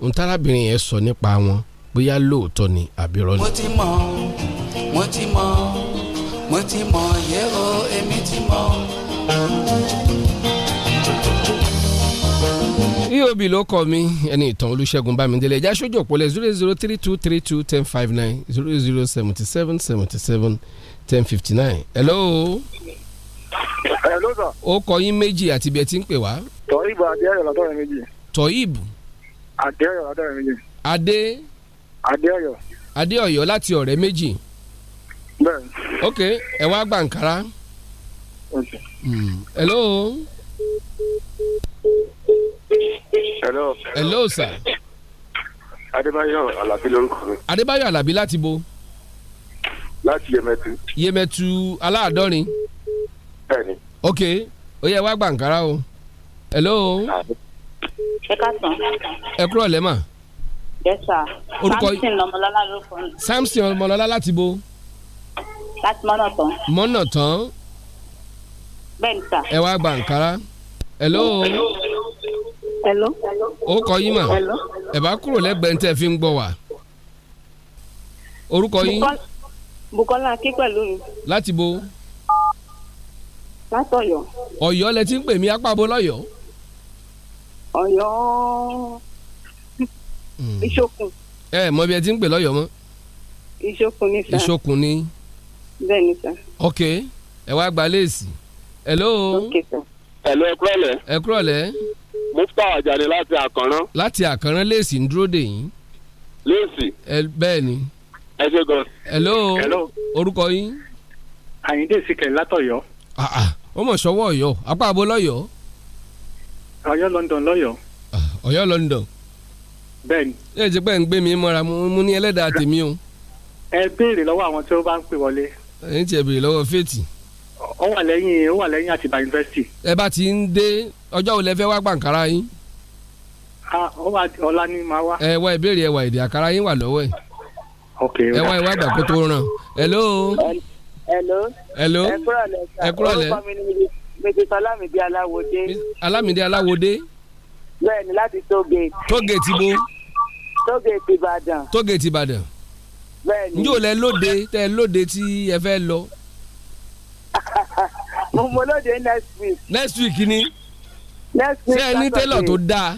[SPEAKER 18] ohun tárábìnrin yẹn sọ nípa wọn bóyá lóòótọ́ ni àbí irọ́ mo
[SPEAKER 9] ti mọ̀ mo ti mọ̀ mo ti mọ̀ yẹ́rọ èmi ti mọ̀.
[SPEAKER 18] bob ló kọ mi ẹni ìtàn olùṣègùn bámidélé ẹja sójú òpólẹ zero zero three two three two ten five nine zero zero seventy seven seventy seven ten fifty nine. hello. hello sir. ó kọ yín méjì àti ibi ẹ ti ń pè wá. tọ́yìbù adéyọ̀ látọ̀rẹ́ méjì. tọ́yìbù. adéyọ̀ látọ̀rẹ́ méjì. adé. adéyọ̀. adéyọ̀ láti ọ̀rẹ́ méjì. bẹ́ẹ̀. ok ẹ wá gbàǹkárá. ok. Mm. hello? hello. hello
[SPEAKER 6] sir. adébáyọ̀
[SPEAKER 18] alábí lórúkọ mi. adébáyọ̀ alábí láti bo. láti yẹmẹtu. yẹmẹtu aláàdọ́rin. bẹ́ẹ̀ni. ok ó yẹ wá gbàǹkárá o. hello. ẹ káàsán. ẹ kúrò lẹ́mà.
[SPEAKER 9] yes sir. orúkọ samson ọmọlọ́lá ló fọ́ mi.
[SPEAKER 18] samson ọmọlọ́lá láti bo. láti mọ́nà tán. mọ́nà tán. bẹ́ẹ̀ni sir. ẹ wá gbàǹkárá. hello. hello.
[SPEAKER 9] hello. ó kọ yín mà
[SPEAKER 18] ẹ bá fi ń gbọ wa orúkọ yín.
[SPEAKER 9] Bukola akí pẹ̀lú mi. láti bo. Ọyọ
[SPEAKER 18] Ọ̀yọ́ lẹ ti ń pè mí apábo l'ọyọ Ọ̀yọ́
[SPEAKER 9] hmm. ìṣokùn.
[SPEAKER 18] ẹ mọ bí ẹ ti ń pè l'ọyọ mọ
[SPEAKER 11] ìṣokùn ni sá. ni. bẹ́ẹ̀ ni sá.
[SPEAKER 18] ok ẹ wá gba léèsì. ok sá. mufta ajani láti àkànrán. láti àkànrán léèsì ń dúró dè yín. léèsì. ẹ bẹ́ẹ̀ ni. ẹ ṣe gan. hello. hello. orúkọ yín. àyíndé sikẹ̀ látọ̀yọ́. Ah, ah. ó mọ̀ sọ́wọ́ ọ̀yọ́ apá abo lọ́yọ́. ọ̀yọ́ london lọ́yọ́. Ah, ọ̀yọ́ london. bẹ́ẹ̀ni. ṣé ẹ ti pẹ́ ń gbé mi mọ́ra mo ní ẹlẹ́dàá tèmi o. ẹ béèrè lọ́wọ́ àwọn tí ó bá ń pè wọlé. ẹ̀yin ti ẹ̀ béèrè lọ́wọ́ fèètì. ó wà lẹ́yìn ó wà lẹ́yìn yunifásitì. ẹ bá ti ń dé ọjọ́ wo lẹ fẹ́ wá gbàǹkárá yín.
[SPEAKER 10] ó ọ̀la ni màá wá. ẹ
[SPEAKER 18] wá ìbéèrè ẹwà èdè àkàrà yín wà lọ́wọ́ ẹ̀. ok ẹ wá ìwà kó tó ràn. hello.
[SPEAKER 9] hello. ẹ alamide alawode.
[SPEAKER 18] alamide alawode. láti tóge. tóge bo. ìbàdàn. tóge ìbàdàn. njó mo next week. next week ni. next week saturday ṣé ẹ ní télọ̀ tó dáa.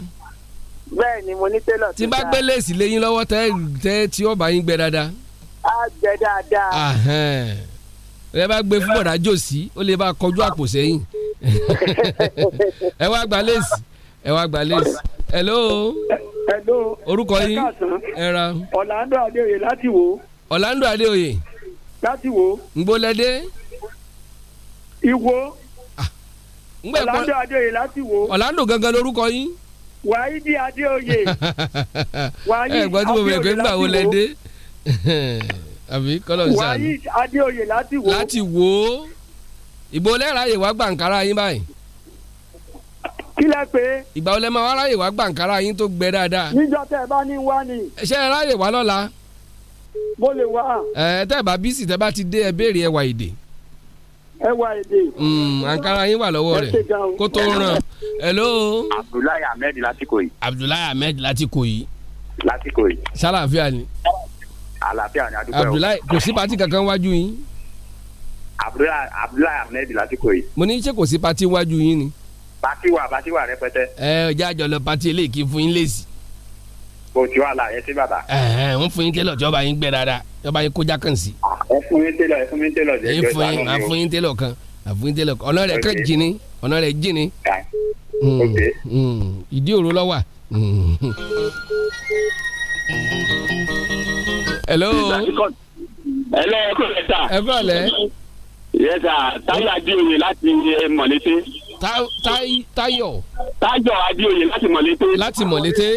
[SPEAKER 18] bẹ́ẹ̀ ni mo ní télọ̀ tó dáa. tí bá gbé léèsì léyìn lọ́wọ́ tẹ́ tẹ́ tí ọba yín gbẹ dáadáa. a gbẹ dáadáa. ẹ bá gbé fún bọ̀dá jòsí ó lè bá a kọjú àpò sẹ́yìn. ẹ wá gba léèsì ẹ wá gba léèsì. hello. hello. orúkọ yín ẹ ra. Orlando Adéoyè láti wò. Orlando Adéoyè. láti wò. ń Ìwó. Ah. Ọ̀làndó Adéoyè láti wò. Ọ̀làndó gangan lorúkọ yín. Wàhídì Adéoyè. Wàhídì Adéoyè láti wo lẹ Adéoyè láti wò. Láti wò. Ìbò lẹ́ra yè wá gbàǹkárá yín báyìí. Kí lẹ pé? Ìgbà wo máa wá ráyè wá gbàǹkárá yín tó gbẹ dáadáa? Níjọ́
[SPEAKER 20] tẹ́ ẹ bá ní wá ni. Ṣé ẹ ráyè wá lọ́la?
[SPEAKER 18] Mo lè wá. Ẹ tẹ́ ẹ bá bísí tẹ́ bá ti dé ẹ béèrè ẹwà èdè ẹ èdè. ankara yín wà lọ́wọ́ rẹ̀ kó tó ràn hello. abdullahi ahmed látìkò yìí. abdullahi ahmed látìkò yìí. látìkò yìí. sálàáfíà ni. àlàáfíà ni adúgbò abdullahi kò sí pati kankan wájú yín. abdullahi ahmed látìkò yìí. mo ní ṣé kò sí pati wájú yín ni. pati wà pati wà rẹpẹtẹ. ẹ ọjà àjọlọ pati eléyìí kì fún yín lésì kò tí wàhálà yẹn sí bàbá. ń fún yín télọ̀ jọba yín gbẹ dáadáa jọba yín kójá kàn sí. ẹ
[SPEAKER 10] fún yín télọ̀ ẹ fún yín
[SPEAKER 18] télọ̀ jẹjọ ìsàlùmí o. àfún yín télọ̀ kan àfún yín télọ̀ kan ọ̀nà rẹ̀ kẹ́ jìnnì ọ̀nà rẹ̀ jìnnì. Hmm, hmm, ìdí òru lọ́wà. Hmm. hello.
[SPEAKER 6] hello ẹ kúrò lẹ́ta. ẹ kúrò lẹ́.
[SPEAKER 18] yẹ́sà táyà dí oyin láti eh, mọ̀lété. táyọ̀. táyọ̀ adíoyè láti mọ̀lété. láti mọ̀lété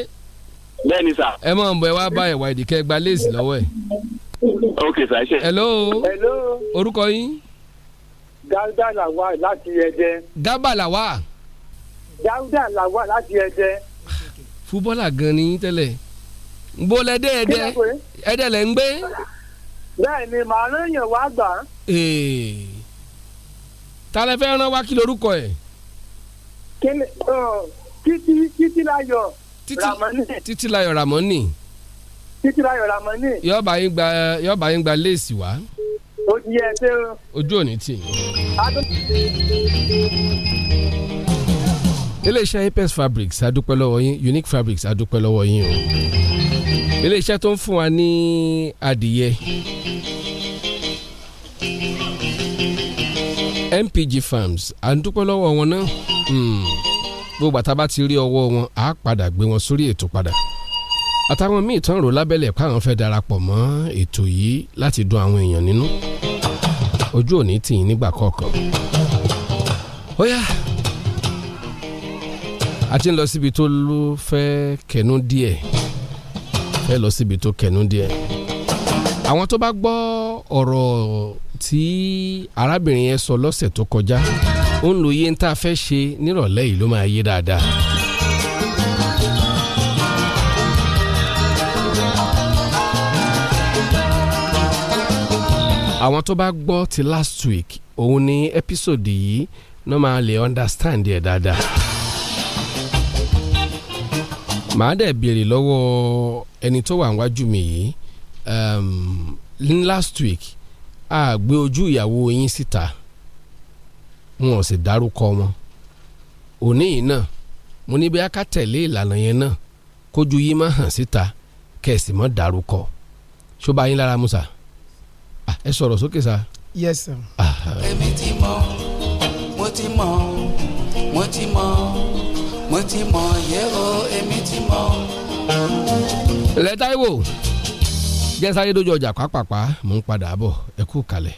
[SPEAKER 18] bẹ́ẹ̀ni sà. ẹ mọ̀ n bọ̀ ẹ wá bá ẹ̀wà ìdíkẹ́ gba léèsì lọ́wọ́ ẹ̀. ok sà ẹ ṣe. hello. hello. orúkọ yín. dáúdà làwà láti ẹdẹ. dábà làwà.
[SPEAKER 10] dáúdà làwà láti ẹdẹ.
[SPEAKER 18] fúbọ́là gan ni yín tẹ́lẹ̀. ń bó lẹ́dẹ́ ẹdẹ ẹdẹ lẹ́ ń gbé. bẹ́ẹ̀ni màá rán yẹn wá gbà. ta lẹ fẹ́ rán wá kí lorúkọ ẹ̀. kí ni títí títí láyọ̀ títílayọ̀ ramoni. títílayọ̀ ramoni. yọ̀ọ̀bà yín gba yọ̀ọ̀bà yín gba léèsì wá. ó di ẹ ṣé o. ojú òní tì. iléeṣẹ́ apex fabrics adúpẹ́ lọ́wọ́ yín unique fabrics adúpẹ́ lọ́wọ́ yín o. iléeṣẹ́ tó ń fún wa ní adìyẹ. MPG Farms à ń dúpẹ́ lọ́wọ́ wọn náà. Hmm gbogbo àtà bá ti rí ọwọ́ wọn á padà gbé wọn sórí ètò padà àtàwọn míì tán rò lábẹ́lẹ̀ páwọn fẹ́ darapọ̀ mọ́ ètò yìí láti dùn àwọn èèyàn nínú ojú òní tì yín nígbà kọ̀ọ̀kan ó yá a ti ń lọ síbi tó ló fẹ́ kẹnu díẹ̀ fẹ́ lọ síbi tó kẹnu díẹ̀ àwọn tó bá gbọ́ ọ̀rọ̀ tí arábìnrin yẹn sọ lọ́sẹ̀ tó kọjá ó ń lo iye ń tá a fẹ́ ṣe nírọ̀lẹ́ yìí ló máa yé dáadáa. àwọn tó bá gbọ́ ti last week òun ni ẹ́písòdì yìí ló máa lè understand ẹ̀ dáadáa. màá dẹ̀ béèrè lọ́wọ́ ẹni tó wà níwájú mi yìí um, last week a gbé ojú ìyàwó yín síta. Si wọn ò sì dárúkọ wọn òní yìí náà mo ní bí a ká tẹ̀lé ìlànà yẹn náà kójú yìí má hàn síta kẹ̀sì mọ́ dárúkọ ṣó yín lára musa ẹ sọ̀rọ̀ sókè sa. yes sir. èmi ti mọ mo ti mọ mo ti mọ
[SPEAKER 9] mo ti mọ yẹ èmi ti mọ.
[SPEAKER 18] lẹ́tà ìwò jẹ́sáyé dójú ọjà pàápàá mò ń padà bọ̀ ẹ kú kalẹ̀.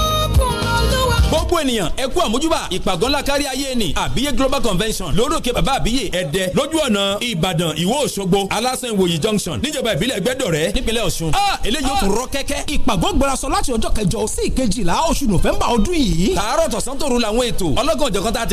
[SPEAKER 17] gbogbo ènìyàn ẹ kú àmójúbà ìpàgọ́ kárí ayé ni àbíyé global convention lórókè bàbá àbíyé ẹ̀dẹ́ lójú ọ̀nà ìbàdàn ìwó òṣogbo alásán ìwòyí junction níjọba ìbílẹ̀ ẹgbẹ́dọ̀rẹ́ nípínlẹ̀ ọ̀ṣun. a eléyìí ó rọ kẹ́kẹ́. ìpàgọ́ gbọ́dọ̀ láti ọjọ́ kẹjọ sí ìkejìlá oṣù nọ́fẹ̀mbà ọdún yìí. tààrọ̀ tọ̀sán tòru làwọn ètò ọlọ́gàn òjọ̀kan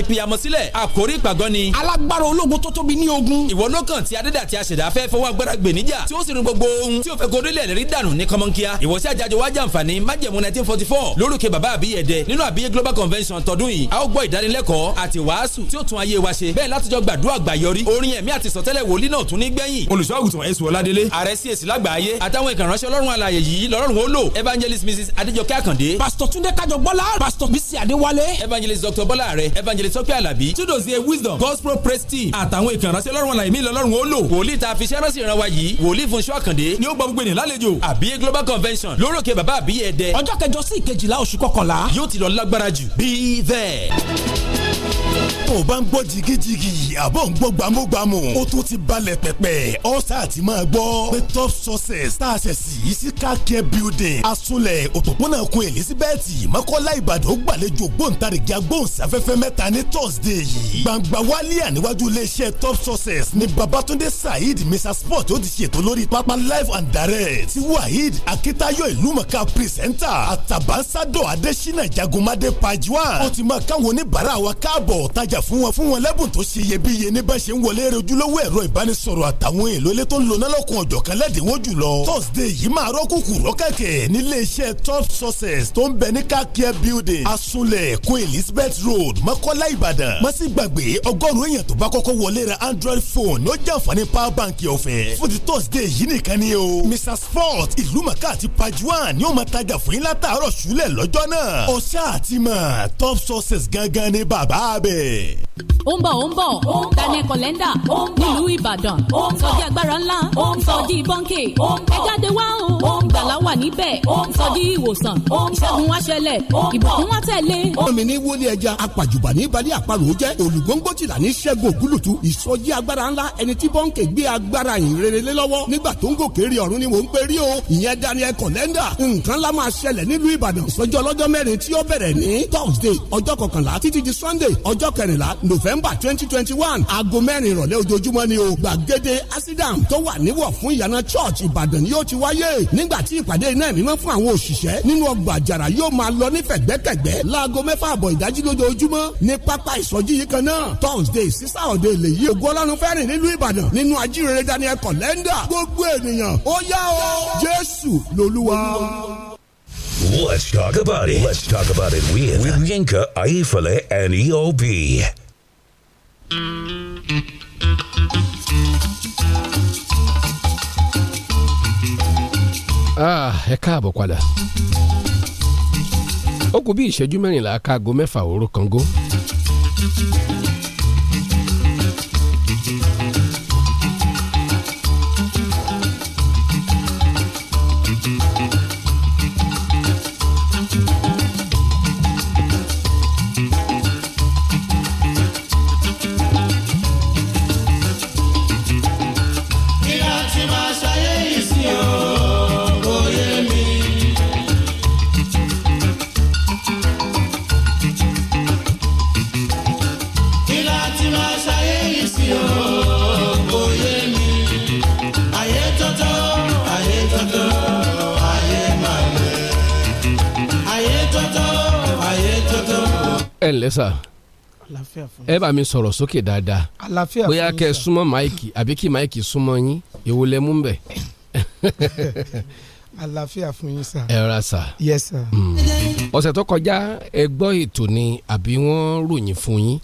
[SPEAKER 17] wáyé global convention tọdún yìí a ó gbọ́ ìdánilẹ́kọ̀ọ́ àti wàásù tí ó tún ayé wa ṣe bẹ́ẹ̀ látijọ́ gbàdúrà gbàyọrí orin ẹ̀mí àti sọtẹ́lẹ̀ wòlíì náà tún ní gbẹ̀yìn olùṣọ́àgùtàn èṣù ọládélé ààrẹ CAC lágbàáyé àtàwọn ìkànránṣẹ́ ọlọ́run alààyè yìí lọ́rùn ó lò evangelist mrs adéjọkẹ́ àkàndé pastor túndé kájọgbọ́lá pastor bísí adéwálé evangelist dr bọ́lá rẹ evangelist tọ́pẹ́ alábí chidozie wisdom gospel praise team àtàwọn ìkànránṣẹ́ ọlọ́run alààyè mi lọ́rùn ó lò wòlíì ta fi sẹ́rọ́sì ìran wa yìí wòlíì fúnṣọ́ àkàndé ni ó gbọ́ gbogbo ènìyàn lálejò àbíyé global convention lórúkẹ bàbá àbíyé ẹ̀dẹ́ ọjọ́ kẹjọ
[SPEAKER 13] sí ìkejìlá oṣù kọkànlá yóò ti lọ lágbá lágbára jù. Be there tó o bá ń gbọ́ jigijigi àbọ̀ ń gbọ́ gbámúgbámú ó tún ti balẹ̀ pẹ̀pẹ̀ ọ̀sà àti máa gbọ́ pé top sources tá a ṣẹ̀ sí sika care building asunlẹ̀ òpópónà kun elizabeth mọ́kọ́lá ìbàdàn gbàlejò gbóǹtarìgì agbóhùnsáfẹ́fẹ́ mẹ́ta ní thursday yìí gbangba wálíà níwájú iléeṣẹ́ top sources ni babatunde saheed mr sport ó ti ṣètò lórí pápá live and direct ti waheed akitayo ìlúmọ̀ká pírísẹ́ńtà àtàbánsádọ̀ adésínà jagunmadé pajúwa ó ti máa káwọn oníbàárà wa káàbọ̀ tajà rajà fún wọn fún wọn lẹ́bùn tó ṣe iyebíye ní bá ṣe ń wọlé rẹ ẹ̀rọ ìbánisọ̀rọ̀ àtàwọn èèlò ilé tó ń lo nálọ́kun ọ̀jọ̀kan lẹ́dínwó jùlọ thursday yìí máa rọ́kùnkù rọ́kẹ̀kẹ̀ nílé iṣẹ́ top success tó ń bẹ ní kákíẹ́ building asunlẹ̀ kún elizabeth road mọ́kọ́lá ìbàdàn má sì gbàgbé ọgọ́rùn-ún èèyàn tó bá kọ́kọ́ wọlé ra android phone ló jẹ́ àǹfààní power bank ọ̀fẹ́ fún ti thursday yìí nìkan ni o mr sport ìlú màkà àti pajúwàn ni ó máa tajà fún top success gangan ni bàbá bẹ̀.
[SPEAKER 5] ó
[SPEAKER 7] ń bọ̀ ó ń bọ̀ Daniel Kolenda nílùú Ìbàdàn sọjí agbára ńlá sọjí bọ́ńkè ẹ jáde wá o gbàlá wà níbẹ̀ sọjí ìwòsàn ìṣẹ́gun wá ṣẹlẹ̀ ìbùkún wá tẹ̀lé.
[SPEAKER 20] omi ní wọlé ẹja apàjùbà ní balẹ̀ àparò jẹ́ olùgbóngbòtìlà ní ṣẹ́gun ògúlùtù ìsọjí agbára ńlá ẹni tí bọ́ńkè gbé agbára ni mò ń pè rí o ìyẹn Daniel Kolenda nǹkan lá máa ṣẹlẹ̀ Sunday ọjọ́ kẹrìn kọkànlá november twenty twenty one aago mẹ́rin ìrọ̀lẹ́ ojoojúmọ́ ni o gbàgede asidam tó wà níwọ̀ fún ìyànà church ìbàdàn yóò ti wáyé nígbà tí ìpàdé iná ẹ̀mí mọ́ fún àwọn òṣìṣẹ́ nínú ọgbà àjàrà yóò máa lọ ní fẹ̀gbẹ́kẹ̀gbẹ́ láago mẹ́fà àbọ̀ ìdájí lójoojúmọ́ ní pápá ìsọjí yìí kan náà thursday sísá òde lè yí ògo ọlọ́run fẹ́rìn nílùú ìbàdàn nínú ajírere daniel kọ̀lẹ́ndà gbogbo ènìyàn ó yá o jésù lolúwa.
[SPEAKER 12] Let's talk about it. Let's talk about it with, with Yinka, Aifale, and EOB.
[SPEAKER 18] Ah, ẹ káàbọ̀ padà ó kù bí ìṣẹ́jú mẹ́rìnlá káago mẹ́fà òru kan gó ẹ ǹlẹ́ sà ẹ bá mi sọ̀rọ̀ sókè dáadáa bóyá kẹ́ ẹ súnmọ́ máìkì àbí kí máìkì súnmọ́ yín èwo lẹ mú bẹ̀.
[SPEAKER 19] àlàáfíà fún yín sà. ẹ ra sà. yes sà. Hmm.
[SPEAKER 18] ọ̀sẹ̀ tó kọjá ẹ gbọ́ ètò ni àbí wọ́n ròyìn fún yín.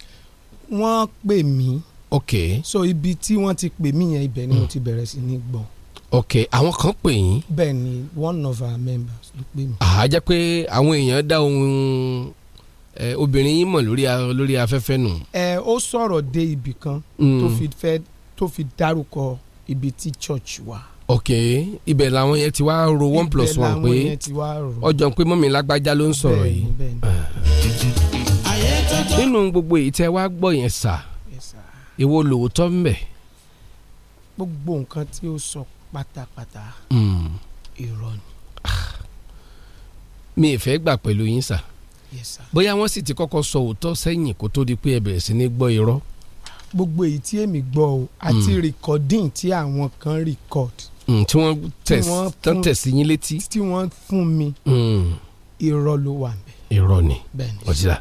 [SPEAKER 19] wọ́n pè mí. ok. so ibi tí wọ́n ti pè mí yẹn ibẹ̀ ni mo hmm. ti bẹ̀rẹ̀ sí ní gbọ́
[SPEAKER 18] ok àwọn kan pè yín.
[SPEAKER 19] bẹ́ẹ̀ one of our members ló pè mí.
[SPEAKER 18] àá jẹ́ pé àwọn èèyàn dá ohun obìnrin yìí mọ̀ lórí afẹ́fẹ́ nù. ẹ ó
[SPEAKER 19] sọ̀rọ̀ dé ibì kan mm. tó fi fẹ́ tó fi dárúkọ ibi tí church wà.
[SPEAKER 18] ok ibẹ̀ làwọn yẹn ti wá ro one plus one pé ọjọ́ pé mọ́mí lágbájá ló ń sọ̀rọ̀ yìí. nínú gbogbo èyí tẹ́ wá gbọ́ yẹn sà èwo lòótọ́ ń bẹ.
[SPEAKER 19] gbogbo nǹkan tí ó sọ pátápátá hmm. irọ́ ni. Ah.
[SPEAKER 18] mi ì fẹ́ gbà pẹ̀lú yín sà bóyá wọ́n sì ti kọ́kọ́ sọ òótọ́ sẹ́yìn kó tó di pé ẹ bẹ̀rẹ̀ sí ní gbọ́ irọ́.
[SPEAKER 19] gbogbo èyí tí èmi gbọ́ o àti hmm. rìkọ́dìn tí àwọn kan rìkọ́d.
[SPEAKER 18] Hmm, tí wọ́n tẹ̀ tẹ̀ sí yín létí. tí wọ́n fún mi hmm. irọ́ ló wà mẹ́. irọ́ ni ọ̀jíra.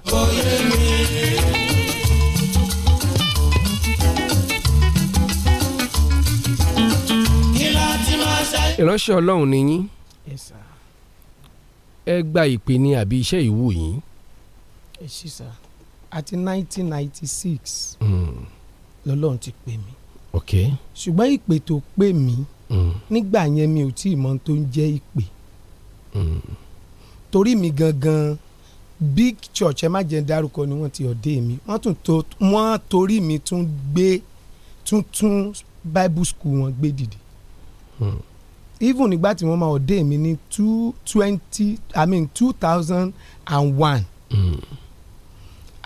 [SPEAKER 18] ìránṣẹ́ ọlọ́run ni yín. Yes, sir ẹ gba ìpè ní àbí iṣẹ́ ìwú yìí.
[SPEAKER 19] ẹ ṣì sá àti nineteen ninety six hmm. lọ́lọ́run ti pè mí. ok ṣùgbọ́n ìpè tó pè mí hmm. nígbà yẹn mi ò tí ì mọ tó ń jẹ́ ìpè hmm. torí mi gangan big church ẹ má jẹ́ dárúkọ ni wọ́n ti ọ̀dé mi wọ́n tún to wọ́n torí mi tún gbé tuntun bible school wọn gbé dìde. Hmm even nígbà tí wọ́n máa ọ̀dẹ́ mi ní two twenty i mean two thousand and one mm.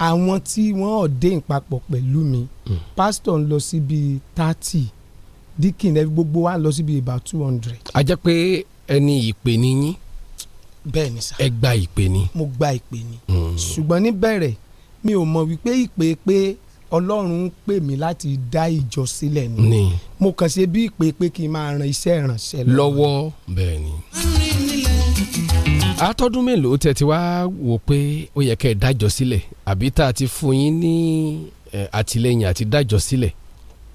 [SPEAKER 19] àwọn tí wọ́n ọ̀dẹ́ ìpapọ̀ pẹ̀lú mi mm. pásítọ̀ ń lọ sí bíi thirty deacon ẹ gbogbo wa lọ sí bíi about two hundred.
[SPEAKER 18] a jẹ́ pé ẹni ìpè ni yín. bẹ́ẹ̀ ni sá. ẹ gba ìpè ni.
[SPEAKER 19] mo gba ìpè ni. Mm. ṣùgbọ́n níbẹ̀rẹ̀ mi ò mọ̀ wípé ìpè pé ọlọ́run pè mí láti dá ìjọ sílẹ̀ ni mo kàn ṣe bí ìpè pé kí n máa ran iṣẹ́ ìrànṣẹ́ lọ́wọ́
[SPEAKER 18] bẹ́ẹ̀ ni. atọ́dún mélòó tẹ́ ti wá wò pé ó yẹ kẹ́ ẹ dájọ́ sílẹ̀ àbí tá a ti fún yín ní àtìlẹyìn àti dájọ́ sílẹ̀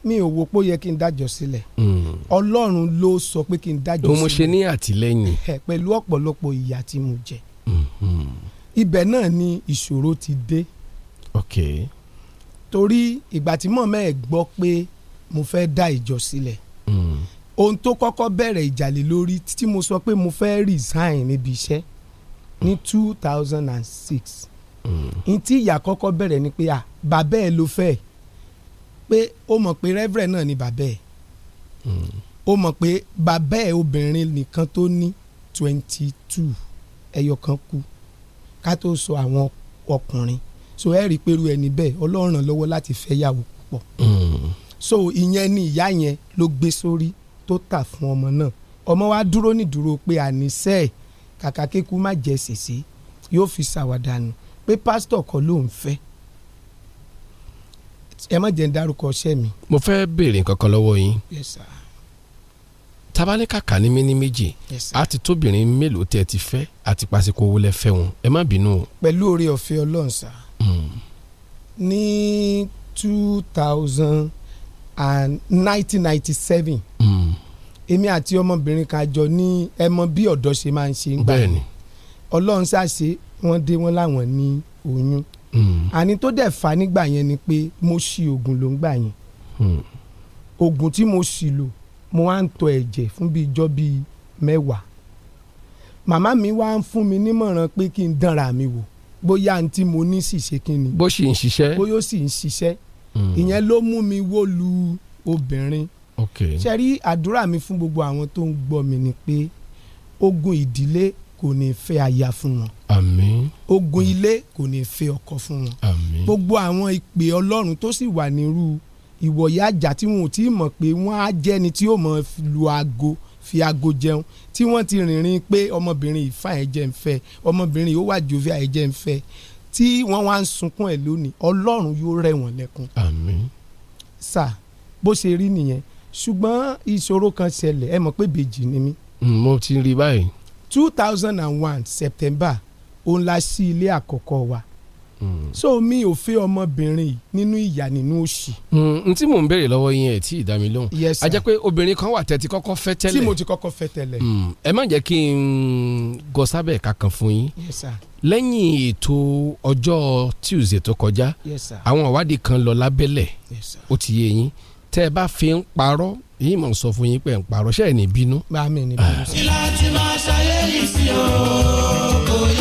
[SPEAKER 19] mi ò wo pé ó yẹ kí n dájọ́ sílẹ̀ hmm. ọlọ́run ló sọ pé kí n dájọ́ sílẹ̀. mo ṣe ní
[SPEAKER 18] àtìlẹ́yìn.
[SPEAKER 19] pẹ̀lú ọ̀pọ̀lọpọ̀ ìyà tí mo jẹ. Hmm. ibẹ̀ náà ni ìṣòro ti dé. okay torí ìgbà tí mọ̀mọ́ ẹ̀ gbọ́ pé mo fẹ́ dá ìjọ sílẹ̀ hmm. ohun tó kọ́kọ́ bẹ̀rẹ̀ ìjàlè lórí tí mo sọ pé mo fẹ́ resign níbi iṣẹ́ ní hmm. two thousand and six hmm. n tí ìyá kọ́kọ́ bẹ̀rẹ̀ ni pé bàbá ẹ̀ ló fẹ́ pé ó mọ̀ pé rẹ́fẹ̀rẹ̀ náà ni bàbá ẹ̀ ó mọ̀ pé bàbá ẹ̀ obìnrin nìkan tó ní twenty two ẹyọ kan kú ká tó sọ àwọn ọkùnrin. So so ẹ rí i pé irú ẹni bẹ́ẹ̀ ọlọ́run ràn lọ́wọ́ láti fẹ́ yàwó púpọ̀ hmm. so ìyẹn ni ìyá yẹn ló gbé sórí tó tà fún ọmọ náà ọmọ wa dúró nídúró pé àníṣe ẹ̀ kàkà kéku má jẹ sèse yóò fi ṣàwàdà nù pé pásítọ̀ kọ́ ló ń fẹ́ ẹ má jẹ́ ń dárúkọ ọṣẹ́ mi.
[SPEAKER 18] mo fẹ́ béèrè nǹkan kan lọ́wọ́ yín. yes sir. tabaníkàkà ní mi méje. sir. àti tóbìnrin mélòó tẹ́ ti fẹ́ àti pàṣípò owó lẹ fẹ́ wọn ẹ má bínú.
[SPEAKER 19] pẹ̀lú oore ọ̀fẹ́ ọlọ́run sáà ní two thousand and nineteen ninety seven hmm. èmi àti ọmọbìnrin kan jọ ní ẹ mọ̀ bí ọ̀dọ́ ṣe máa ń ṣe ń gbà yìí ọlọ́run ṣàṣe wọ́n dé wọ́n láwọn ní oyún hmm. àní tó dẹ̀ fà nígbà yẹn ni pé mo ṣì oògùn ló ń gbà yẹn hmm. oògùn tí mo ṣì lò mo wá ń tọ ẹ̀jẹ̀ fún bíi ijọ́ bíi mẹ́wàá màmá mi wá ń fún mi nímọ̀ràn pé kí n dánra mi wò bóyá n tí mo ní sì ṣe kí ni. bó sì ń ṣiṣẹ́. bóyá ó sì ń ṣiṣẹ́. Hmm. ìyẹn ló mú mi wó lu obìnrin. ok ṣe rí àdúrà mi fún gbogbo àwọn tó ń gbọ́ mi ni pé ogun ìdílé kò ní fẹ́ aya fún wọn. àmín. ogun hmm. ilé kò ní fẹ́ ọkọ fún wọn. àmín. gbogbo àwọn ìpè ọlọ́run tó sì wà nírú ìwọ̀yà àjà tí wọn ò tí ì mọ̀ pé wọ́n á jẹ́ni tí yóò mọ̀ lu aago fi aago jẹun tí wọ́n ti rìnrìn pé ọmọbìnrin ìfà ẹ̀jẹ̀ ń fẹ́ ọmọbìnrin ó wà ẹ̀jẹ̀ ń fẹ́ tí wọ́n wá ń sunkún ẹ̀ lónìí ọlọ́run yóò rẹ̀ wọ́n lẹ́kún. àmín. sà bó ṣe rí nìyẹn ṣùgbọ́n ìṣòro kan ṣẹlẹ̀ ẹ mọ̀ pé bèjì ni mí. mo ti rí báyìí. two thousand and one september òun la ṣí ilé àkọ́kọ́ wa Hmm. so mi ò fẹ́ ọmọbìnrin nínú ìyà
[SPEAKER 18] nínú òṣì. Hmm, n tí mò ń béèrè lọ́wọ́ yín ẹ̀ tí ì dá mi lóhùn. yes sir a jẹ́ pé obìnrin kan wà tẹ́tí kọ́kọ́ fẹ́ tẹ́lẹ̀. tí mo ti kọ́kọ́ fẹ́ tẹ́lẹ̀. Hmm, ẹ má jẹ́ kí n gọ sábẹ̀ kankan fún yín. yes sir lẹ́yìn ètò ọjọ́ tuesday tó kọjá. yes sir àwọn ìwádìí kan lọ lábẹ́lẹ̀. yes sir ó ti yé yín tẹ́ ẹ bá fi ń parọ́ yìí mọ̀ ń sọ fún yín pé ń parọ́ ṣẹ́ẹ̀ ní bínú. bá mi ní bínú sí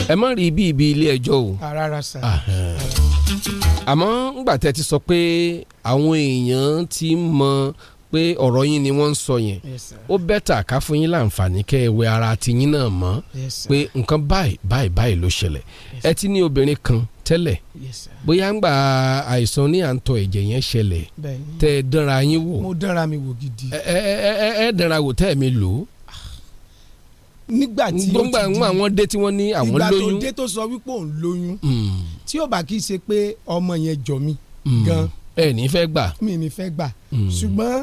[SPEAKER 18] ẹ má rí ibi ibi ilé ẹjọ́ o.
[SPEAKER 19] rárá
[SPEAKER 6] sá. Ah, eh.
[SPEAKER 18] àmọ́ ngbà tẹ́ ti sọ pé àwọn èèyàn ti mọ pé ọ̀rọ̀ yín ni wọ́n ń sọ yẹn ó bẹ́tà ká fún yín láǹfààní kẹ́ ẹ wẹ ara tiyín náà mọ́ pé nǹkan báyìí báyìí báyìí ló ṣẹlẹ̀ ẹ ti ní obìnrin kan tẹ́lẹ̀ bóyá ń gba àìsàn ní àǹtọ̀ ẹ̀jẹ̀ yẹn ṣẹlẹ̀ tẹ́ ẹ dánra yín wò. mo dánra mi wò gidi. ẹ ẹ ẹ dánra wò tẹ́ ẹ mi lò ó nígbà tí ó ti di gbọ́ngbà ń àwọn dé tí wọ́n ní àwọn lóyún ìgbà tó dé
[SPEAKER 19] tó sọ wípé òun lóyún hmm. tí ò bá kí í ṣe pé ọmọ yẹn jọ mi hmm. gan ẹ ní fẹ́ gbà mi ní fẹ́ gbà hmm. ṣùgbọ́n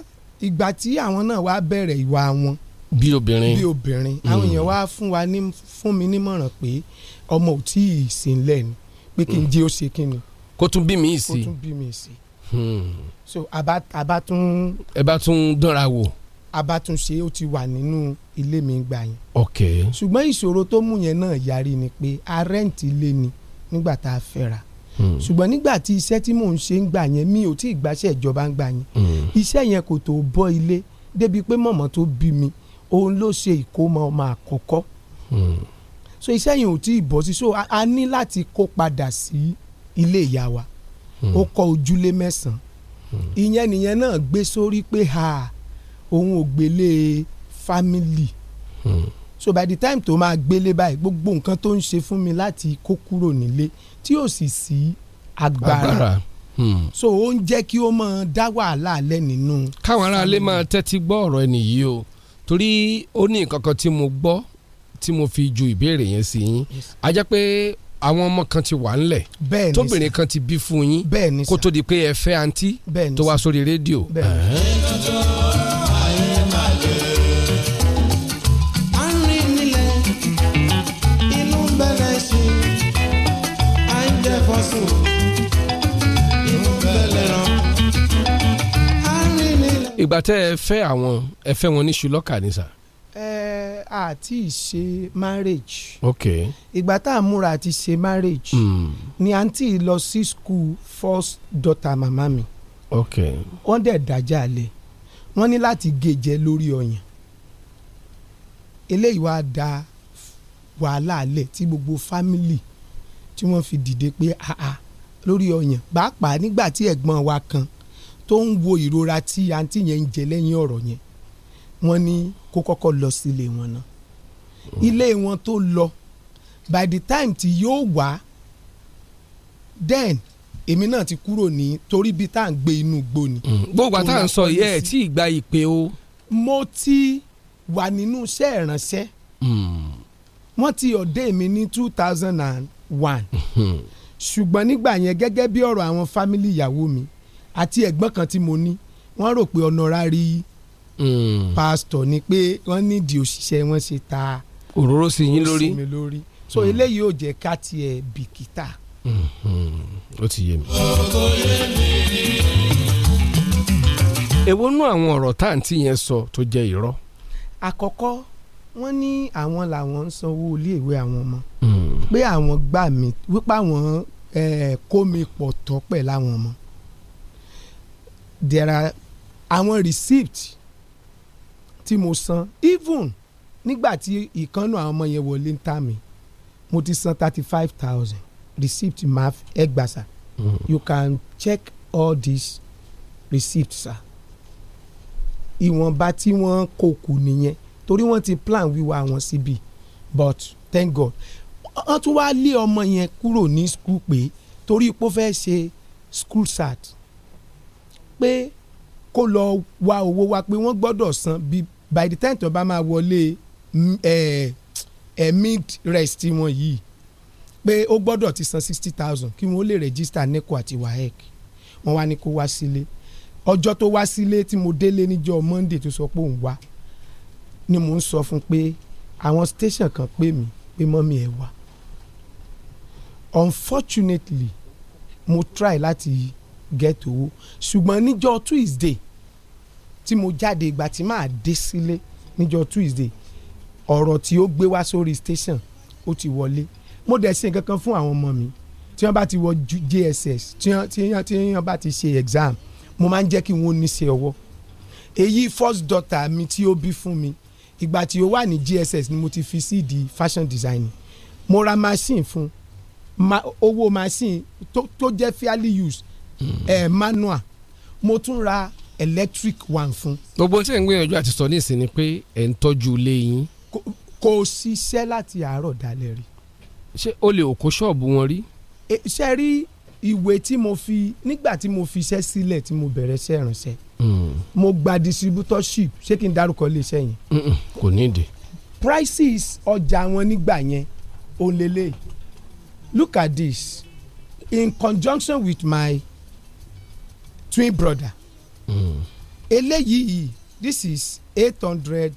[SPEAKER 19] ìgbà tí àwọn náà wá bẹ̀rẹ̀ ìwà wọn bí
[SPEAKER 18] obìnrin bí obìnrin àwọn èèyàn
[SPEAKER 19] wá fún wa ní fún mi nímọ̀ràn pé ọmọ ò tí ì sínlẹ̀ ni pé kí n jẹ́ ó ṣe kí ni kó tún bí mi sí kó tún bí mi sí so àbá tún. ẹ bá tún dánra wò abátúnṣe ó ti wà nínú ilé mi gbà yẹn. ok ṣùgbọ́n ìṣòro tó mú yẹn náà yarí ni pé a rẹ́ǹtì ilé ni nígbà tá a fẹ́ ra hmm. ṣùgbọ́n nígbà tí iṣẹ́ tí mò ń ṣe ń gbà yẹn mi ò tí ì gbàṣẹ́ ìjọba ń gbà yẹn hmm. iṣẹ́ yẹn kò tó bọ́ ilé débi pé mọ̀mọ́ tó bí mi òun ló ṣe ìkómọ ọmọ àkọ́kọ́ hmm. so iṣẹ́ yẹn ò tí ì bọ́ sí so a, a ní láti kó padà sí ilé ìyá wa ó kọ ojúlé mẹ́sàn-án ìyẹn ha òun ò gbélé family hmm. so by the time tó máa gbélé báyìí gbogbo nǹkan tó ń ṣe fún mi láti kó kúrò nílé tí ò sì sí agbára hmm. so ó ń jẹ́ kí ó máa dá wàhálà alẹ́ nínú. káwọn aráalé
[SPEAKER 18] máa tẹ́tí gbọ́ ọ̀rọ̀ ẹni yìí o torí ó ní nǹkan kan tí mo gbọ́ tí mo fi ju ìbéèrè yẹn sí yín a jẹ́ pé àwọn ọmọ kan ti wà ńlẹ̀ tóbìnrin kan ti bí fún yín kó tó di pé ẹ fẹ́ àǹtí tó wá sórí rédíò.
[SPEAKER 3] bẹ́ẹ̀ ni sà.
[SPEAKER 18] ìgbà tẹ́ ẹ fẹ́ àwọn ẹ fẹ́ wọn ní ṣùlọ́kà ni sà.
[SPEAKER 19] ẹ àti ṣe marriage. ok ìgbà tá a múra àti ṣe marriage. Mm. ni àǹtí lọ sí school first daughter màmá mi. ok wọ́n dẹ̀ dájà lé wọ́n ní láti gèjẹ lórí ọyàn eléyìí wàá da wàhálà alẹ̀ tí gbogbo fámìlì tí wọ́n fi dìde pé àà lórí ọyàn pàápàá nígbà tí ẹ̀gbọ́n wa kan tó ń wo ìrora tí àǹtí yẹn ń jẹ lẹ́yìn ọ̀rọ̀ yẹn wọ́n ní kó kọ́kọ́ lọ sílé wọn náà hmm. ilé wọn tó lọ by the time tí yóò wá then èmi náà ti kúrò ní torí bí tá à ń gbé inú igbó ni. Hmm. gbogbo àtà ń sọ yẹ ẹ
[SPEAKER 18] tí ì ìpè o.
[SPEAKER 19] mo ti wà nínú iṣẹ́ ìránṣẹ́ hmm. wọ́n ti ọ̀dẹ́ mi ní two thousand and one ṣùgbọ́n nígbà yẹn gẹ́gẹ́ bí ọ̀rọ̀ àwọn fámìlì ìyàwó mi. Mm àti ẹ̀gbọ́n kan tí mo ní wọ́n rò pé honorary hmm. pastor ni pé wọ́n nídìí òṣìṣẹ́ wọn ṣe ta
[SPEAKER 18] òróró sí yín lórí
[SPEAKER 19] so hmm. eléyìí ò jẹ́ ká tiẹ̀ bìkítà.
[SPEAKER 18] Hmm. ó ti yé mi. èwo nú àwọn ọ̀rọ̀ tá à ń tí yẹn sọ tó jẹ́ irọ́.
[SPEAKER 19] àkọ́kọ́ wọ́n ní àwọn làwọn ń sanwó iléèwé àwọn ọmọ pé àwọn gbà mí wípé àwọn eh, kó mi pọ̀ tọ́ láwọn ọmọ there are àwọn receipt tí mo san even nígbà tí ìkànnù àwọn ọmọ yẹn wọlé ń tà mí mo ti san thirty five thousand receipt máa ẹ mm-hmm. you can check all these receipts sá ìwọ̀nba tí wọ́n kò kù nìyẹn torí wọ́n ti plan wíwá wọn síbi but thank God wọ́n tún wá lé ọmọ yẹn kúrò ní school pé torí pé ó fẹ́ ṣe school sat pé kó lọ wa owó wa pé wọ́n gbọ́dọ̀ san bí by the time tó bá máa wọlé mm, eh, eh, mid rest wọn yìí pé ó gbọ́dọ̀ ti san sixty thousand kí wọ́n lè register neco àti waec wọ́n wá ní kó wá sílé ọjọ́ tó wá sílé tí mo délé níjọ́ monday tó sọ pé òun wá ni mò ń sọ fún pé àwọn station kan pè mí pé mọ́mí ẹ̀ wá unfortunately mo try láti get owó ṣùgbọ́n níjọ́ Tuesday tí mo jáde ìgbà tí màá dé sílé níjọ́ Tuesday ọ̀rọ̀ tí ó gbé wá sórí station ó ti wọlé mo dẹ̀ ṣe nǹkan kan fún àwọn ọmọ mi tí wọ́n bá ti wọ JSS tí wọ́n bá ti ṣe exam mo máa ń jẹ́ kí wọ́n níṣẹ́ ọwọ́ èyí first daughter mi tí ó bí fún mi ìgbà tí ó wà ní JSS ni mo ti fi síìdì fashion design mo ra machine fún owó machine tó jẹ́ fairly used ẹ̀ manual mo tún ra electric one fún.
[SPEAKER 18] gbogbo tí ẹ̀ ń gbìyànjú àti sọ ní ìsinmi pé ẹ̀ ń tọ́jú ilé yín.
[SPEAKER 19] kò ṣiṣẹ́ láti àárọ̀ dalẹ̀ rí.
[SPEAKER 18] ṣé o lè òkó ṣọ́ọ̀bù wọn rí.
[SPEAKER 19] ṣe rí ìwé tí mo fi nígbà tí mo fi iṣẹ́ sílẹ̀ tí mo bẹ̀rẹ̀ iṣẹ́ ìrànṣẹ́ hmm. mo gba distributorship ṣé kí n dárúkọ iléeṣẹ́ yẹn. kò ní ìdè. prices ọjà wọn nígbà yẹn ò look at this in conjunction with my twin brother mm. eléyìí this is eight hundred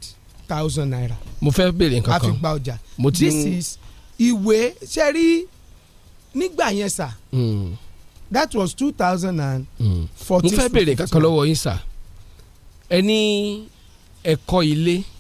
[SPEAKER 19] thousand naira.
[SPEAKER 18] mo fẹ́ béèrè nǹkan kan àfìgbà ọjà mo ti this is
[SPEAKER 19] ìwé ṣe rí nígbà yẹn sà. Mm. that was two thousand and forty. Mm. mo fẹ́ béèrè nǹkan kan lọ́wọ́
[SPEAKER 18] yín sà ẹ ẹ̀kọ́ ilé